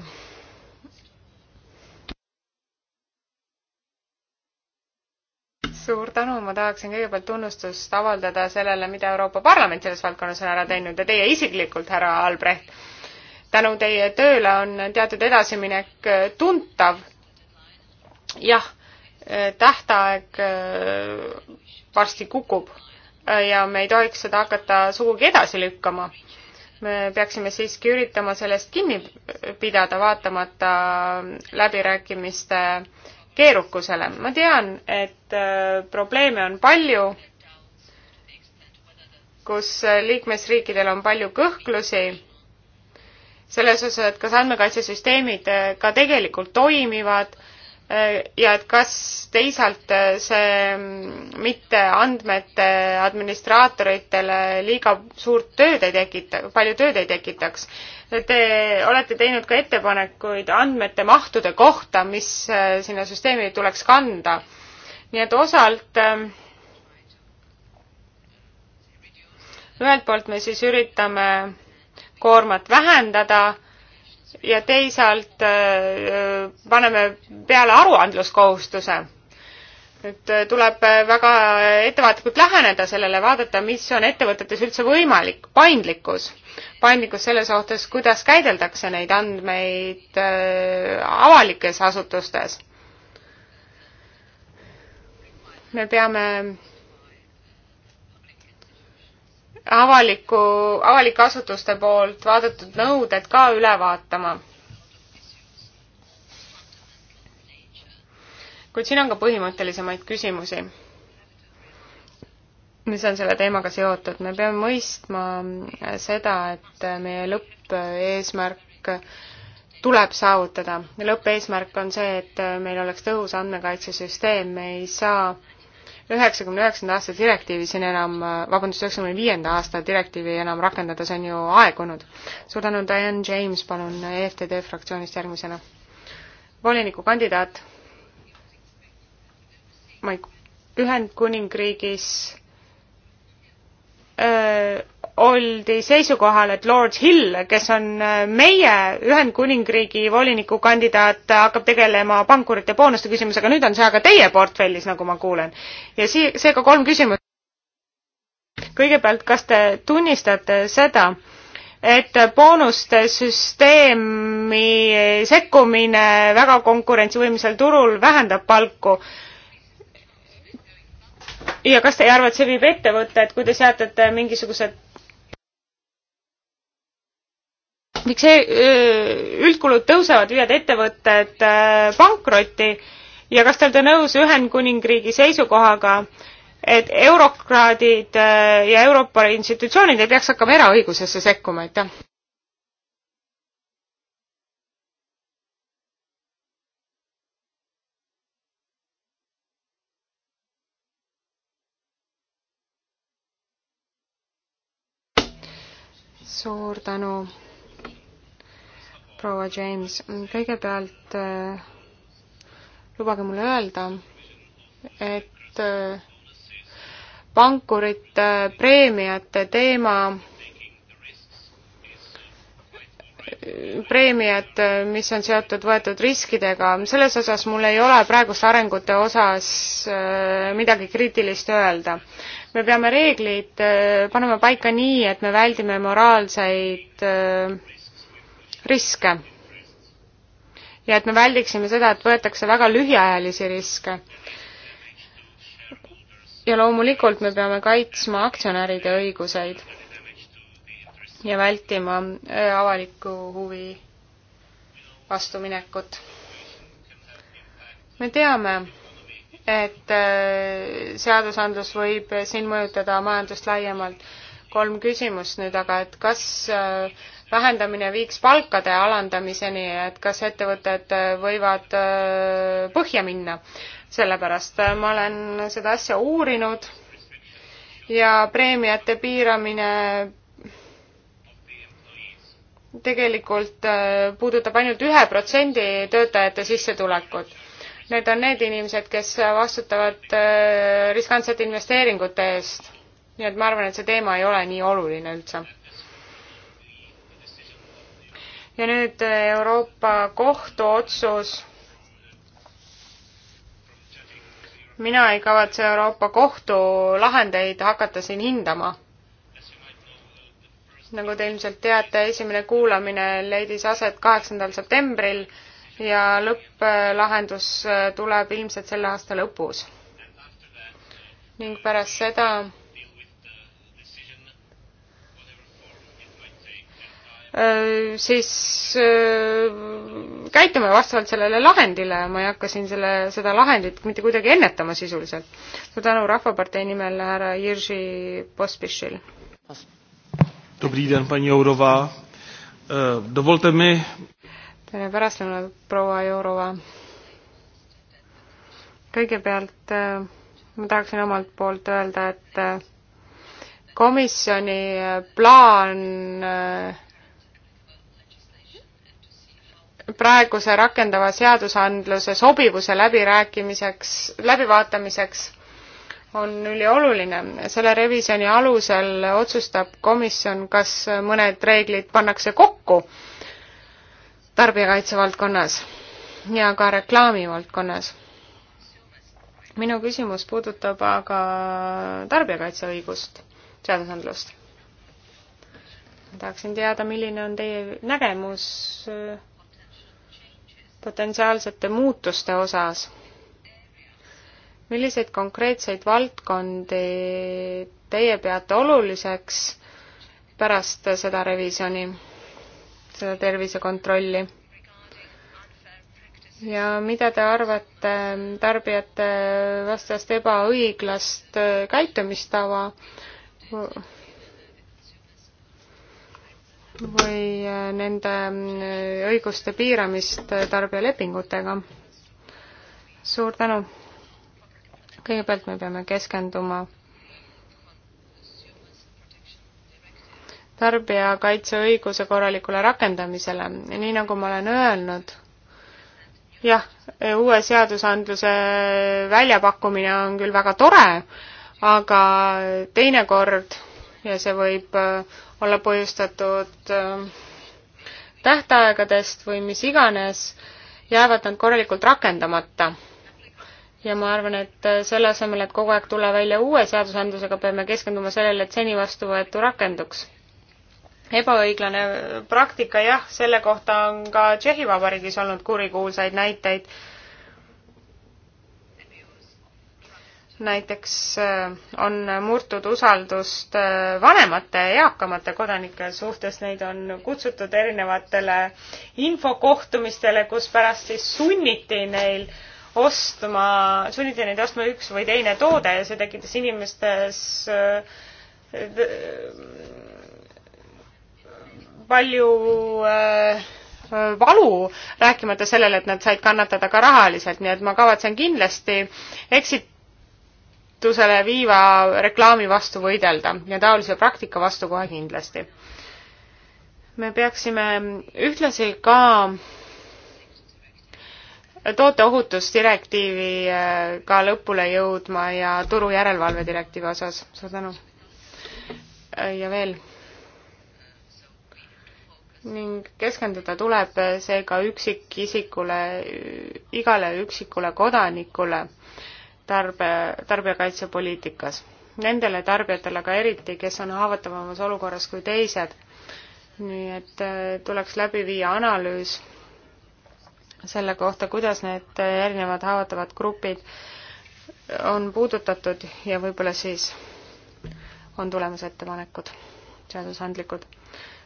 suur tänu, ma tahaksin kõigepealt tunnustust avaldada sellele, mida Euroopa Parlament selles valdkonnas on ära teinud ja teie isiklikult, härra Albrecht tänu teie tööle on teatud edasiminek äh, tuntav. jah, äh, tähtaeg äh, varsti kukub ja me ei tohiks seda hakata sugugi edasi lükkama. me peaksime siiski üritama sellest kinni pidada, vaatamata läbirääkimiste keerukusele. ma tean, et probleeme on palju, kus liikmesriikidel on palju kõhklusi selles osas, et kas andmekaitsesüsteemid äh, ka tegelikult toimivad äh, ja et kas teisalt äh, see mm, mitte andmete administraatoritele liiga suurt tööd ei tekita, palju tööd ei tekitaks. Te olete teinud ka ettepanekuid andmete mahtude kohta, mis sinna süsteemi tuleks kanda. nii et osalt ähm, ühelt poolt me siis üritame koormat vähendada ja teisalt äh, paneme peale aruandluskohustuse. nüüd äh, tuleb väga ettevaatlikult läheneda sellele, vaadata, mis on ettevõtetes üldse võimalik, paindlikkus, paindlikkus selle suhtes, kuidas käideldakse neid andmeid äh, avalikes asutustes. me peame avaliku, avalike asutuste poolt vaadatud nõuded ka üle vaatama. kuid siin on ka põhimõttelisemaid küsimusi, mis on selle teemaga seotud. me peame mõistma seda, et meie lõppeesmärk tuleb saavutada. lõppeesmärk on see, et meil oleks tõhus andmekaitsesüsteem, me ei saa äh, üheksakümne üheksanda aasta direktiivi siin enam, vabandust, üheksakümne viienda aasta direktiivi enam rakendada, see on ju aegunud. suur tänu, Diane James, palun, EFTD fraktsioonist järgmisena. volinikukandidaat, ma ei, Ühendkuningriigis öö, oldi seisukohal, et Lord Hill, kes on äh, meie Ühendkuningriigi volinikukandidaat, hakkab tegelema pankurite boonuste küsimusega, nüüd on see aga teie portfellis, nagu ma kuulen. ja sii-, seega kolm küsimust. kõigepealt, kas te tunnistate seda, et boonuste süsteemi sekkumine väga konkurentsivõimelisel turul vähendab palku? ja kas teie arvates see viib ettevõtted, kui te seatate mingisugused miks see üldkulud tõusevad, viivad ettevõtted pankrotti ja kas te olete nõus Ühendkuningriigi seisukohaga, et eurokraadid ja Euroopa institutsioonid ei peaks hakkama eraõigusesse sekkuma, aitäh? suur tänu proua James, kõigepealt äh, lubage mulle öelda, et äh, pankurite äh, preemiate teema preemiad, äh, mis on seotud võetud riskidega, selles osas mul ei ole praeguste arengute osas äh, midagi kriitilist öelda. me peame reeglid äh, panema paika nii, et me väldime moraalseid riske. ja et me väldiksime seda, et võetakse väga lühiajalisi riske. ja loomulikult me peame kaitsma aktsionäride õiguseid ja vältima äh, avaliku huvi vastuminekut. me teame, et äh, seadusandlus võib siin mõjutada majandust laiemalt. kolm küsimust nüüd aga, et kas äh, vähendamine viiks palkade alandamiseni, et kas ettevõtted võivad äh, põhja minna. sellepärast äh, ma olen seda asja uurinud ja preemiate piiramine tegelikult äh, puudutab ainult ühe protsendi töötajate sissetulekut. Need on need inimesed, kes vastutavad riskantsete investeeringute eest. nii et ma arvan, et see teema ei ole nii oluline üldse ja nüüd äh, Euroopa Kohtu otsus. mina ei kavatse Euroopa Kohtu lahendeid hakata siin hindama. nagu te ilmselt teate, esimene kuulamine leidis aset kaheksandal septembril ja lõpplahendus äh, tuleb ilmselt selle aasta lõpus. ning pärast seda Äh, siis äh, käitume vastavalt sellele lahendile, ma ei hakka siin selle, seda lahendit mitte kuidagi ennetama sisuliselt. suur tänu Rahvapartei nimel härra Jirži Pospišil. Äh, tere pärastlõunat, proua Jourova. kõigepealt ma tahaksin omalt poolt öelda, et komisjoni plaan äh, praeguse rakendava seadusandluse sobivuse läbirääkimiseks, läbivaatamiseks on ülioluline. selle revisjoni alusel otsustab komisjon, kas mõned reeglid pannakse kokku tarbijakaitse valdkonnas ja ka reklaami valdkonnas. minu küsimus puudutab aga tarbijakaitseõigust, seadusandlust. tahaksin teada, milline on teie nägemus potentsiaalsete muutuste osas. milliseid konkreetseid valdkondi teie peate oluliseks pärast seda revisjoni, seda tervisekontrolli? ja mida te arvate tarbijate vastast ebaõiglast käitumistava või äh, nende äh, õiguste piiramist äh, tarbijalepingutega. suur tänu. kõigepealt me peame keskenduma tarbijakaitseõiguse korralikule rakendamisele, nii nagu ma olen öelnud, jah, uue seadusandluse väljapakkumine on küll väga tore, aga teinekord ja see võib olla põhjustatud äh, tähtaegadest või mis iganes, jäävad nad korralikult rakendamata. ja ma arvan, et äh, selle asemel, et kogu aeg tulla välja uue seadusandlusega, peame keskenduma sellele, et seni vastu võetu rakenduks. ebaõiglane praktika, jah, selle kohta on ka Tšehhi Vabariigis olnud kurikuulsaid näiteid näiteks äh, on murtud usaldust äh, vanemate, eakamate kodanike suhtes, neid on kutsutud erinevatele infokohtumistele, kus pärast siis sunniti neil ostma, sunniti neid ostma üks või teine toode ja see tekitas inimestes äh, palju valu, rääkimata sellele, et nad said kannatada ka rahaliselt, nii et ma kavatsen kindlasti exit võitlusele viiva reklaami vastu võidelda ja taolise praktika vastu kohe kindlasti. me peaksime ühtlasi ka tooteohutusdirektiivi äh, ka lõpule jõudma ja turujärelevalve direktiivi osas. suur tänu. Äh, ja veel. ning keskenduda tuleb äh, seega üksikisikule, igale üksikule kodanikule tarbe, tarbijakaitsepoliitikas. Nendele tarbijatele ka eriti, kes on haavatavamas olukorras kui teised. nii et äh, tuleks läbi viia analüüs selle kohta, kuidas need erinevad haavatavad grupid on puudutatud ja võib-olla siis on tulemas ettepanekud, seadusandlikud.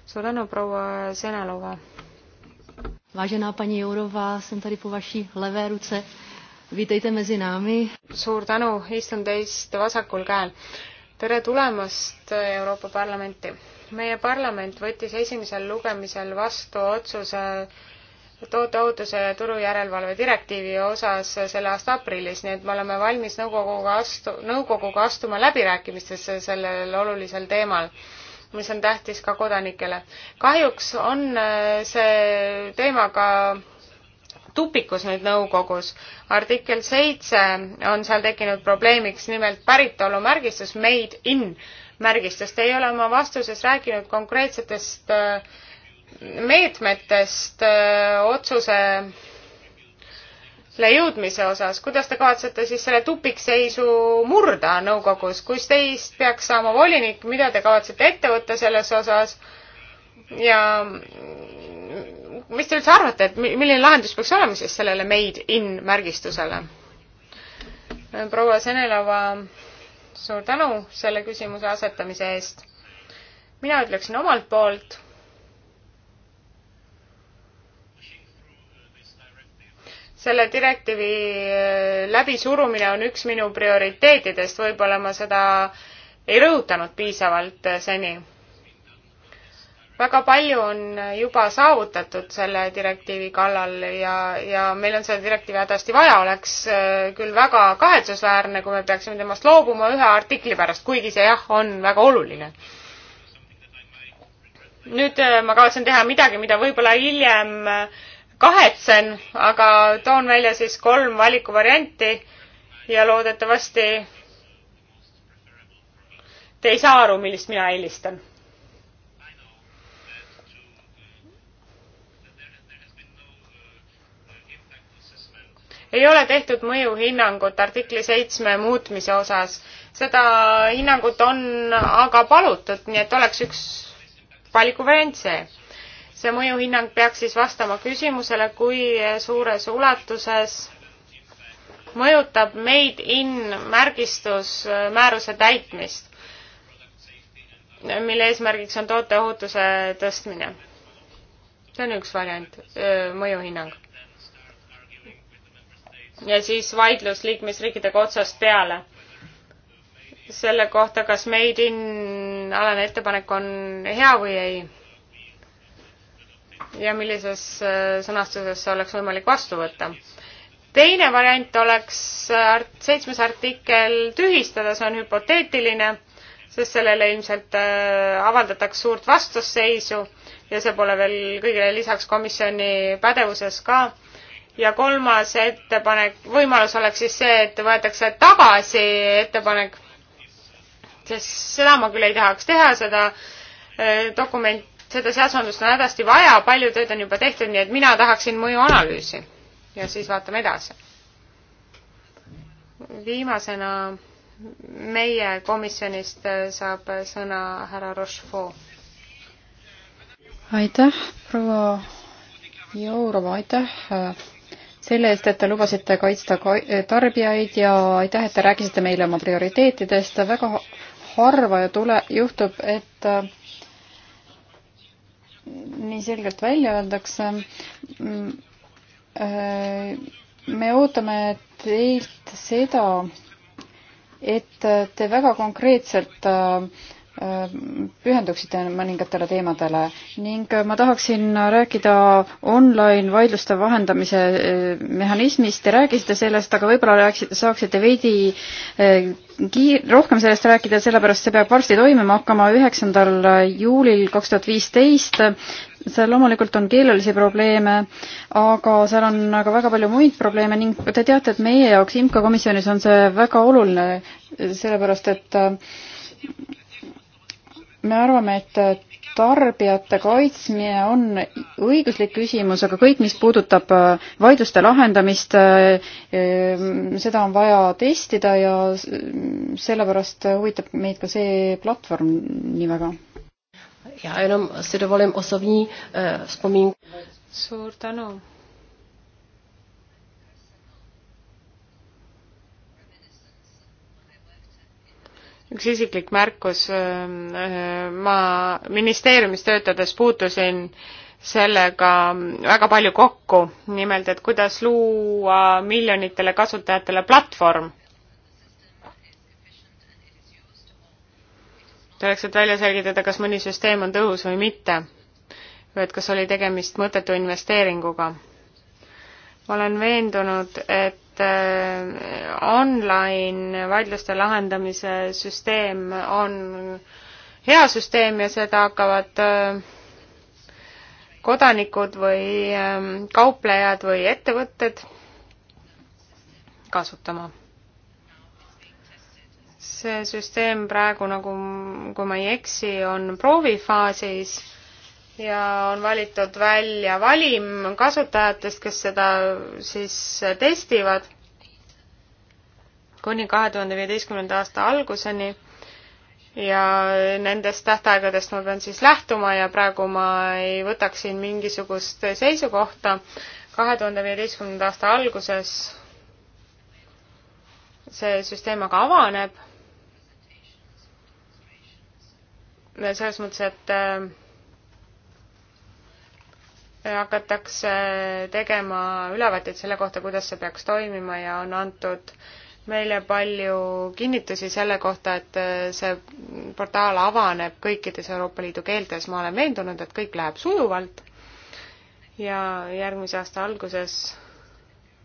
suur tänu, proua Senelova. Vážená paní Jourová, jsem tady po vaší levé ruce suur tänu, istun teist vasakul käel. tere tulemast Euroopa Parlamenti. meie parlament võttis esimesel lugemisel vastu otsuse tooteohutuse ja turujärelevalve direktiivi osas selle aasta aprillis, nii et me oleme valmis nõukoguga astu-, nõukoguga astuma läbirääkimistesse sellel olulisel teemal mis on tähtis ka kodanikele. kahjuks on äh, see teema ka tupikus nüüd nõukogus. artikkel seitse on seal tekkinud probleemiks, nimelt päritolumärgistus, made in märgistust. ei ole oma vastuses rääkinud konkreetsetest äh, meetmetest öö, äh, otsusele jõudmise osas. kuidas te kavatsete siis selle tupikseisu murda nõukogus, kus teist peaks saama volinik, mida te kavatsete ette võtta selles osas? ja mis te üldse arvate, et milline lahendus peaks olema siis sellele made in märgistusele? proua Senelova, suur tänu selle küsimuse asetamise eest. mina ütleksin omalt poolt, selle direktiivi äh, läbisurumine on üks minu prioriteetidest, võib-olla ma seda ei rõhutanud piisavalt äh, seni väga palju on juba saavutatud selle direktiivi kallal ja, ja meil on seda direktiivi hädasti vaja, oleks äh, küll väga kahetsusväärne, kui me peaksime temast loobuma ühe artikli pärast, kuigi see jah, on väga oluline. nüüd äh, ma kavatsen teha midagi, mida võib-olla hiljem äh, kahetsen, aga toon välja siis kolm valikuvarianti ja loodetavasti te ei saa aru, millist mina eelistan ei ole tehtud mõjuhinnangut artikli seitsme muutmise osas. seda hinnangut on aga palutud, nii et oleks üks valikuvariant see. see mõjuhinnang peaks siis vastama küsimusele, kui suures ulatuses mõjutab made in märgistus määruse täitmist, mille eesmärgiks on tooteohutuse tõstmine. see on üks variant, mõjuhinnang ja siis vaidlus liikmesriikidega otsast peale selle kohta, kas made in alane ettepanek on hea või ei. ja millises äh, sõnastuses see oleks võimalik vastu võtta. teine variant oleks art-, äh, seitsmes artikkel tühistada, see on hüpoteetiline, sest sellele ilmselt äh, avaldatakse suurt vastusseisu ja see pole veel kõigile lisaks komisjoni pädevuses ka ja kolmas ettepanek, võimalus oleks siis see, et võetakse tagasi ettepanek, sest seda ma küll ei tahaks teha, seda eh, dokument, seda seadusandlust on hädasti vaja, palju tööd on juba tehtud, nii et mina tahaksin mõjuanalüüsi. ja siis vaatame edasi. viimasena meie komisjonist eh, saab sõna härra Rochefort. aitäh, proua Jourova, aitäh selle eest, et te lubasite kaitsta eh, tarbijaid ja aitäh, et te rääkisite meile oma prioriteetidest. väga harva ju tule, juhtub, et eh, nii selgelt välja öeldakse. Mm, eh, me ootame teilt seda, et te väga konkreetselt äh, pühenduksite mõningatele teemadele ning äh, ma tahaksin rääkida online vaidluste vahendamise äh, mehhanismist. Te rääkisite sellest, aga võib-olla rääkisite, saaksite veidi äh, kiir-, rohkem sellest rääkida, sellepärast see peab varsti toimima hakkama, üheksandal juulil kaks tuhat viisteist seal loomulikult on keelelisi probleeme, aga seal on ka väga palju muid probleeme ning te teate, et meie jaoks IMCO komisjonis on see väga oluline, sellepärast et me arvame, et tarbijate kaitsmine on õiguslik küsimus, aga kõik, mis puudutab äh, vaidluste lahendamist, äh, äh, seda on vaja testida ja sellepärast huvitab meid ka see platvorm nii väga. ja enam, see oli valem osa viin, suur tänu üks isiklik märkus, ähm, äh, ma ministeeriumis töötades puutusin sellega väga palju kokku, nimelt et kuidas luua miljonitele kasutajatele platvorm. selleks, et välja selgitada, kas mõni süsteem on tõhus või mitte või et kas oli tegemist mõttetu investeeringuga. ma olen veendunud, et et äh, online vaidluste lahendamise süsteem on hea süsteem ja seda hakkavad äh, kodanikud või ähm, kauplejad või ettevõtted kasutama. see süsteem praegu, nagu, kui ma ei eksi, on proovifaasis ja on valitud välja valim kasutajatest, kes seda siis testivad kuni kahe tuhande viieteistkümnenda aasta alguseni. ja nendest tähtaegadest ma pean siis lähtuma ja praegu ma ei võtaks siin mingisugust seisukohta. kahe tuhande viieteistkümnenda aasta alguses see süsteem aga avaneb. selles mõttes, et äh, hakatakse tegema ülevaateid selle kohta, kuidas see peaks toimima ja on antud meile palju kinnitusi selle kohta, et see portaal avaneb kõikides Euroopa Liidu keeltes, ma olen veendunud, et kõik läheb sujuvalt ja järgmise aasta alguses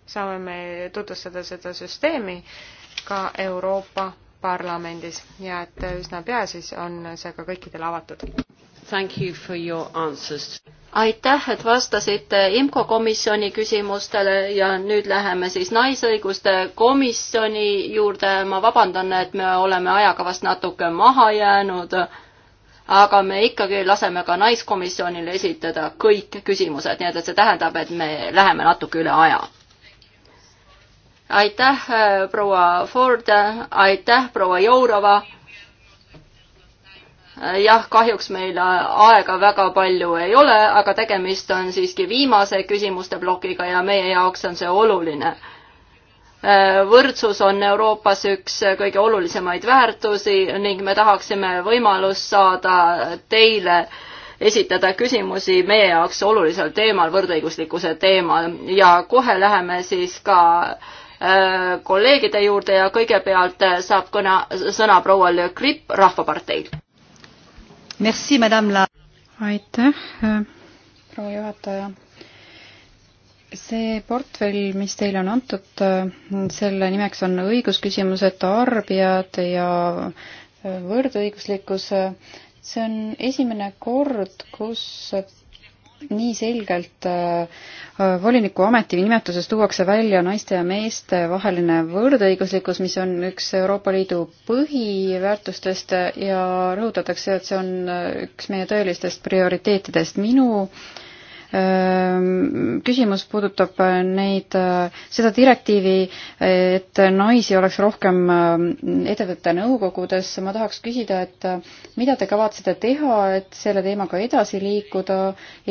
saame me tutvustada seda süsteemi ka Euroopa Parlamendis ja et üsna pea siis on see ka kõikidele avatud. You aitäh, et vastasite IMCO komisjoni küsimustele ja nüüd läheme siis naisõiguste komisjoni juurde. ma vabandan, et me oleme ajakavast natuke maha jäänud, aga me ikkagi laseme ka naiskomisjonile esitada kõik küsimused, nii et, et see tähendab, et me läheme natuke üle aja aitäh, proua Ford, aitäh, proua Jourova jah, kahjuks meil äh, aega väga palju ei ole, aga tegemist on siiski viimase küsimuste plokiga ja meie jaoks on see oluline. Äh, võrdsus on Euroopas üks äh, kõige olulisemaid väärtusi ning me tahaksime võimalust saada teile esitada küsimusi meie jaoks olulisel teemal, võrdõiguslikkuse teemal ja kohe läheme siis ka kolleegide juurde ja kõigepealt saab kõne, sõna proua Le Grip Rahvaparteilt aitäh, äh, proua juhataja see portfell, mis teile on antud, äh, selle nimeks on õigusküsimused, tarbijad ja äh, võrdõiguslikkus. see on esimene kord, kus nii selgelt äh, äh, voliniku ametinimetuses tuuakse välja naiste ja meeste vaheline võrdõiguslikkus, mis on üks Euroopa Liidu põhiväärtustest ja rõhutatakse, et see on äh, üks meie tõelistest prioriteetidest. minu äh, Ehm, küsimus puudutab neid, äh, seda direktiivi, et naisi oleks rohkem äh, ettevõtte nõukogudes. ma tahaks küsida, et äh, mida te kavatsete teha, et selle teemaga edasi liikuda,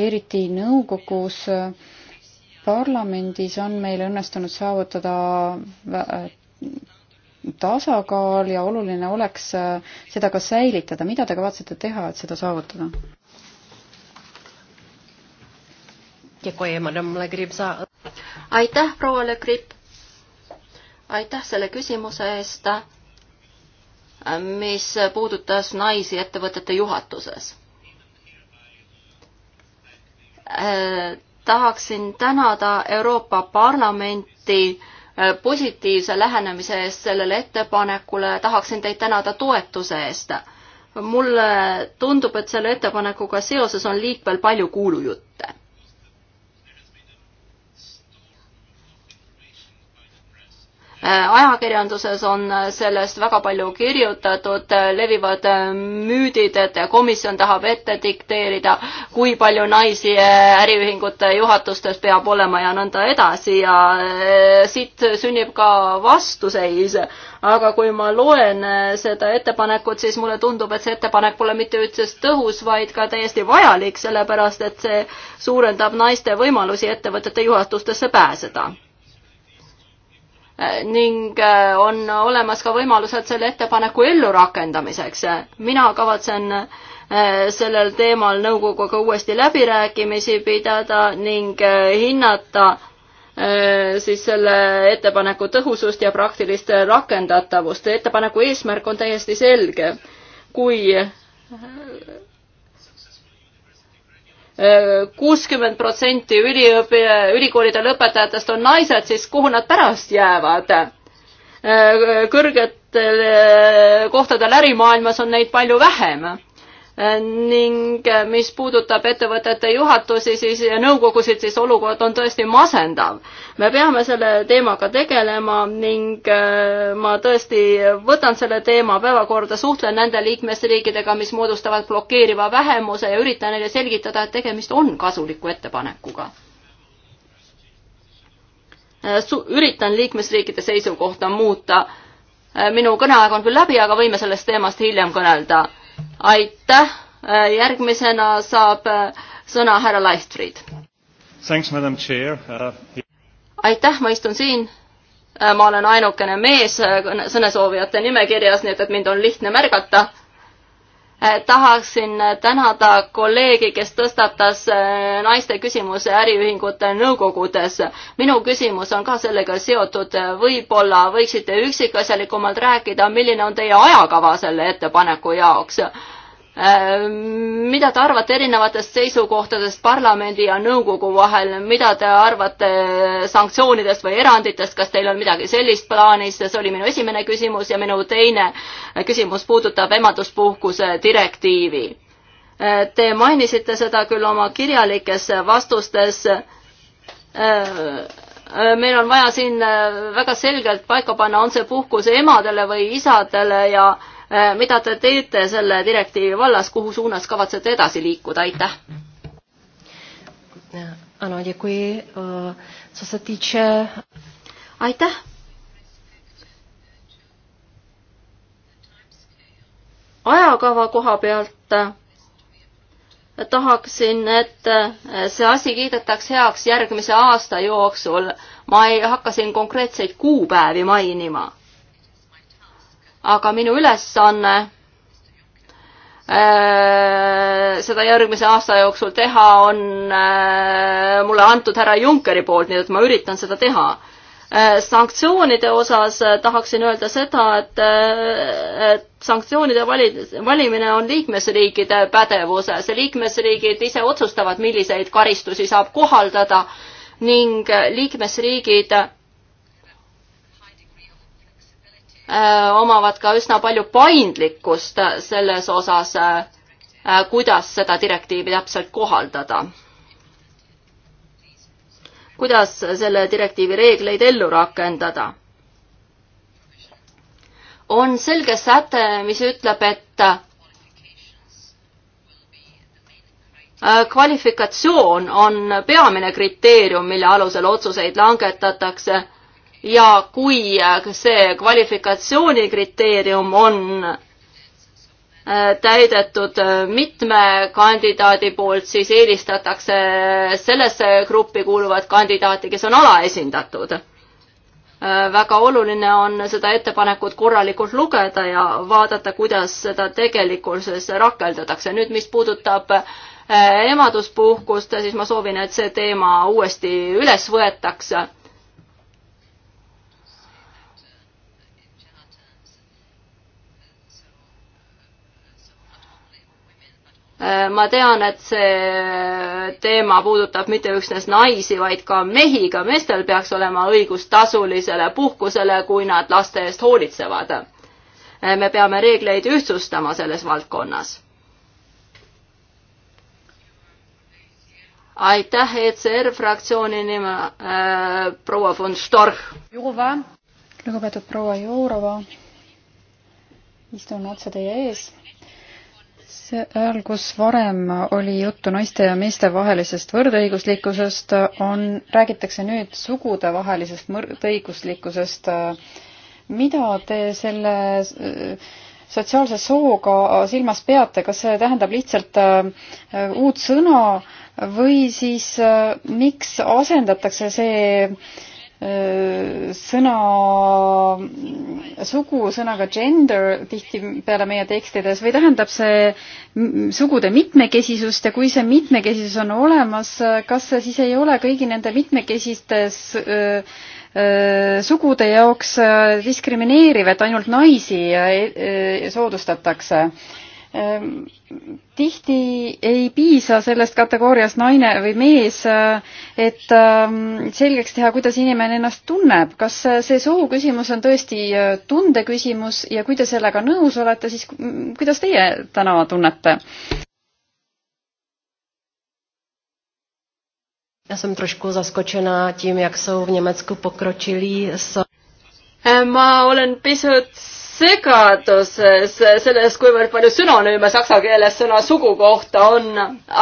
eriti nõukogus? parlamendis on meil õnnestunud saavutada tasakaal ja oluline oleks seda ka säilitada. mida te kavatsete teha, et seda saavutada? aitäh, proua Le Grip. aitäh selle küsimuse eest, mis puudutas naisi ettevõtete juhatuses äh, tahaksin tänada Euroopa Parlamenti positiivse lähenemise eest sellele ettepanekule, tahaksin teid tänada toetuse eest. mulle tundub, et selle ettepanekuga seoses on liikvel palju kuulujutte. Äh, ajakirjanduses on äh, sellest väga palju kirjutatud, äh, levivad müüdid, et komisjon tahab ette dikteerida, kui palju naisi äriühingute juhatustes peab olema ja nõnda edasi ja siit sünnib ka vastuseis. aga kui ma loen seda ettepanekut, siis mulle tundub, et see ettepanek pole mitte üldse tõhus, vaid ka täiesti vajalik, sellepärast et see suurendab naiste võimalusi ettevõtete juhatustesse pääseda Äh, ning äh, on olemas ka võimalused selle ettepaneku ellurakendamiseks. mina kavatsen äh, sellel teemal nõukoguga uuesti läbirääkimisi pidada ning hinnata siis selle ettepaneku tõhusust ja praktilist rakendatavust. ettepaneku eesmärk on täiesti selge. kui kuuskümmend protsenti üliõpi-, ülikoolide lõpetajatest on naised, siis kuhu nad pärast jäävad? kõrgetel eh, kohtadel ärimaailmas on neid palju vähem ning eh, mis puudutab ettevõtete juhatusi, siis ja nõukogusid, siis olukord on tõesti masendav. me peame selle teemaga tegelema ning eh, ma tõesti võtan selle teema päevakorda, suhtlen nende liikmesriikidega, mis moodustavad blokeeriva vähemuse ja üritan neile selgitada, et tegemist on kasuliku ettepanekuga eh, üritan liikmesriikide seisukohta muuta. minu kõneaeg on küll läbi, aga võime sellest teemast hiljem kõnelda aitäh, äh, järgmisena saab äh, sõna härra Leichtfried. Uh, aitäh, ma istun siin. Äh, ma olen ainukene mees sõnasoovijate nimekirjas, nii et, et mind on lihtne märgata Eh, tahaksin tänada kolleegi, kes tõstatas eh, naiste küsimuse äriühingute nõukogudes. minu küsimus on ka sellega seotud, võib-olla võiksite üksikasjalikumalt rääkida, milline on teie ajakava selle ettepaneku jaoks Äh, mida te arvate erinevatest seisukohtadest parlamendi ja nõukogu vahel, mida te arvate sanktsioonidest või eranditest, kas teil on midagi sellist plaanis, see oli minu esimene küsimus ja minu teine küsimus puudutab emaduspuhkuse direktiivi. Äh, te mainisite seda küll oma kirjalikes vastustes äh, meil on vaja siin väga selgelt paika panna, on see puhkus emadele või isadele ja äh, Äh, mida te teete selle direktiivi vallas, kuhu suunas kavatsete edasi liikuda, aitäh? aitäh. ajakava koha pealt äh, tahaksin, et äh, see asi kiidetaks heaks järgmise aasta jooksul. ma ei hakka siin konkreetseid kuupäevi mainima aga minu ülesanne äh, seda järgmise aasta jooksul teha on äh, mulle antud härra Junckeri poolt, nii et ma üritan seda teha. Äh, sanktsioonide osas tahaksin öelda seda, et, et sanktsioonide vali-, valimine on liikmesriikide pädevuses ja liikmesriigid ise otsustavad, milliseid karistusi saab kohaldada ning liikmesriigid Äh, omavad ka üsna palju paindlikkust selles osas, äh, äh, kuidas seda direktiivi täpselt kohaldada. kuidas selle direktiivi reegleid ellu rakendada? on selge säte, mis ütleb, et kvalifikatsioon on peamine kriteerium, mille alusel otsuseid langetatakse ja kui äh, see kvalifikatsioonikriteerium on äh, täidetud äh, mitme kandidaadi poolt, siis eelistatakse sellesse gruppi kuuluvat kandidaati, kes on alaesindatud. väga oluline on seda ettepanekut korralikult lugeda ja vaadata, kuidas seda tegelikkuses rakendatakse. nüüd, mis puudutab emaduspuhkust, siis ma soovin, et see teema uuesti üles võetakse Äh, ma tean, et see teema puudutab mitte üksnes naisi, vaid ka mehi, ka meestel peaks olema õigus tasulisele puhkusele, kui nad laste eest hoolitsevad. Äh, me peame reegleid ühtsustama selles valdkonnas. aitäh ECR fraktsiooni nimel äh,, proua von Storch. lugupeetud proua Jourova, istun otse teie ees seal, kus varem oli juttu naiste ja meeste vahelisest võrdõiguslikkusest, on, räägitakse nüüd sugudevahelisest võrdõiguslikkusest. mida te selle äh, sotsiaalse sooga silmas peate, kas see tähendab lihtsalt äh, uut sõna või siis äh, miks asendatakse see sõna, sugu sõnaga gender tihtipeale meie tekstides või tähendab see sugude mitmekesisust ja kui see mitmekesisus on olemas, kas see siis ei ole kõigi nende mitmekesistes öö, sugude jaoks diskrimineeriv, et ainult naisi e-, e-, soodustatakse. Ehm, tihti ei piisa sellest kategooriast naine või mees, äh, et ähm, selgeks teha, kuidas inimene ennast tunneb. kas äh, see soo küsimus on tõesti äh, tunde küsimus ja kui te sellega nõus olete, siis mm, kuidas teie täna tunnete? Já jsem trošku zaskočená tím, jak jsou v Německu pokročilí. Ehm, ma olen pisut segaduses selles, kuivõrd palju sünonüüme saksa keeles sõna sugu kohta on,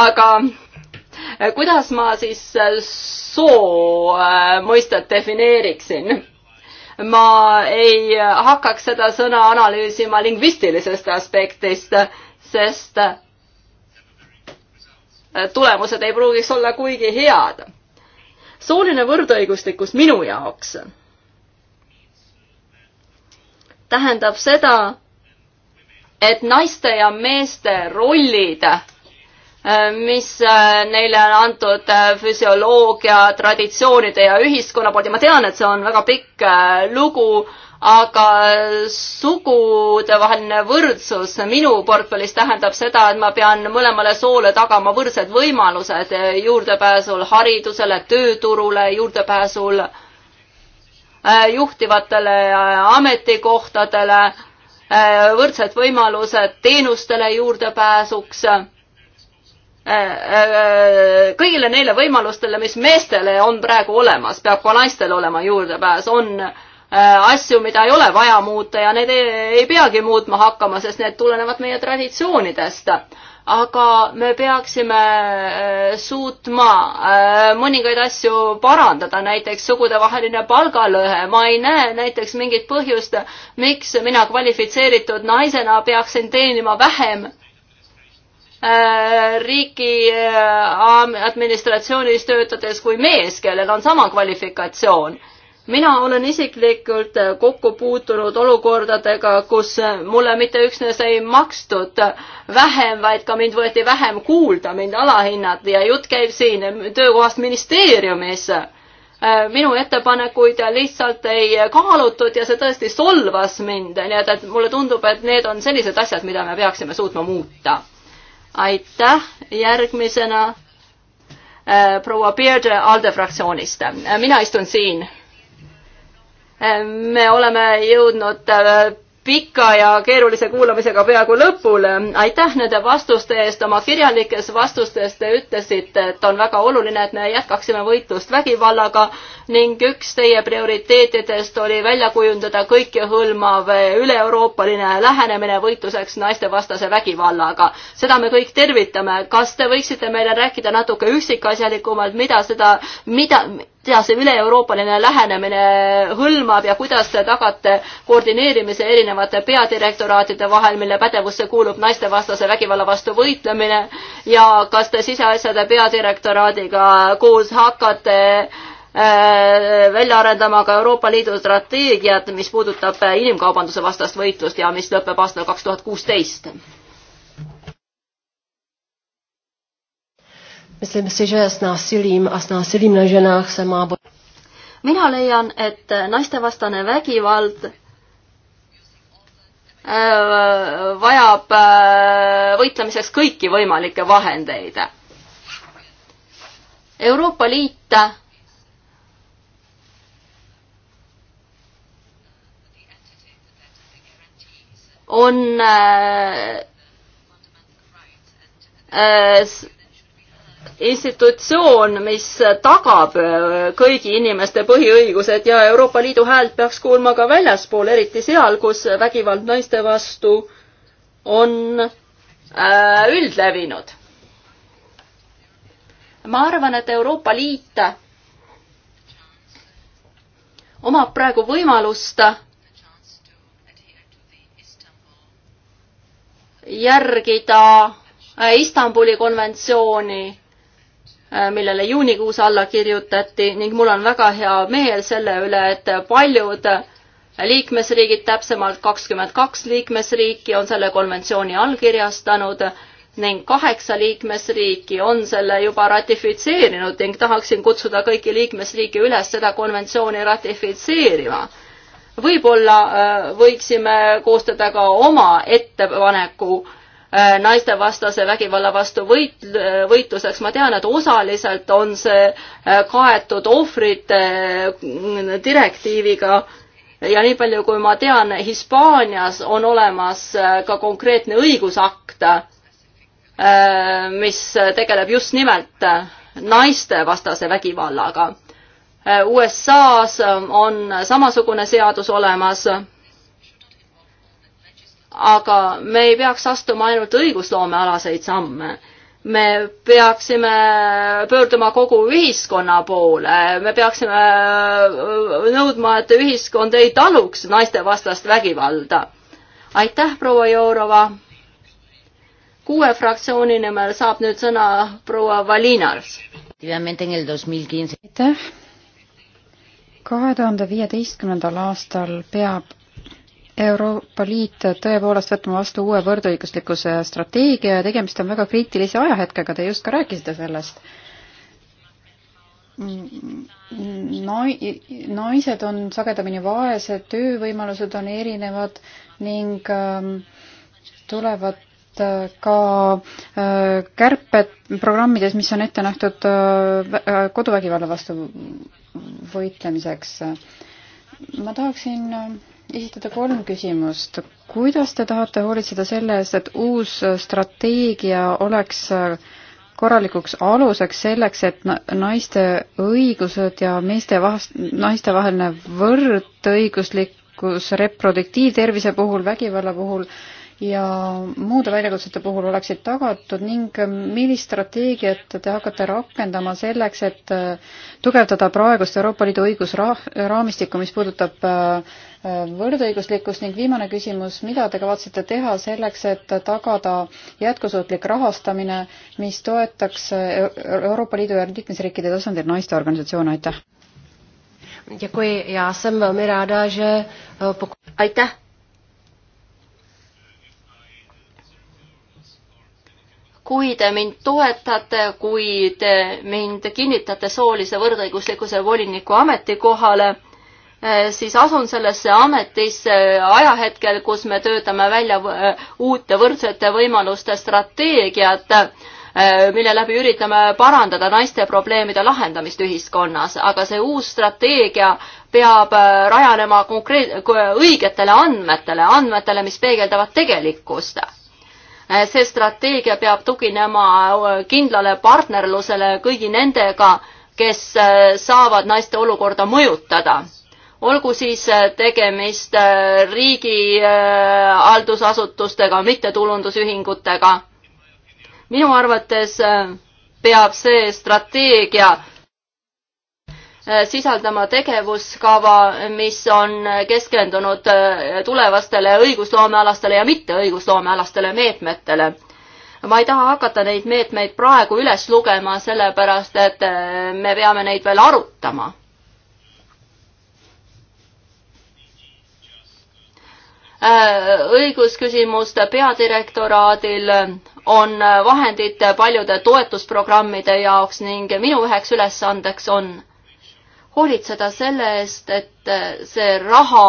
aga eh, kuidas ma siis eh, soo eh, mõistet defineeriksin? ma ei hakkaks seda sõna analüüsima lingvistilisest aspektist, sest tulemused ei pruugiks olla kuigi head. sooline võrdõiguslikkus minu jaoks tähendab seda, et naiste ja meeste rollid, äh, mis äh, neile on antud äh, füsioloogia, traditsioonide ja ühiskonna poolt ja ma tean, et see on väga pikk lugu, aga sugudevaheline võrdsus minu portfellis tähendab seda, et ma pean mõlemale soole tagama võrdsed võimalused juurdepääsul haridusele, tööturule, juurdepääsul äh, Äh, juhtivatele äh, ametikohtadele, äh, võrdsed võimalused teenustele juurdepääsuks, kõigile neile võimalustele, mis meestele on praegu olemas, peab ka naistel olema juurdepääs, on asju, mida ei ole vaja muuta ja need ei, ei peagi muutma hakkama, sest need tulenevad meie traditsioonidest aga me peaksime äh, suutma äh, mõningaid asju parandada, näiteks sugudevaheline palgalõhe. ma ei näe näiteks mingit põhjust, miks mina kvalifitseeritud naisena peaksin teenima vähem äh, riigi administratsioonis töötades kui mees, kellel on sama kvalifikatsioon mina olen isiklikult kokku puutunud olukordadega, kus mulle mitte üksnes ei makstud vähem, vaid ka mind võeti vähem kuulda, mind alahinnati ja jutt käib siin töökohast ministeeriumis. minu ettepanekuid lihtsalt ei kaalutud ja see tõesti solvas mind, nii et, et mulle tundub, et need on sellised asjad, mida me peaksime suutma muuta. aitäh, järgmisena eh, proua Beard ALDE fraktsioonist. mina istun siin me oleme jõudnud äh, pika ja keerulise kuulamisega peaaegu lõpule. aitäh nende vastuste eest, oma kirjalikes vastustes te ütlesite, et on väga oluline, et me jätkaksime võitlust vägivallaga ning üks teie prioriteetidest oli välja kujundada kõikehõlmav üle-euroopaline lähenemine võitluseks naistevastase vägivallaga. seda me kõik tervitame. kas te võiksite meile rääkida natuke üksikasjalikumalt, mida seda, mida mida see üle-euroopaline lähenemine hõlmab ja kuidas te tagate koordineerimise erinevate peadirektoraatide vahel, mille pädevusse kuulub naistevastase vägivalla vastu võitlemine ja kas te siseasjade peadirektoraadiga koos hakkate äh, välja arendama ka Euroopa Liidu strateegiat, mis puudutab inimkaubanduse vastast võitlust ja mis lõpeb aastal kaks tuhat kuusteist. Myslím si, že s násilím a s násilím na ženách se má bojovat. Mina leian, et naistevastane vägivald äh, vajab äh, võitlemiseks kõiki võimalikke vahendeid. Euroopa Liit on äh, äh institutsioon, mis tagab äh, kõigi inimeste põhiõigused ja Euroopa Liidu häält peaks kuulma ka väljaspool, eriti seal, kus vägivald naiste vastu on äh, üldlevinud. ma arvan, et Euroopa Liit omab praegu võimalust järgida äh, Istanbuli konventsiooni Äh, millele juunikuus alla kirjutati ning mul on väga hea meel selle üle, et paljud liikmesriigid, täpsemalt kakskümmend kaks liikmesriiki on selle konventsiooni allkirjastanud ning kaheksa liikmesriiki on selle juba ratifitseerinud ning tahaksin kutsuda kõiki liikmesriike üles seda konventsiooni ratifitseerima. võib-olla äh, võiksime koostada ka oma ettepaneku äh, Äh, naistevastase vägivalla vastu võit, võitluseks, ma tean, et osaliselt on see äh, kaetud ohvrite äh, direktiiviga ja nii palju, kui ma tean, Hispaanias on olemas ka konkreetne õigusakt, mis tegeleb just nimelt naistevastase vägivallaga. USA-s on samasugune seadus olemas aga me ei peaks astuma ainult õigusloomealaseid samme. me peaksime pöörduma kogu ühiskonna poole, me peaksime äh, nõudma, et ühiskond ei taluks naistevastast vägivalda. aitäh, proua Jourova! kuue fraktsiooni nimel saab nüüd sõna proua Valinars. aitäh. kahe tuhande viieteistkümnendal aastal peab Euroopa Liit tõepoolest võtma vastu uue võrdõiguslikkuse strateegia ja tegemist on väga kriitilise ajahetkega, te just ka rääkisite sellest. Nai-, naised on sagedamini vaesed, töövõimalused on erinevad ning ähm, tulevad äh, ka äh, kärped programmides, mis on ette nähtud äh, koduvägivalla vastu võitlemiseks ma tahaksin äh, esitada kolm küsimust. kuidas te tahate hoolitseda selle eest, et uus äh, strateegia oleks äh, korralikuks aluseks selleks, et naiste õigused ja meeste vahest, naiste vaheline võrdõiguslikkus reproduktiivtervise puhul, vägivalla puhul äh, ja muude väljakutsete puhul oleksid tagatud ning millist strateegiat te hakkate rakendama selleks, et äh, tugevdada praegust Euroopa Liidu õigusraamistikku, mis puudutab äh, äh, võrdõiguslikkust ning viimane küsimus, mida te kavatsete teha selleks, et tagada jätkusuutlik rahastamine, mis toetaks Euroopa Liidu ja liikmesriikide tasandil naiste organisatsioone, aitäh! Eh, aitäh! kui te mind toetate, kui te mind kinnitate soolise võrdõiguslikkuse voliniku ametikohale, eh, siis asun sellesse ametisse ajahetkel, kus me töötame välja eh, uute võrdsete võimaluste strateegiat, eh, mille läbi üritame parandada naiste probleemide lahendamist ühiskonnas, aga see uus strateegia peab rajanema konkreet-, õigetele andmetele, andmetele, mis peegeldavad tegelikkust Eh, see strateegia peab tuginema äh, kindlale partnerlusele kõigi nendega, kes äh, saavad naiste olukorda mõjutada olgu siis äh, tegemist riigi haldusasutustega, mittetulundusühingutega. minu arvates peab see strateegia Äh, sisaldama tegevuskava, mis on keskendunud äh, tulevastele õigusloomealastele ja mitteõigusloomealastele meetmetele. ma ei taha hakata neid meetmeid praegu üles lugema, sellepärast et äh, me peame neid veel arutama. õigusküsimuste peadirektoraadil on vahendid paljude toetusprogrammide jaoks ning minu üheks ülesandeks on hoolitseda selle eest, et see raha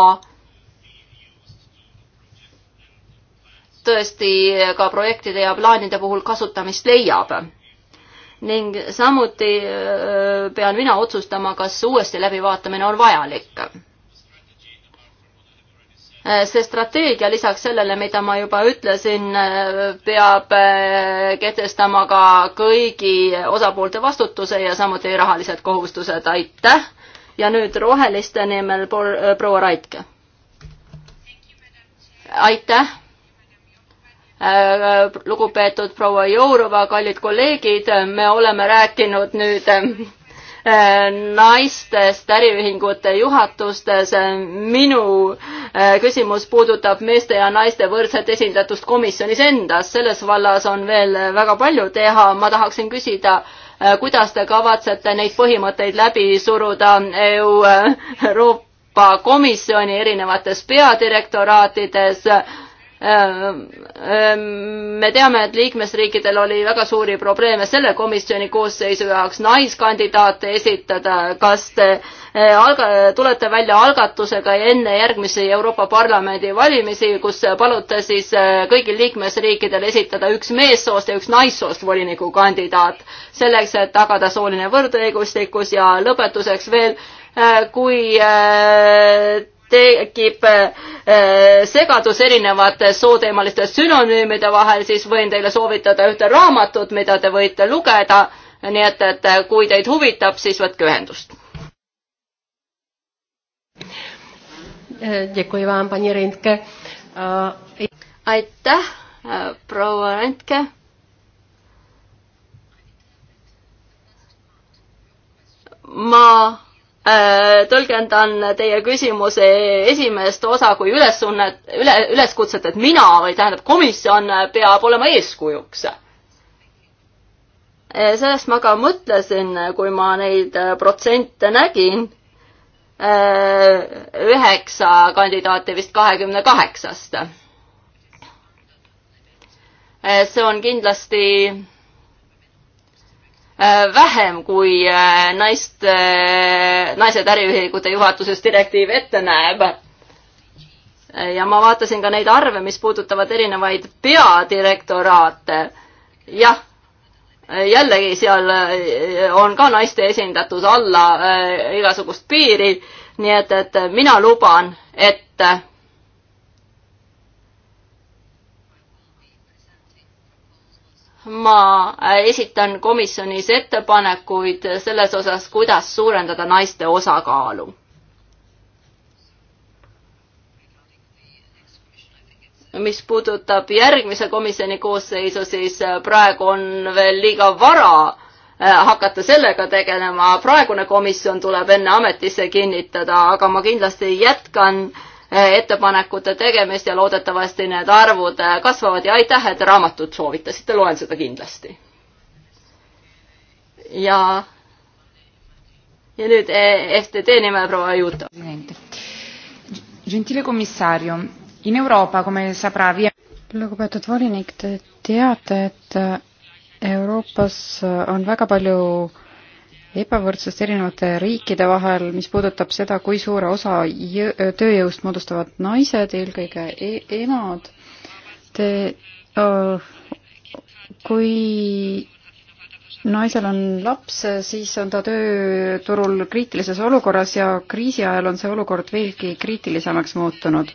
tõesti ka projektide ja plaanide puhul kasutamist leiab. ning samuti äh, pean mina otsustama, kas uuesti läbivaatamine on vajalik Eh, see strateegia lisaks sellele, mida ma juba ütlesin, eh, peab eh, kehtestama ka kõigi osapoolte vastutuse ja samuti rahalised kohustused, aitäh. ja nüüd roheliste nimel proua Raidke. aitäh. lugupeetud proua Jourova, kallid kolleegid, me oleme rääkinud nüüd Äh, naistest äriühingute juhatustes. Äh, minu äh, küsimus puudutab meeste ja naiste võrdset esindatust komisjonis endas. selles vallas on veel väga palju teha. ma tahaksin küsida, kuidas te kavatsete neid põhimõtteid läbi suruda Euroopa Komisjoni erinevates peadirektoraatides Äh, ähm, me teame, et liikmesriikidel oli väga suuri probleeme selle komisjoni koosseisu jaoks naiskandidaate esitada. kas te äh, alga-, tulete välja algatusega enne järgmisi Euroopa Parlamendi valimisi, kus palute siis äh, kõigil liikmesriikidel esitada üks meessoost ja üks naissoost volinikukandidaat selleks, et tagada sooline võrdõiguslikkus ja lõpetuseks veel, kui tekib äh, segadus erinevate sooteemaliste sünonüümide vahel, siis võin teile soovitada ühte raamatut, mida te võite lugeda. nii et, et äh, kui teid huvitab, siis võtke ühendust. Äh, aitäh, proua Rentke ma Äh, tõlgendan teie küsimuse esimest osa kui ülesunnet, üle, üleskutset, et mina või tähendab, komisjon peab olema eeskujuks. Äh, sellest ma ka mõtlesin, kui ma neid äh, protsente nägin. üheksa kandidaati vist kahekümne kaheksast. see on kindlasti Äh, vähem, kui äh, naiste, äh, naised äriühingute juhatuses direktiiv ette näeb. ja ma vaatasin ka neid arve, mis puudutavad erinevaid peadirektoraate. jah, jällegi seal on ka naiste esindatus alla igasugust piiri, nii et, et mina luban, et ma äh, esitan komisjonis ettepanekuid selles osas, kuidas suurendada naiste osakaalu. mis puudutab järgmise komisjoni koosseisu, siis äh, praegu on veel liiga vara äh, hakata sellega tegelema, praegune komisjon tuleb enne ametisse kinnitada, aga ma kindlasti jätkan äh, Eh, ettepanekute tegemist ja loodetavasti need arvud eh, kasvavad ja aitäh, et raamatut soovitasite, loen seda kindlasti. ja, ja nüüd eh, FTD nimel proua Juto. Gentile commissario, in Euroopa, come saprà via lugupeetud volinik, te teate, et Euroopas on väga palju ebavõrdsust erinevate riikide vahel, mis puudutab seda, kui suure osa tööjõust moodustavad naised, eelkõige e emad. Te öö, äh, kui naisel on laps, siis on ta tööturul kriitilises olukorras ja kriisi ajal on see olukord veelgi kriitilisemaks muutunud.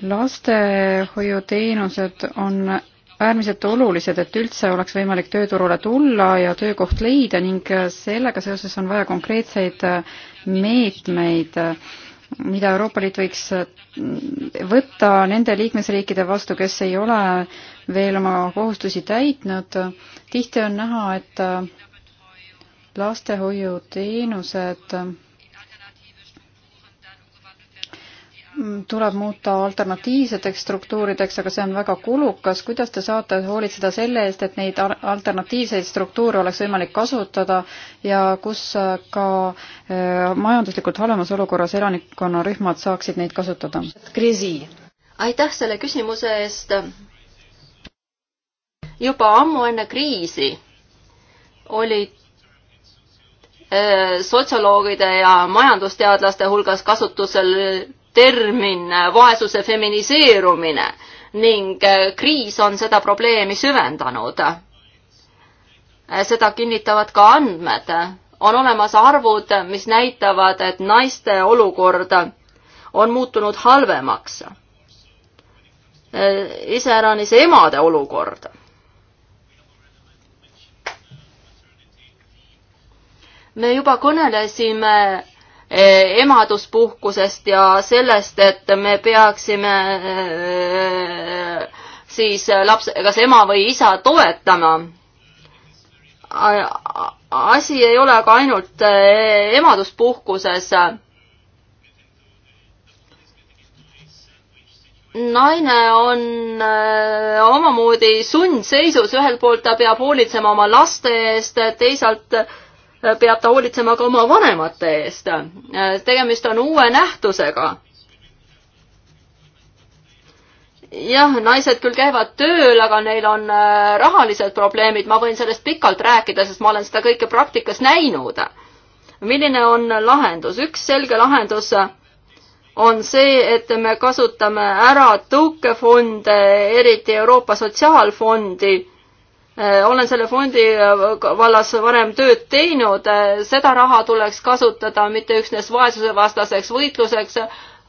lastehoiuteenused on äärmiselt olulised, et üldse oleks võimalik tööturule tulla ja töökoht leida ning sellega seoses on vaja konkreetseid meetmeid, mida Euroopa Liit võiks võtta nende liikmesriikide vastu, kes ei ole veel oma kohustusi täitnud. tihti on näha, et lastehoiuteenused tuleb muuta alternatiivseteks struktuurideks, aga see on väga kulukas. kuidas te saate hoolitseda selle eest, et neid alternatiivseid struktuure oleks võimalik kasutada ja kus äh, ka äh, majanduslikult halvemas olukorras elanikkonnarühmad saaksid neid kasutada? aitäh selle küsimuse eest. juba ammu enne kriisi olid äh, sotsioloogide ja majandusteadlaste hulgas kasutusel termin äh, vaesuse feminiseerumine ning äh, kriis on seda probleemi süvendanud. Äh, seda kinnitavad ka andmed. on olemas arvud, mis näitavad, et naiste olukord on muutunud halvemaks. iseäranis emade olukord me juba kõnelesime Eh, emaduspuhkusest ja sellest, et me peaksime eh, siis laps, kas ema või isa toetama. asi ei ole aga ainult eh, emaduspuhkuses. naine on omamoodi sundseisus, ühelt poolt ta peab hoolitsema oma laste eest, teisalt peab ta hoolitsema ka oma vanemate eest. tegemist on uue nähtusega. jah, naised küll käivad tööl, aga neil on äh, rahalised probleemid, ma võin sellest pikalt rääkida, sest ma olen seda kõike praktikas näinud. milline on lahendus? üks selge lahendus on see, et me kasutame ära tõukefonde, eriti Euroopa Sotsiaalfondi Äh, olen selle fondi äh, vallas varem tööd teinud, äh, seda raha tuleks kasutada mitte üksnes vaesusevastaseks võitluseks,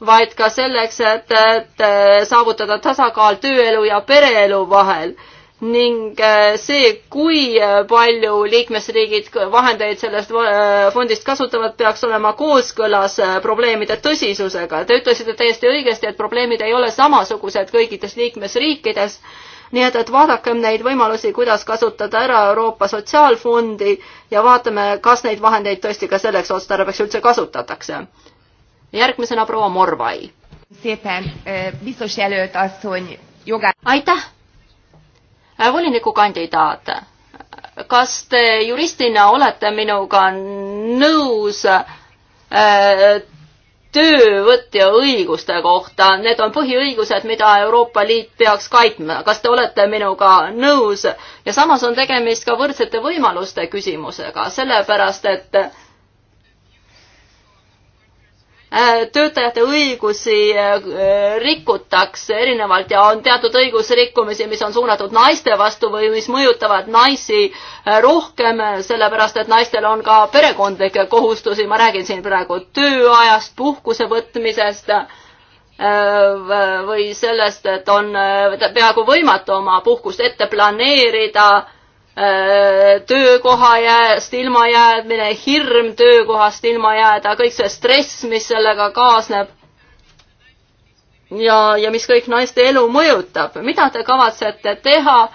vaid ka selleks, et, et saavutada tasakaal tööelu ja pereelu vahel ning see, kui palju liikmesriigid vahendeid sellest fondist kasutavad, peaks olema kooskõlas probleemide tõsisusega. Te ütlesite täiesti õigesti, et probleemid ei ole samasugused kõikides liikmesriikides nii et, et vaadakem neid võimalusi, kuidas kasutada ära Euroopa Sotsiaalfondi ja vaatame, kas neid vahendeid tõesti ka selleks otstarbeks üldse kasutatakse. järgmisena proua Morvai. aitäh! volinikukandidaat kas te juristina olete minuga nõus töövõtja õiguste kohta, need on põhiõigused, mida Euroopa Liit peaks kaitma. kas te olete minuga nõus? ja samas on tegemist ka võrdsete võimaluste küsimusega, sellepärast et äh, Äh, töötajate õigusi äh, rikutakse erinevalt ja on teatud õigusrikkumisi, mis on suunatud naiste vastu või mis mõjutavad naisi äh, rohkem, sellepärast et naistel on ka perekondlikke kohustusi, ma räägin siin praegu tööajast, puhkuse võtmisest või sellest, et on peaaegu võimatu oma puhkust ette planeerida Äh, töökoha jääst ilma jäädmine, hirm töökohast ilma jääda, kõik see stress, mis sellega kaasneb. ja, ja mis kõik naiste elu mõjutab, mida te kavatsete teha äh,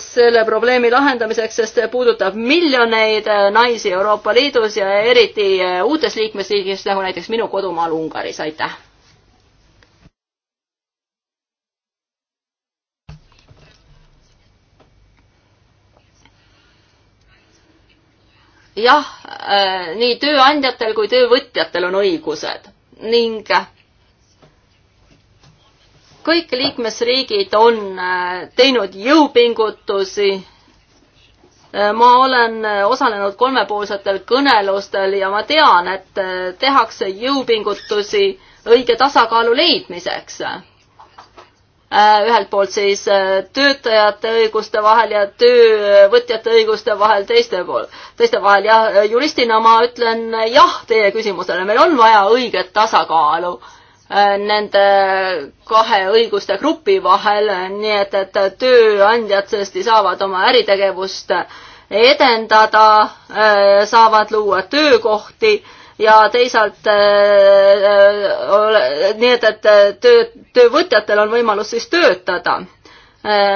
selle probleemi lahendamiseks, sest see puudutab miljoneid äh, naisi Euroopa Liidus ja eriti äh, uutes liikmesriigis, nagu näiteks minu kodumaal Ungaris, aitäh jah, äh, nii tööandjatel kui töövõtjatel on õigused ning kõik liikmesriigid on äh, teinud jõupingutusi. Äh, ma olen osalenud kolmepoolsetel kõnelustel ja ma tean, et tehakse jõupingutusi õige tasakaalu leidmiseks Äh, ühelt poolt siis äh, töötajate õiguste vahel ja töövõtjate õiguste vahel teiste pool, teiste vahel ja äh, juristina ma ütlen jah teie küsimusele, meil on vaja õiget tasakaalu nende kahe õiguste grupi vahel, nii et, et tööandjad tõesti saavad oma äritegevust edendada, saavad luua töökohti ja teisalt äh, äh, nii et, et äh, töö, töövõtjatel on võimalus siis töötada.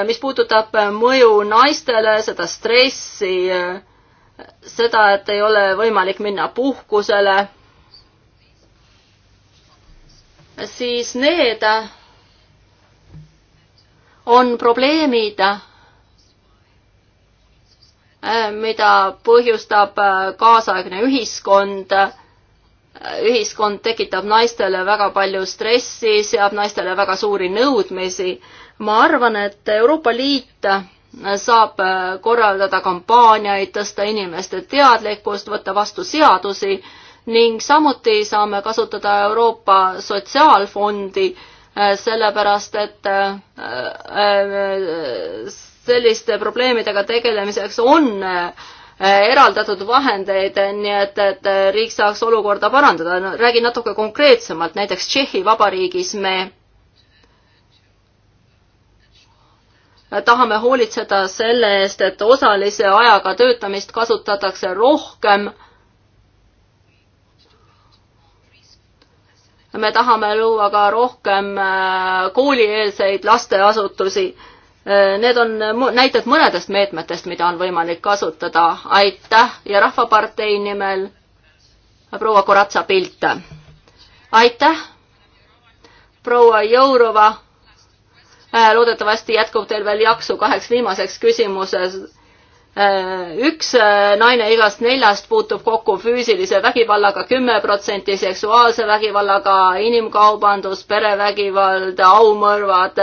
mis puudutab mõju naistele, seda stressi, seda, et ei ole võimalik minna puhkusele, siis need on probleemid, mida põhjustab kaasaegne ühiskond ühiskond tekitab naistele väga palju stressi, seab naistele väga suuri nõudmisi. ma arvan, et Euroopa Liit saab korraldada kampaaniaid, tõsta inimeste teadlikkust, võtta vastu seadusi ning samuti saame kasutada Euroopa Sotsiaalfondi, sellepärast et äh, äh, selliste probleemidega tegelemiseks on äh, Eh, eraldatud vahendeid, nii et, et riik saaks olukorda parandada no,. räägin natuke konkreetsemalt, näiteks Tšehhi Vabariigis me tahame hoolitseda selle eest, et osalise ajaga töötamist kasutatakse rohkem. me tahame luua ka rohkem eh, koolieelseid lasteasutusi Äh, need on näited mõnedest meetmetest, mida on võimalik kasutada. aitäh ja Rahvapartei nimel proua Koratsa Pilt. aitäh, proua Jourova. Äh, loodetavasti jätkub teil veel jaksu kaheks viimaseks küsimuses äh, üks naine igast neljast puutub kokku füüsilise vägivallaga, kümme protsenti seksuaalse vägivallaga, inimkaubandus, perevägivald, aumõrvad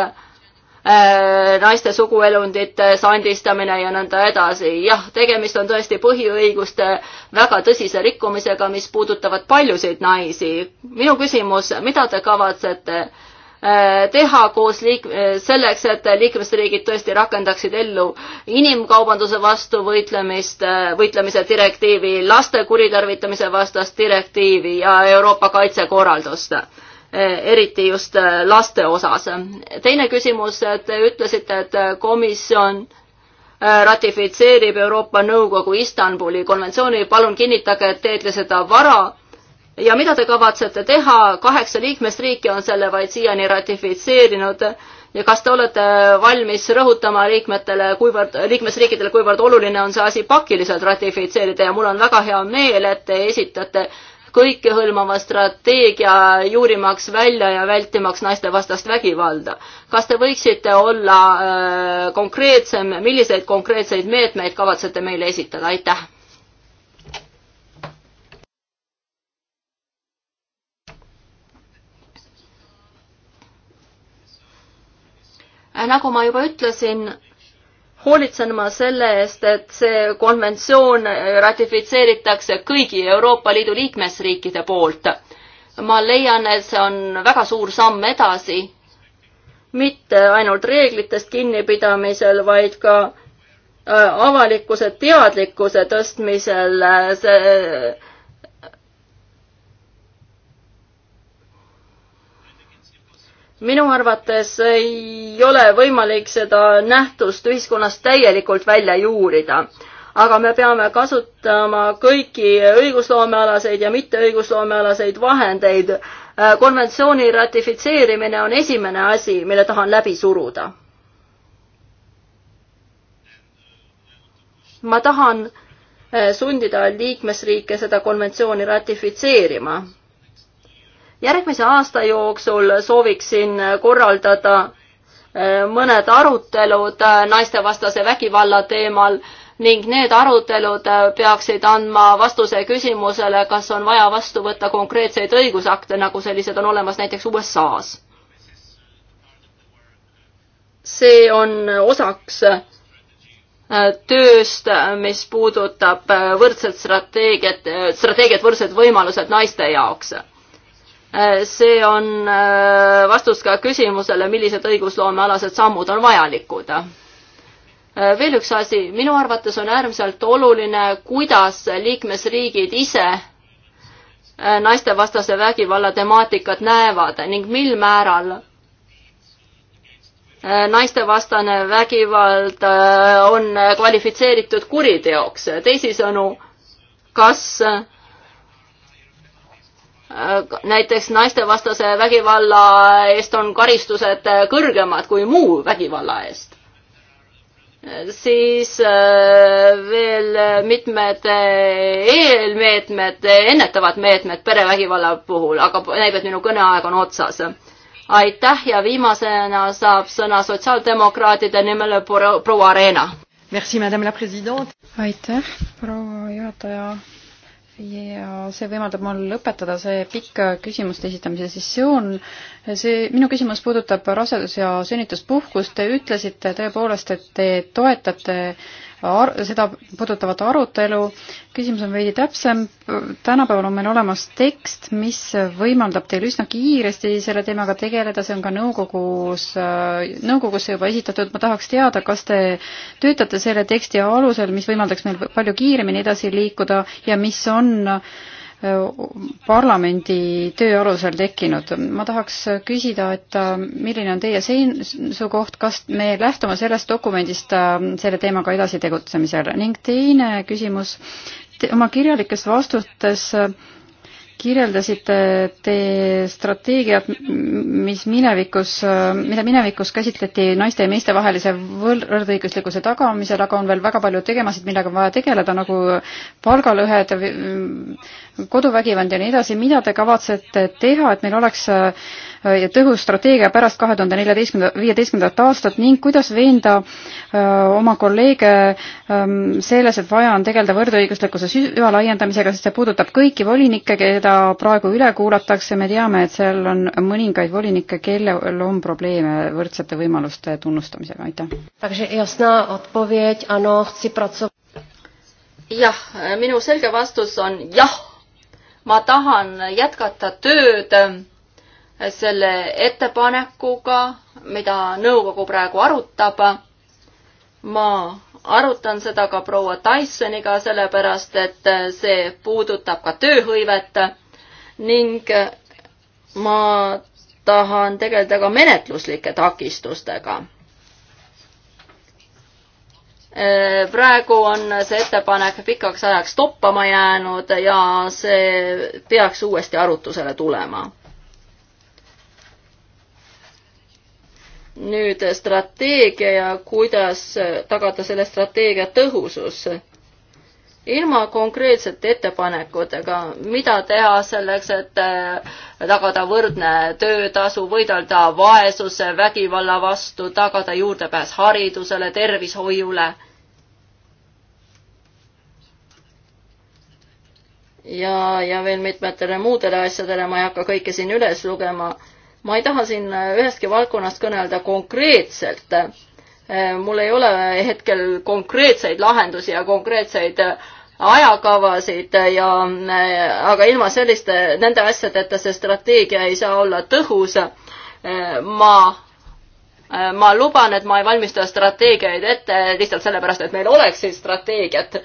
Äh, naiste suguelundite sandistamine ja nõnda edasi. jah, tegemist on tõesti põhiõiguste väga tõsise rikkumisega, mis puudutavad paljusid naisi. minu küsimus, mida te kavatsete äh, teha koos liik-, selleks, et liikmesriigid tõesti rakendaksid ellu inimkaubanduse vastu võitlemist, äh, võitlemise direktiivi, laste kuritarvitamise vastast direktiivi ja Euroopa kaitsekorraldust eriti just äh, laste osas. teine küsimus, te ütlesite, et komisjon äh, ratifitseerib Euroopa Nõukogu Istanbuli konventsiooni, palun kinnitage, et teete seda vara ja mida te kavatsete teha, kaheksa liikmesriiki on selle vaid siiani ratifitseerinud ja kas te olete valmis rõhutama liikmetele, kuivõrd, liikmesriikidele, kuivõrd oluline on see asi pakiliselt ratifitseerida ja mul on väga hea meel, et te esitate äh, kõikehõlmava strateegia juurimaks välja ja vältimaks naistevastast vägivalda. kas te võiksite olla äh, konkreetsem, milliseid konkreetseid meetmeid kavatsete meile esitada, aitäh! Äh, nagu ma juba ütlesin, hoolitsen ma selle eest, et see konventsioon ratifitseeritakse kõigi Euroopa Liidu liikmesriikide poolt. ma leian, et see on väga suur samm edasi, mitte ainult reeglitest kinnipidamisel, vaid ka äh, avalikkuse teadlikkuse tõstmisel see minu arvates ei ole võimalik seda nähtust ühiskonnas täielikult välja juurida, aga me peame kasutama kõiki õigusloomealaseid ja mitteõigusloomealaseid vahendeid. konventsiooni ratifitseerimine on esimene asi, mille tahan läbi suruda. ma tahan eh, sundida liikmesriike seda konventsiooni ratifitseerima järgmise aasta jooksul sooviksin korraldada äh, mõned arutelud äh, naistevastase vägivalla teemal ning need arutelud äh, peaksid andma vastuse küsimusele, kas on vaja vastu võtta konkreetseid õigusakte, nagu sellised on olemas näiteks USA-s. see on osaks tööst, mis puudutab võrdset strateegiat, strateegiat võrdsed võimalused naiste jaoks Äh, see on äh, vastus ka küsimusele, millised õigusloomealased sammud on vajalikud. Äh, veel üks asi, minu arvates on äärmiselt oluline, kuidas liikmesriigid ise naistevastase vägivalla temaatikat näevad ning mil määral naistevastane vägivald on kvalifitseeritud kuriteoks. teisisõnu, kas näiteks naistevastase vägivalla eest on karistused kõrgemad kui muu vägivalla eest. siis äh, veel mitmed äh, eelmeetmed, ennetavad meetmed perevägivalla puhul, aga näib, et minu kõneaeg on otsas. aitäh ja viimasena saab sõna sotsiaaldemokraatide nimel proua Areena. aitäh, proua juhataja ja see võimaldab mul lõpetada see pikk küsimuste esitamise sessioon. see, minu küsimus puudutab rasedus- ja sünnituspuhkust. Te ütlesite tõepoolest, et te toetate äh, ar-, seda puudutavat arutelu. küsimus on veidi täpsem. tänapäeval on meil olemas tekst, mis võimaldab teil üsna kiiresti selle teemaga tegeleda, see on ka nõukogus, äh, nõukogusse juba esitatud. ma tahaks teada, kas te töötate selle teksti alusel, mis võimaldaks meil palju kiiremini edasi liikuda ja mis on äh, parlamendi töö alusel tekkinud. ma tahaks küsida, et äh, milline on teie seisukoht, kas me lähtume sellest dokumendist äh, selle teemaga edasi tegutsemisel ning teine küsimus, oma kirjalikes vastustes äh, kirjeldasite te strateegiat, mis minevikus, mida minevikus käsitleti naiste ja meeste vahelise võrdõiguslikkuse tagamisel, aga on veel väga palju tegemasid, millega on vaja tegeleda, nagu palgalõhed, koduvägivald ja nii edasi. mida te kavatsete teha, et meil oleks äh, ja tõhus strateegia pärast kahe tuhande neljateistkümnenda, viieteistkümnendat aastat ning kuidas veenda oma kolleege selles, et vaja on tegeleda võrdõiguslikkuse süva laiendamisega, sest see puudutab kõiki volinikke, keda praegu üle kuulatakse, me teame, et seal on mõningaid volinikke, kellel on probleeme võrdsete võimaluste tunnustamisega, aitäh. jah, minu selge vastus on jah ma tahan jätkata tööd selle ettepanekuga, mida nõukogu praegu arutab. ma arutan seda ka proua Tysoniga, sellepärast et see puudutab ka tööhõivet ning ma tahan tegeleda ka menetluslike takistustega. praegu on see ettepanek pikaks ajaks toppama jäänud ja see peaks uuesti arutusele tulema nüüd strateegia ja kuidas tagada selle strateegia tõhusus. ilma konkreetsete ettepanekutega, mida teha selleks, et äh, tagada võrdne töötasu, võidelda vaesuse, vägivalla vastu, tagada juurdepääs haridusele, tervishoiule ja, ja veel mitmetele muudele asjadele, ma ei hakka kõike siin üles lugema ma ei taha siin äh, ühestki valdkonnast kõnelda konkreetselt. Äh, mul ei ole hetkel konkreetseid lahendusi ja konkreetseid äh, ajakavasid ja, aga ilma selliste, nende asjadeta see strateegia ei saa olla tõhus. ma, ma luban, et ma ei valmista strateegiaid ette lihtsalt sellepärast, et meil oleksid strateegiad,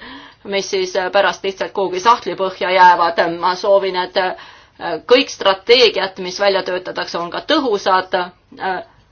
mis siis pärast lihtsalt kuhugi sahtli põhja jäävad. ma soovin, et kõik strateegiad, mis välja töötatakse, on ka tõhusad